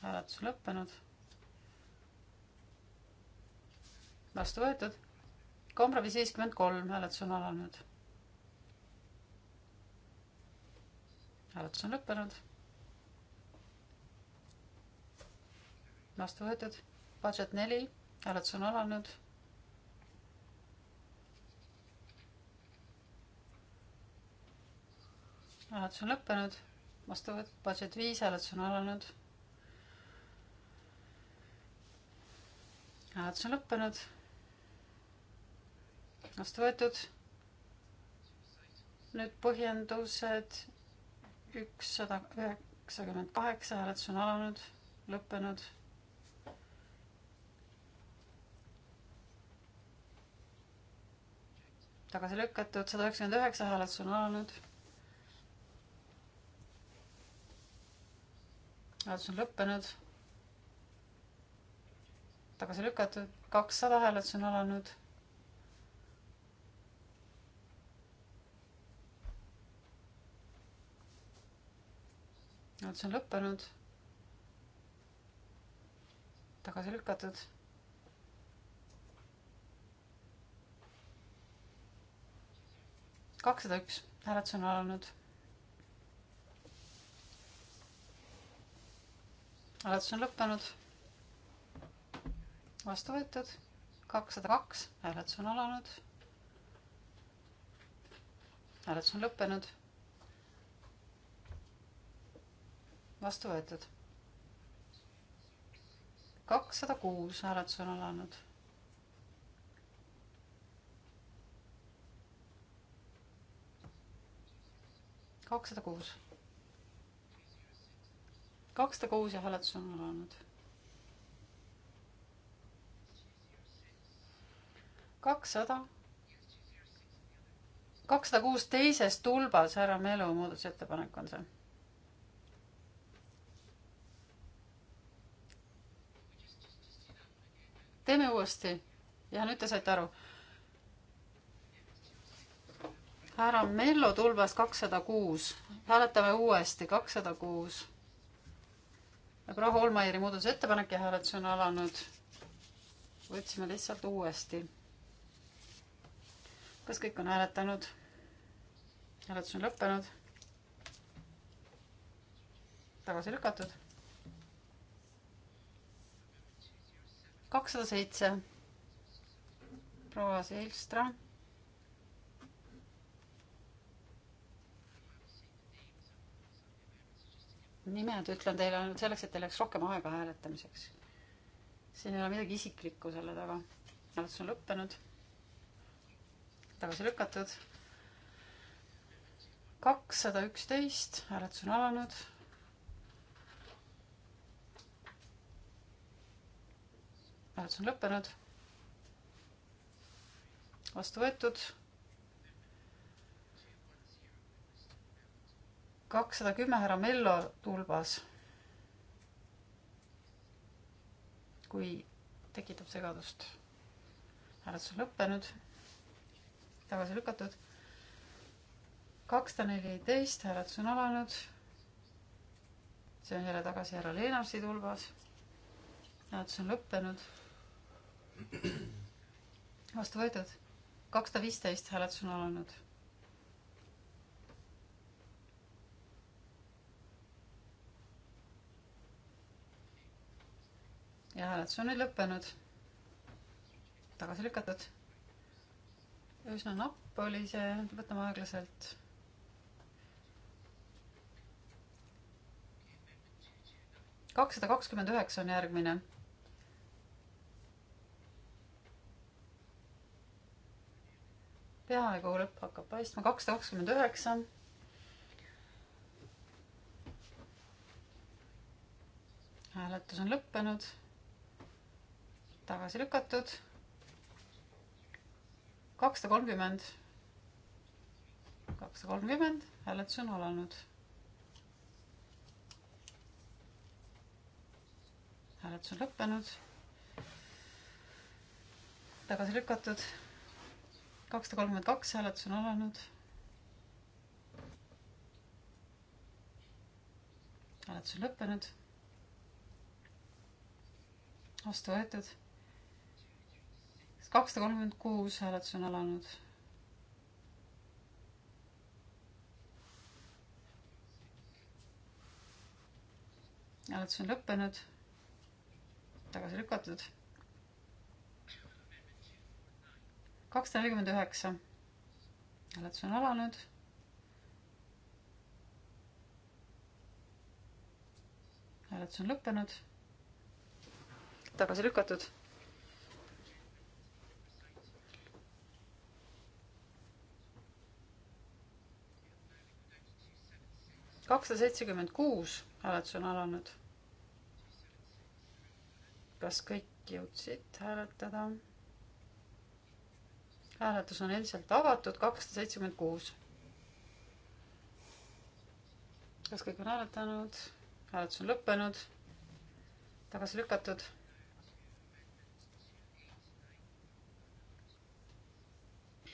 Speaker 2: hääletus lõppenud. vastu võetud. kompromiss viiskümmend kolm, hääletus on alanud. hääletus on lõppenud. vastu võetud. Budget neli, hääletus on alanud hääletus on lõppenud, vastu võetud, budget viis, hääletus on alanud. hääletus on lõppenud, vastu võetud. nüüd põhjendused ükssada üheksakümmend kaheksa, hääletus on alanud, lõppenud tagasi lükatud, sada üheksakümmend üheksa hääletus on alanud hääletus on lõppenud. tagasi lükatud, kakssada hääletus on alanud. hääletus on lõppenud. tagasi lükatud kakssada üks hääletus on alanud hääletus on lõppenud. vastu võetud kakssada kaks, hääletus on alanud. hääletus on lõppenud. vastu võetud. kakssada kuus, hääletus on alanud. kakssada kuus kakssada kuus ja hääletus on alanud. kakssada, kakssada kuus teises tulbas, härra Melu muudatusettepanek on see. teeme uuesti ja nüüd te saite aru härra Mello tulvas kakssada kuus, hääletame uuesti, kakssada kuus proua Holmaieri muudatusettepanek ja hääletus on alanud. võtsime lihtsalt uuesti. kas kõik on hääletanud? hääletus on lõppenud. tagasi lükatud. kakssada seitse. proua Silstra nimed ütlen teile ainult selleks, et teil oleks rohkem aega hääletamiseks. siin ei ole midagi isiklikku selle taga. hääletus on lõppenud. tagasi lükatud. kakssada üksteist, hääletus on alanud. hääletus on lõppenud. vastu võetud kakssada kümme härra Mello tulbas. kui tekitab segadust. hääletus on lõppenud. tagasi lükatud. kakssada neliteist, hääletus on alanud. see on jälle tagasi härra Leenarsi tulbas. hääletus on lõppenud. vastu võetud. kakssada viisteist, hääletus on alanud ja hääletus on nüüd lõppenud. tagasi lükatud. üsna napp oli see, võtame aeglaselt. kakssada kakskümmend üheksa on järgmine. peaaegu lõpp hakkab paistma, kakssada kakskümmend üheksa. hääletus on lõppenud tagasi lükatud. kakssada kolmkümmend, kakssada kolmkümmend, hääletus on alanud. hääletus on lõppenud. tagasi lükatud. kakssada kolmkümmend kaks, hääletus on alanud hääletus on lõppenud. vastu võetud kakssada kolmkümmend kuus hääletus on alanud. hääletus on lõppenud, tagasi lükatud. kakssada nelikümmend üheksa hääletus on alanud hääletus on lõppenud. tagasi lükatud kakssada seitsekümmend kuus hääletus on alanud. kas kõik jõudsid hääletada? hääletus on endiselt avatud, kakssada seitsekümmend kuus. kas kõik on hääletanud? hääletus on lõppenud, tagasi lükatud.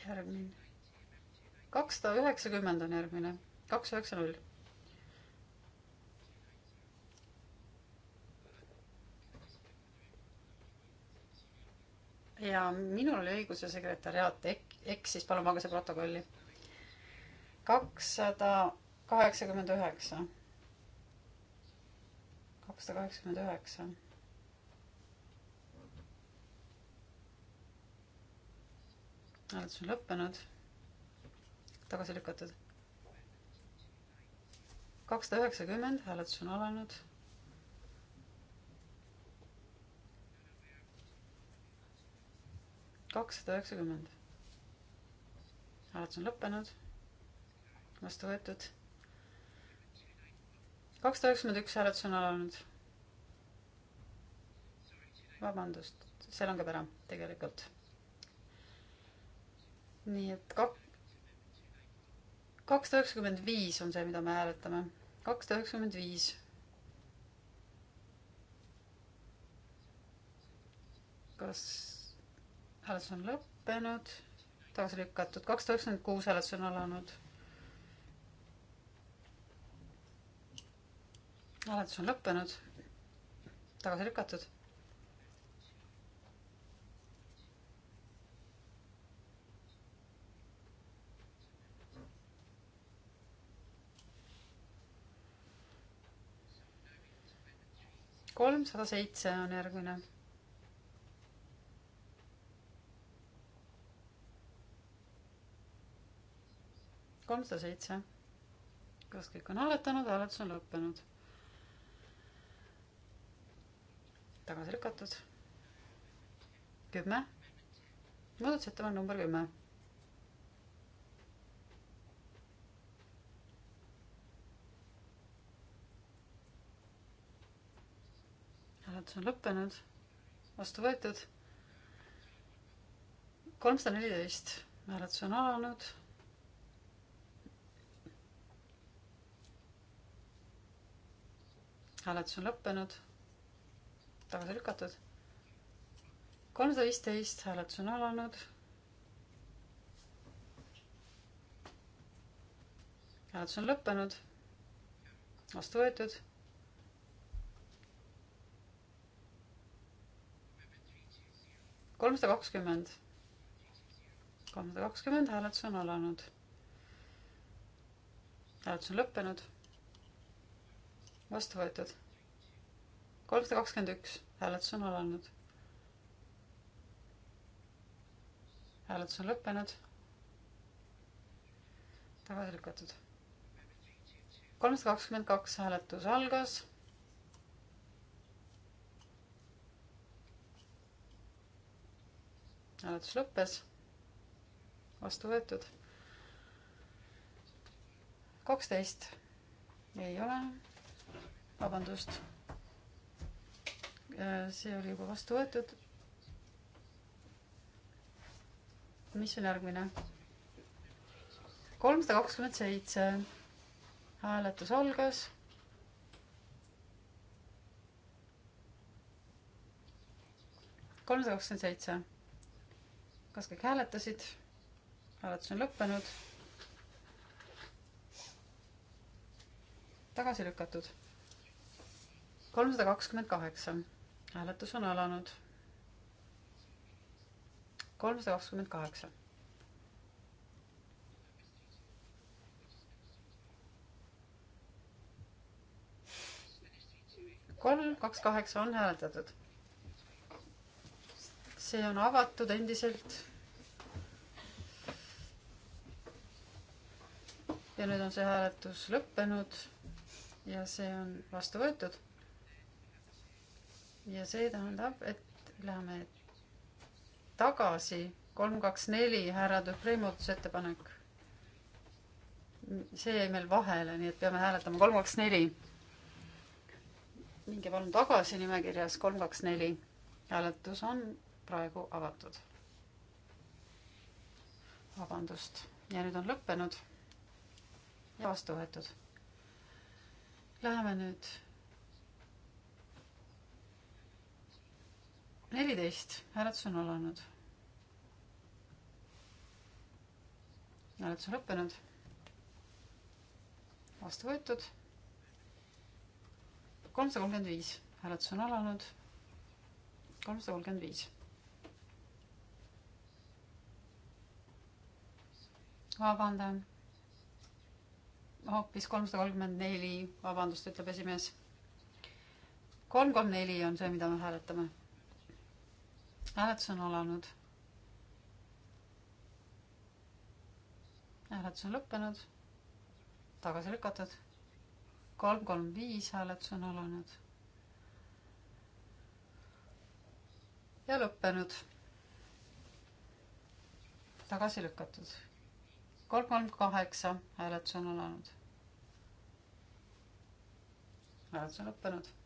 Speaker 2: järgmine, kakssada üheksakümmend on järgmine, kaks üheksa null ja minul oli õigus ja sekretäriaat ek-, eksis, palun pange see protokolli. kakssada kaheksakümmend üheksa. kakssada kaheksakümmend üheksa. hääletus on lõppenud. tagasi lükatud. kakssada üheksakümmend, hääletus on alanud kakssada üheksakümmend. hääletus on lõppenud. vastu võetud. kakssada üheksakümmend üks hääletus on alanud. vabandust, see langeb ära tegelikult. nii et kak-, kakssada üheksakümmend viis on see, mida me hääletame. kakssada üheksakümmend viis. kas hääletus on lõppenud, tagasi lükatud, kakssada üheksakümmend kuus hääletus on alanud. hääletus on lõppenud, tagasi lükatud kolmsada seitse on järgmine. kolmsada seitse. kas kõik on hääletanud, hääletus on lõppenud. tagasi lükatud. kümme. muudatusettepanek number kümme hääletus on lõppenud, vastu võetud. kolmsada neliteist hääletus on alanud, hääletus on lõppenud, tagasi lükatud. kolmsada viisteist, hääletus on alanud. hääletus on lõppenud, vastu võetud kolmsada kakskümmend. kolmsada kakskümmend hääletus on alanud. hääletus on lõppenud vastu võetud. kolmsada kakskümmend üks, hääletus on alanud. hääletus on lõppenud. tagasi lükatud. kolmsada kakskümmend kaks, hääletus algas hääletus lõppes. vastu võetud. kaksteist ei ole, vabandust, äh, see oli juba vastu võetud. mis on järgmine? kolmsada kakskümmend seitse. hääletus algas. kolmsada kakskümmend seitse. kas kõik hääletasid? hääletus on lõppenud. tagasi lükatud kolmsada kakskümmend kaheksa. hääletus on alanud. kolmsada kakskümmend kaheksa. kolm, kaks, kaheksa on hääldatud. see on avatud endiselt. ja nüüd on see hääletus lõppenud ja see on vastu võetud ja see tähendab, et läheme tagasi kolm, kaks, neli härra Dupree muudatusettepanek. see jäi meil vahele, nii et peame hääletama kolm, kaks, neli. minge palun tagasi nimekirjas kolm, kaks, neli. hääletus on praegu avatud. vabandust, ja nüüd on lõppenud ja vastu võetud. Läheme nüüd neliteist, hääletus on alanud. hääletus on lõppenud. vastu võetud. kolmsada kolmkümmend viis, hääletus on alanud. kolmsada kolmkümmend viis. vabandan. hoopis kolmsada kolmkümmend neli, vabandust, ütleb esimees. kolm, kolm, neli on see, mida me hääletame hääletus on alanud. hääletus on lõppenud. tagasi lükatud. kolm, kolm, viis hääletus on alanud. ja lõppenud. tagasi lükatud. kolm, kolm, kaheksa hääletus on alanud. hääletus on lõppenud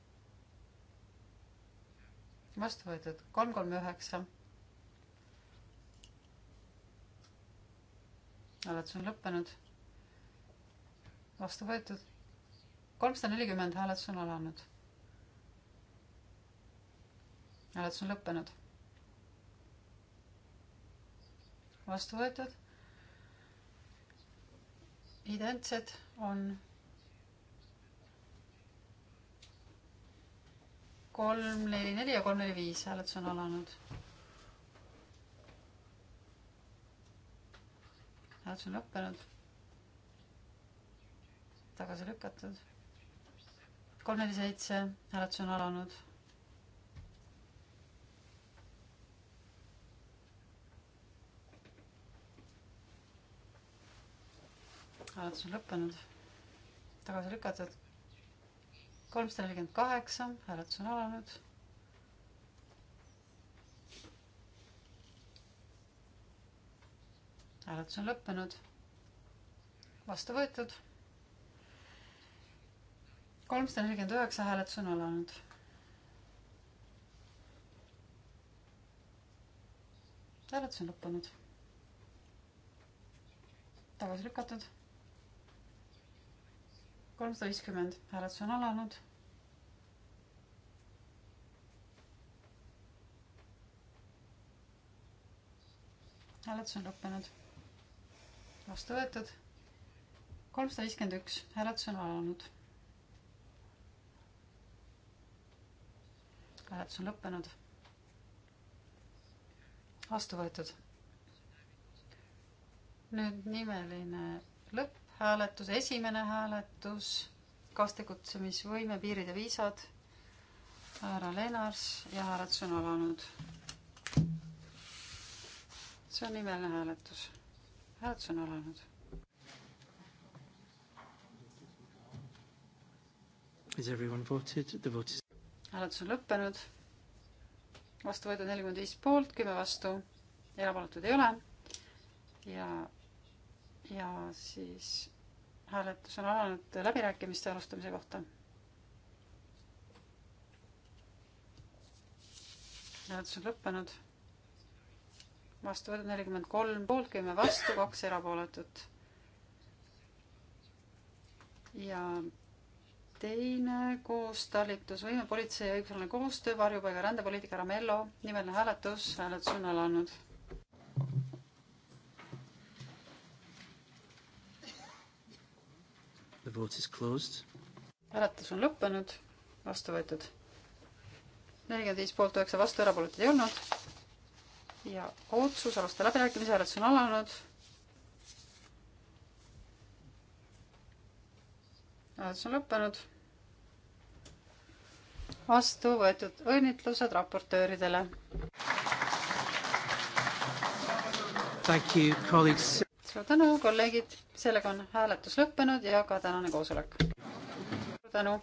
Speaker 2: vastu võetud kolm, kolm, üheksa. hääletus on lõppenud. vastu võetud kolmsada nelikümmend, hääletus on alanud. hääletus on lõppenud. vastu võetud identsed on kolm, neli, neli ja kolm, neli, viis hääletus on alanud. hääletus on lõppenud. tagasi lükatud. kolm, neli, seitse, hääletus on alanud hääletus on lõppenud, tagasi lükatud kolmsada nelikümmend kaheksa, hääletus on alanud. hääletus on lõppenud. vastu võetud. kolmsada nelikümmend üheksa, hääletus on alanud. hääletus on lõppenud. tagasi lükatud kolmsada viiskümmend, hääletus on alanud. hääletus on lõppenud. vastu võetud. kolmsada viiskümmend üks, hääletus on alanud. hääletus on lõppenud. vastu võetud. nüüd nimeline lõpp hääletus, esimene hääletus, kaastegutsemisvõime, piirid ja viisad, härra Lennars ja hääletus on alanud. see on nimeline hääletus. hääletus on alanud.
Speaker 1: Is everyone voted? The vote
Speaker 2: is hääletus on lõppenud. vastu võetud nelikümmend viis poolt, kümme vastu, erapooletuid ei ole. ja ja siis hääletus on alanud läbirääkimiste alustamise kohta. hääletus on lõppenud. vastu võetud nelikümmend kolm poolt, kümme vastu, kaks erapooletut. ja teine koostalitus võime politsei ja õigusalane koostöö, varjupaiga rändepoliitika, Ramello, nimeline hääletus, hääletus on alanud
Speaker 1: The vote is closed.
Speaker 2: hääletus on lõppenud, vastu võetud. nelikümmend viis poolt üheksa vastu, erapooletuid ei olnud. ja otsus alustada läbirääkimisi, hääletus on alanud. hääletus on lõppenud. vastu võetud õnnitlused raportööridele.
Speaker 1: Thank you, colleagues
Speaker 2: suur tänu, kolleegid, sellega on hääletus lõppenud ja ka tänane koosolek. suur tänu.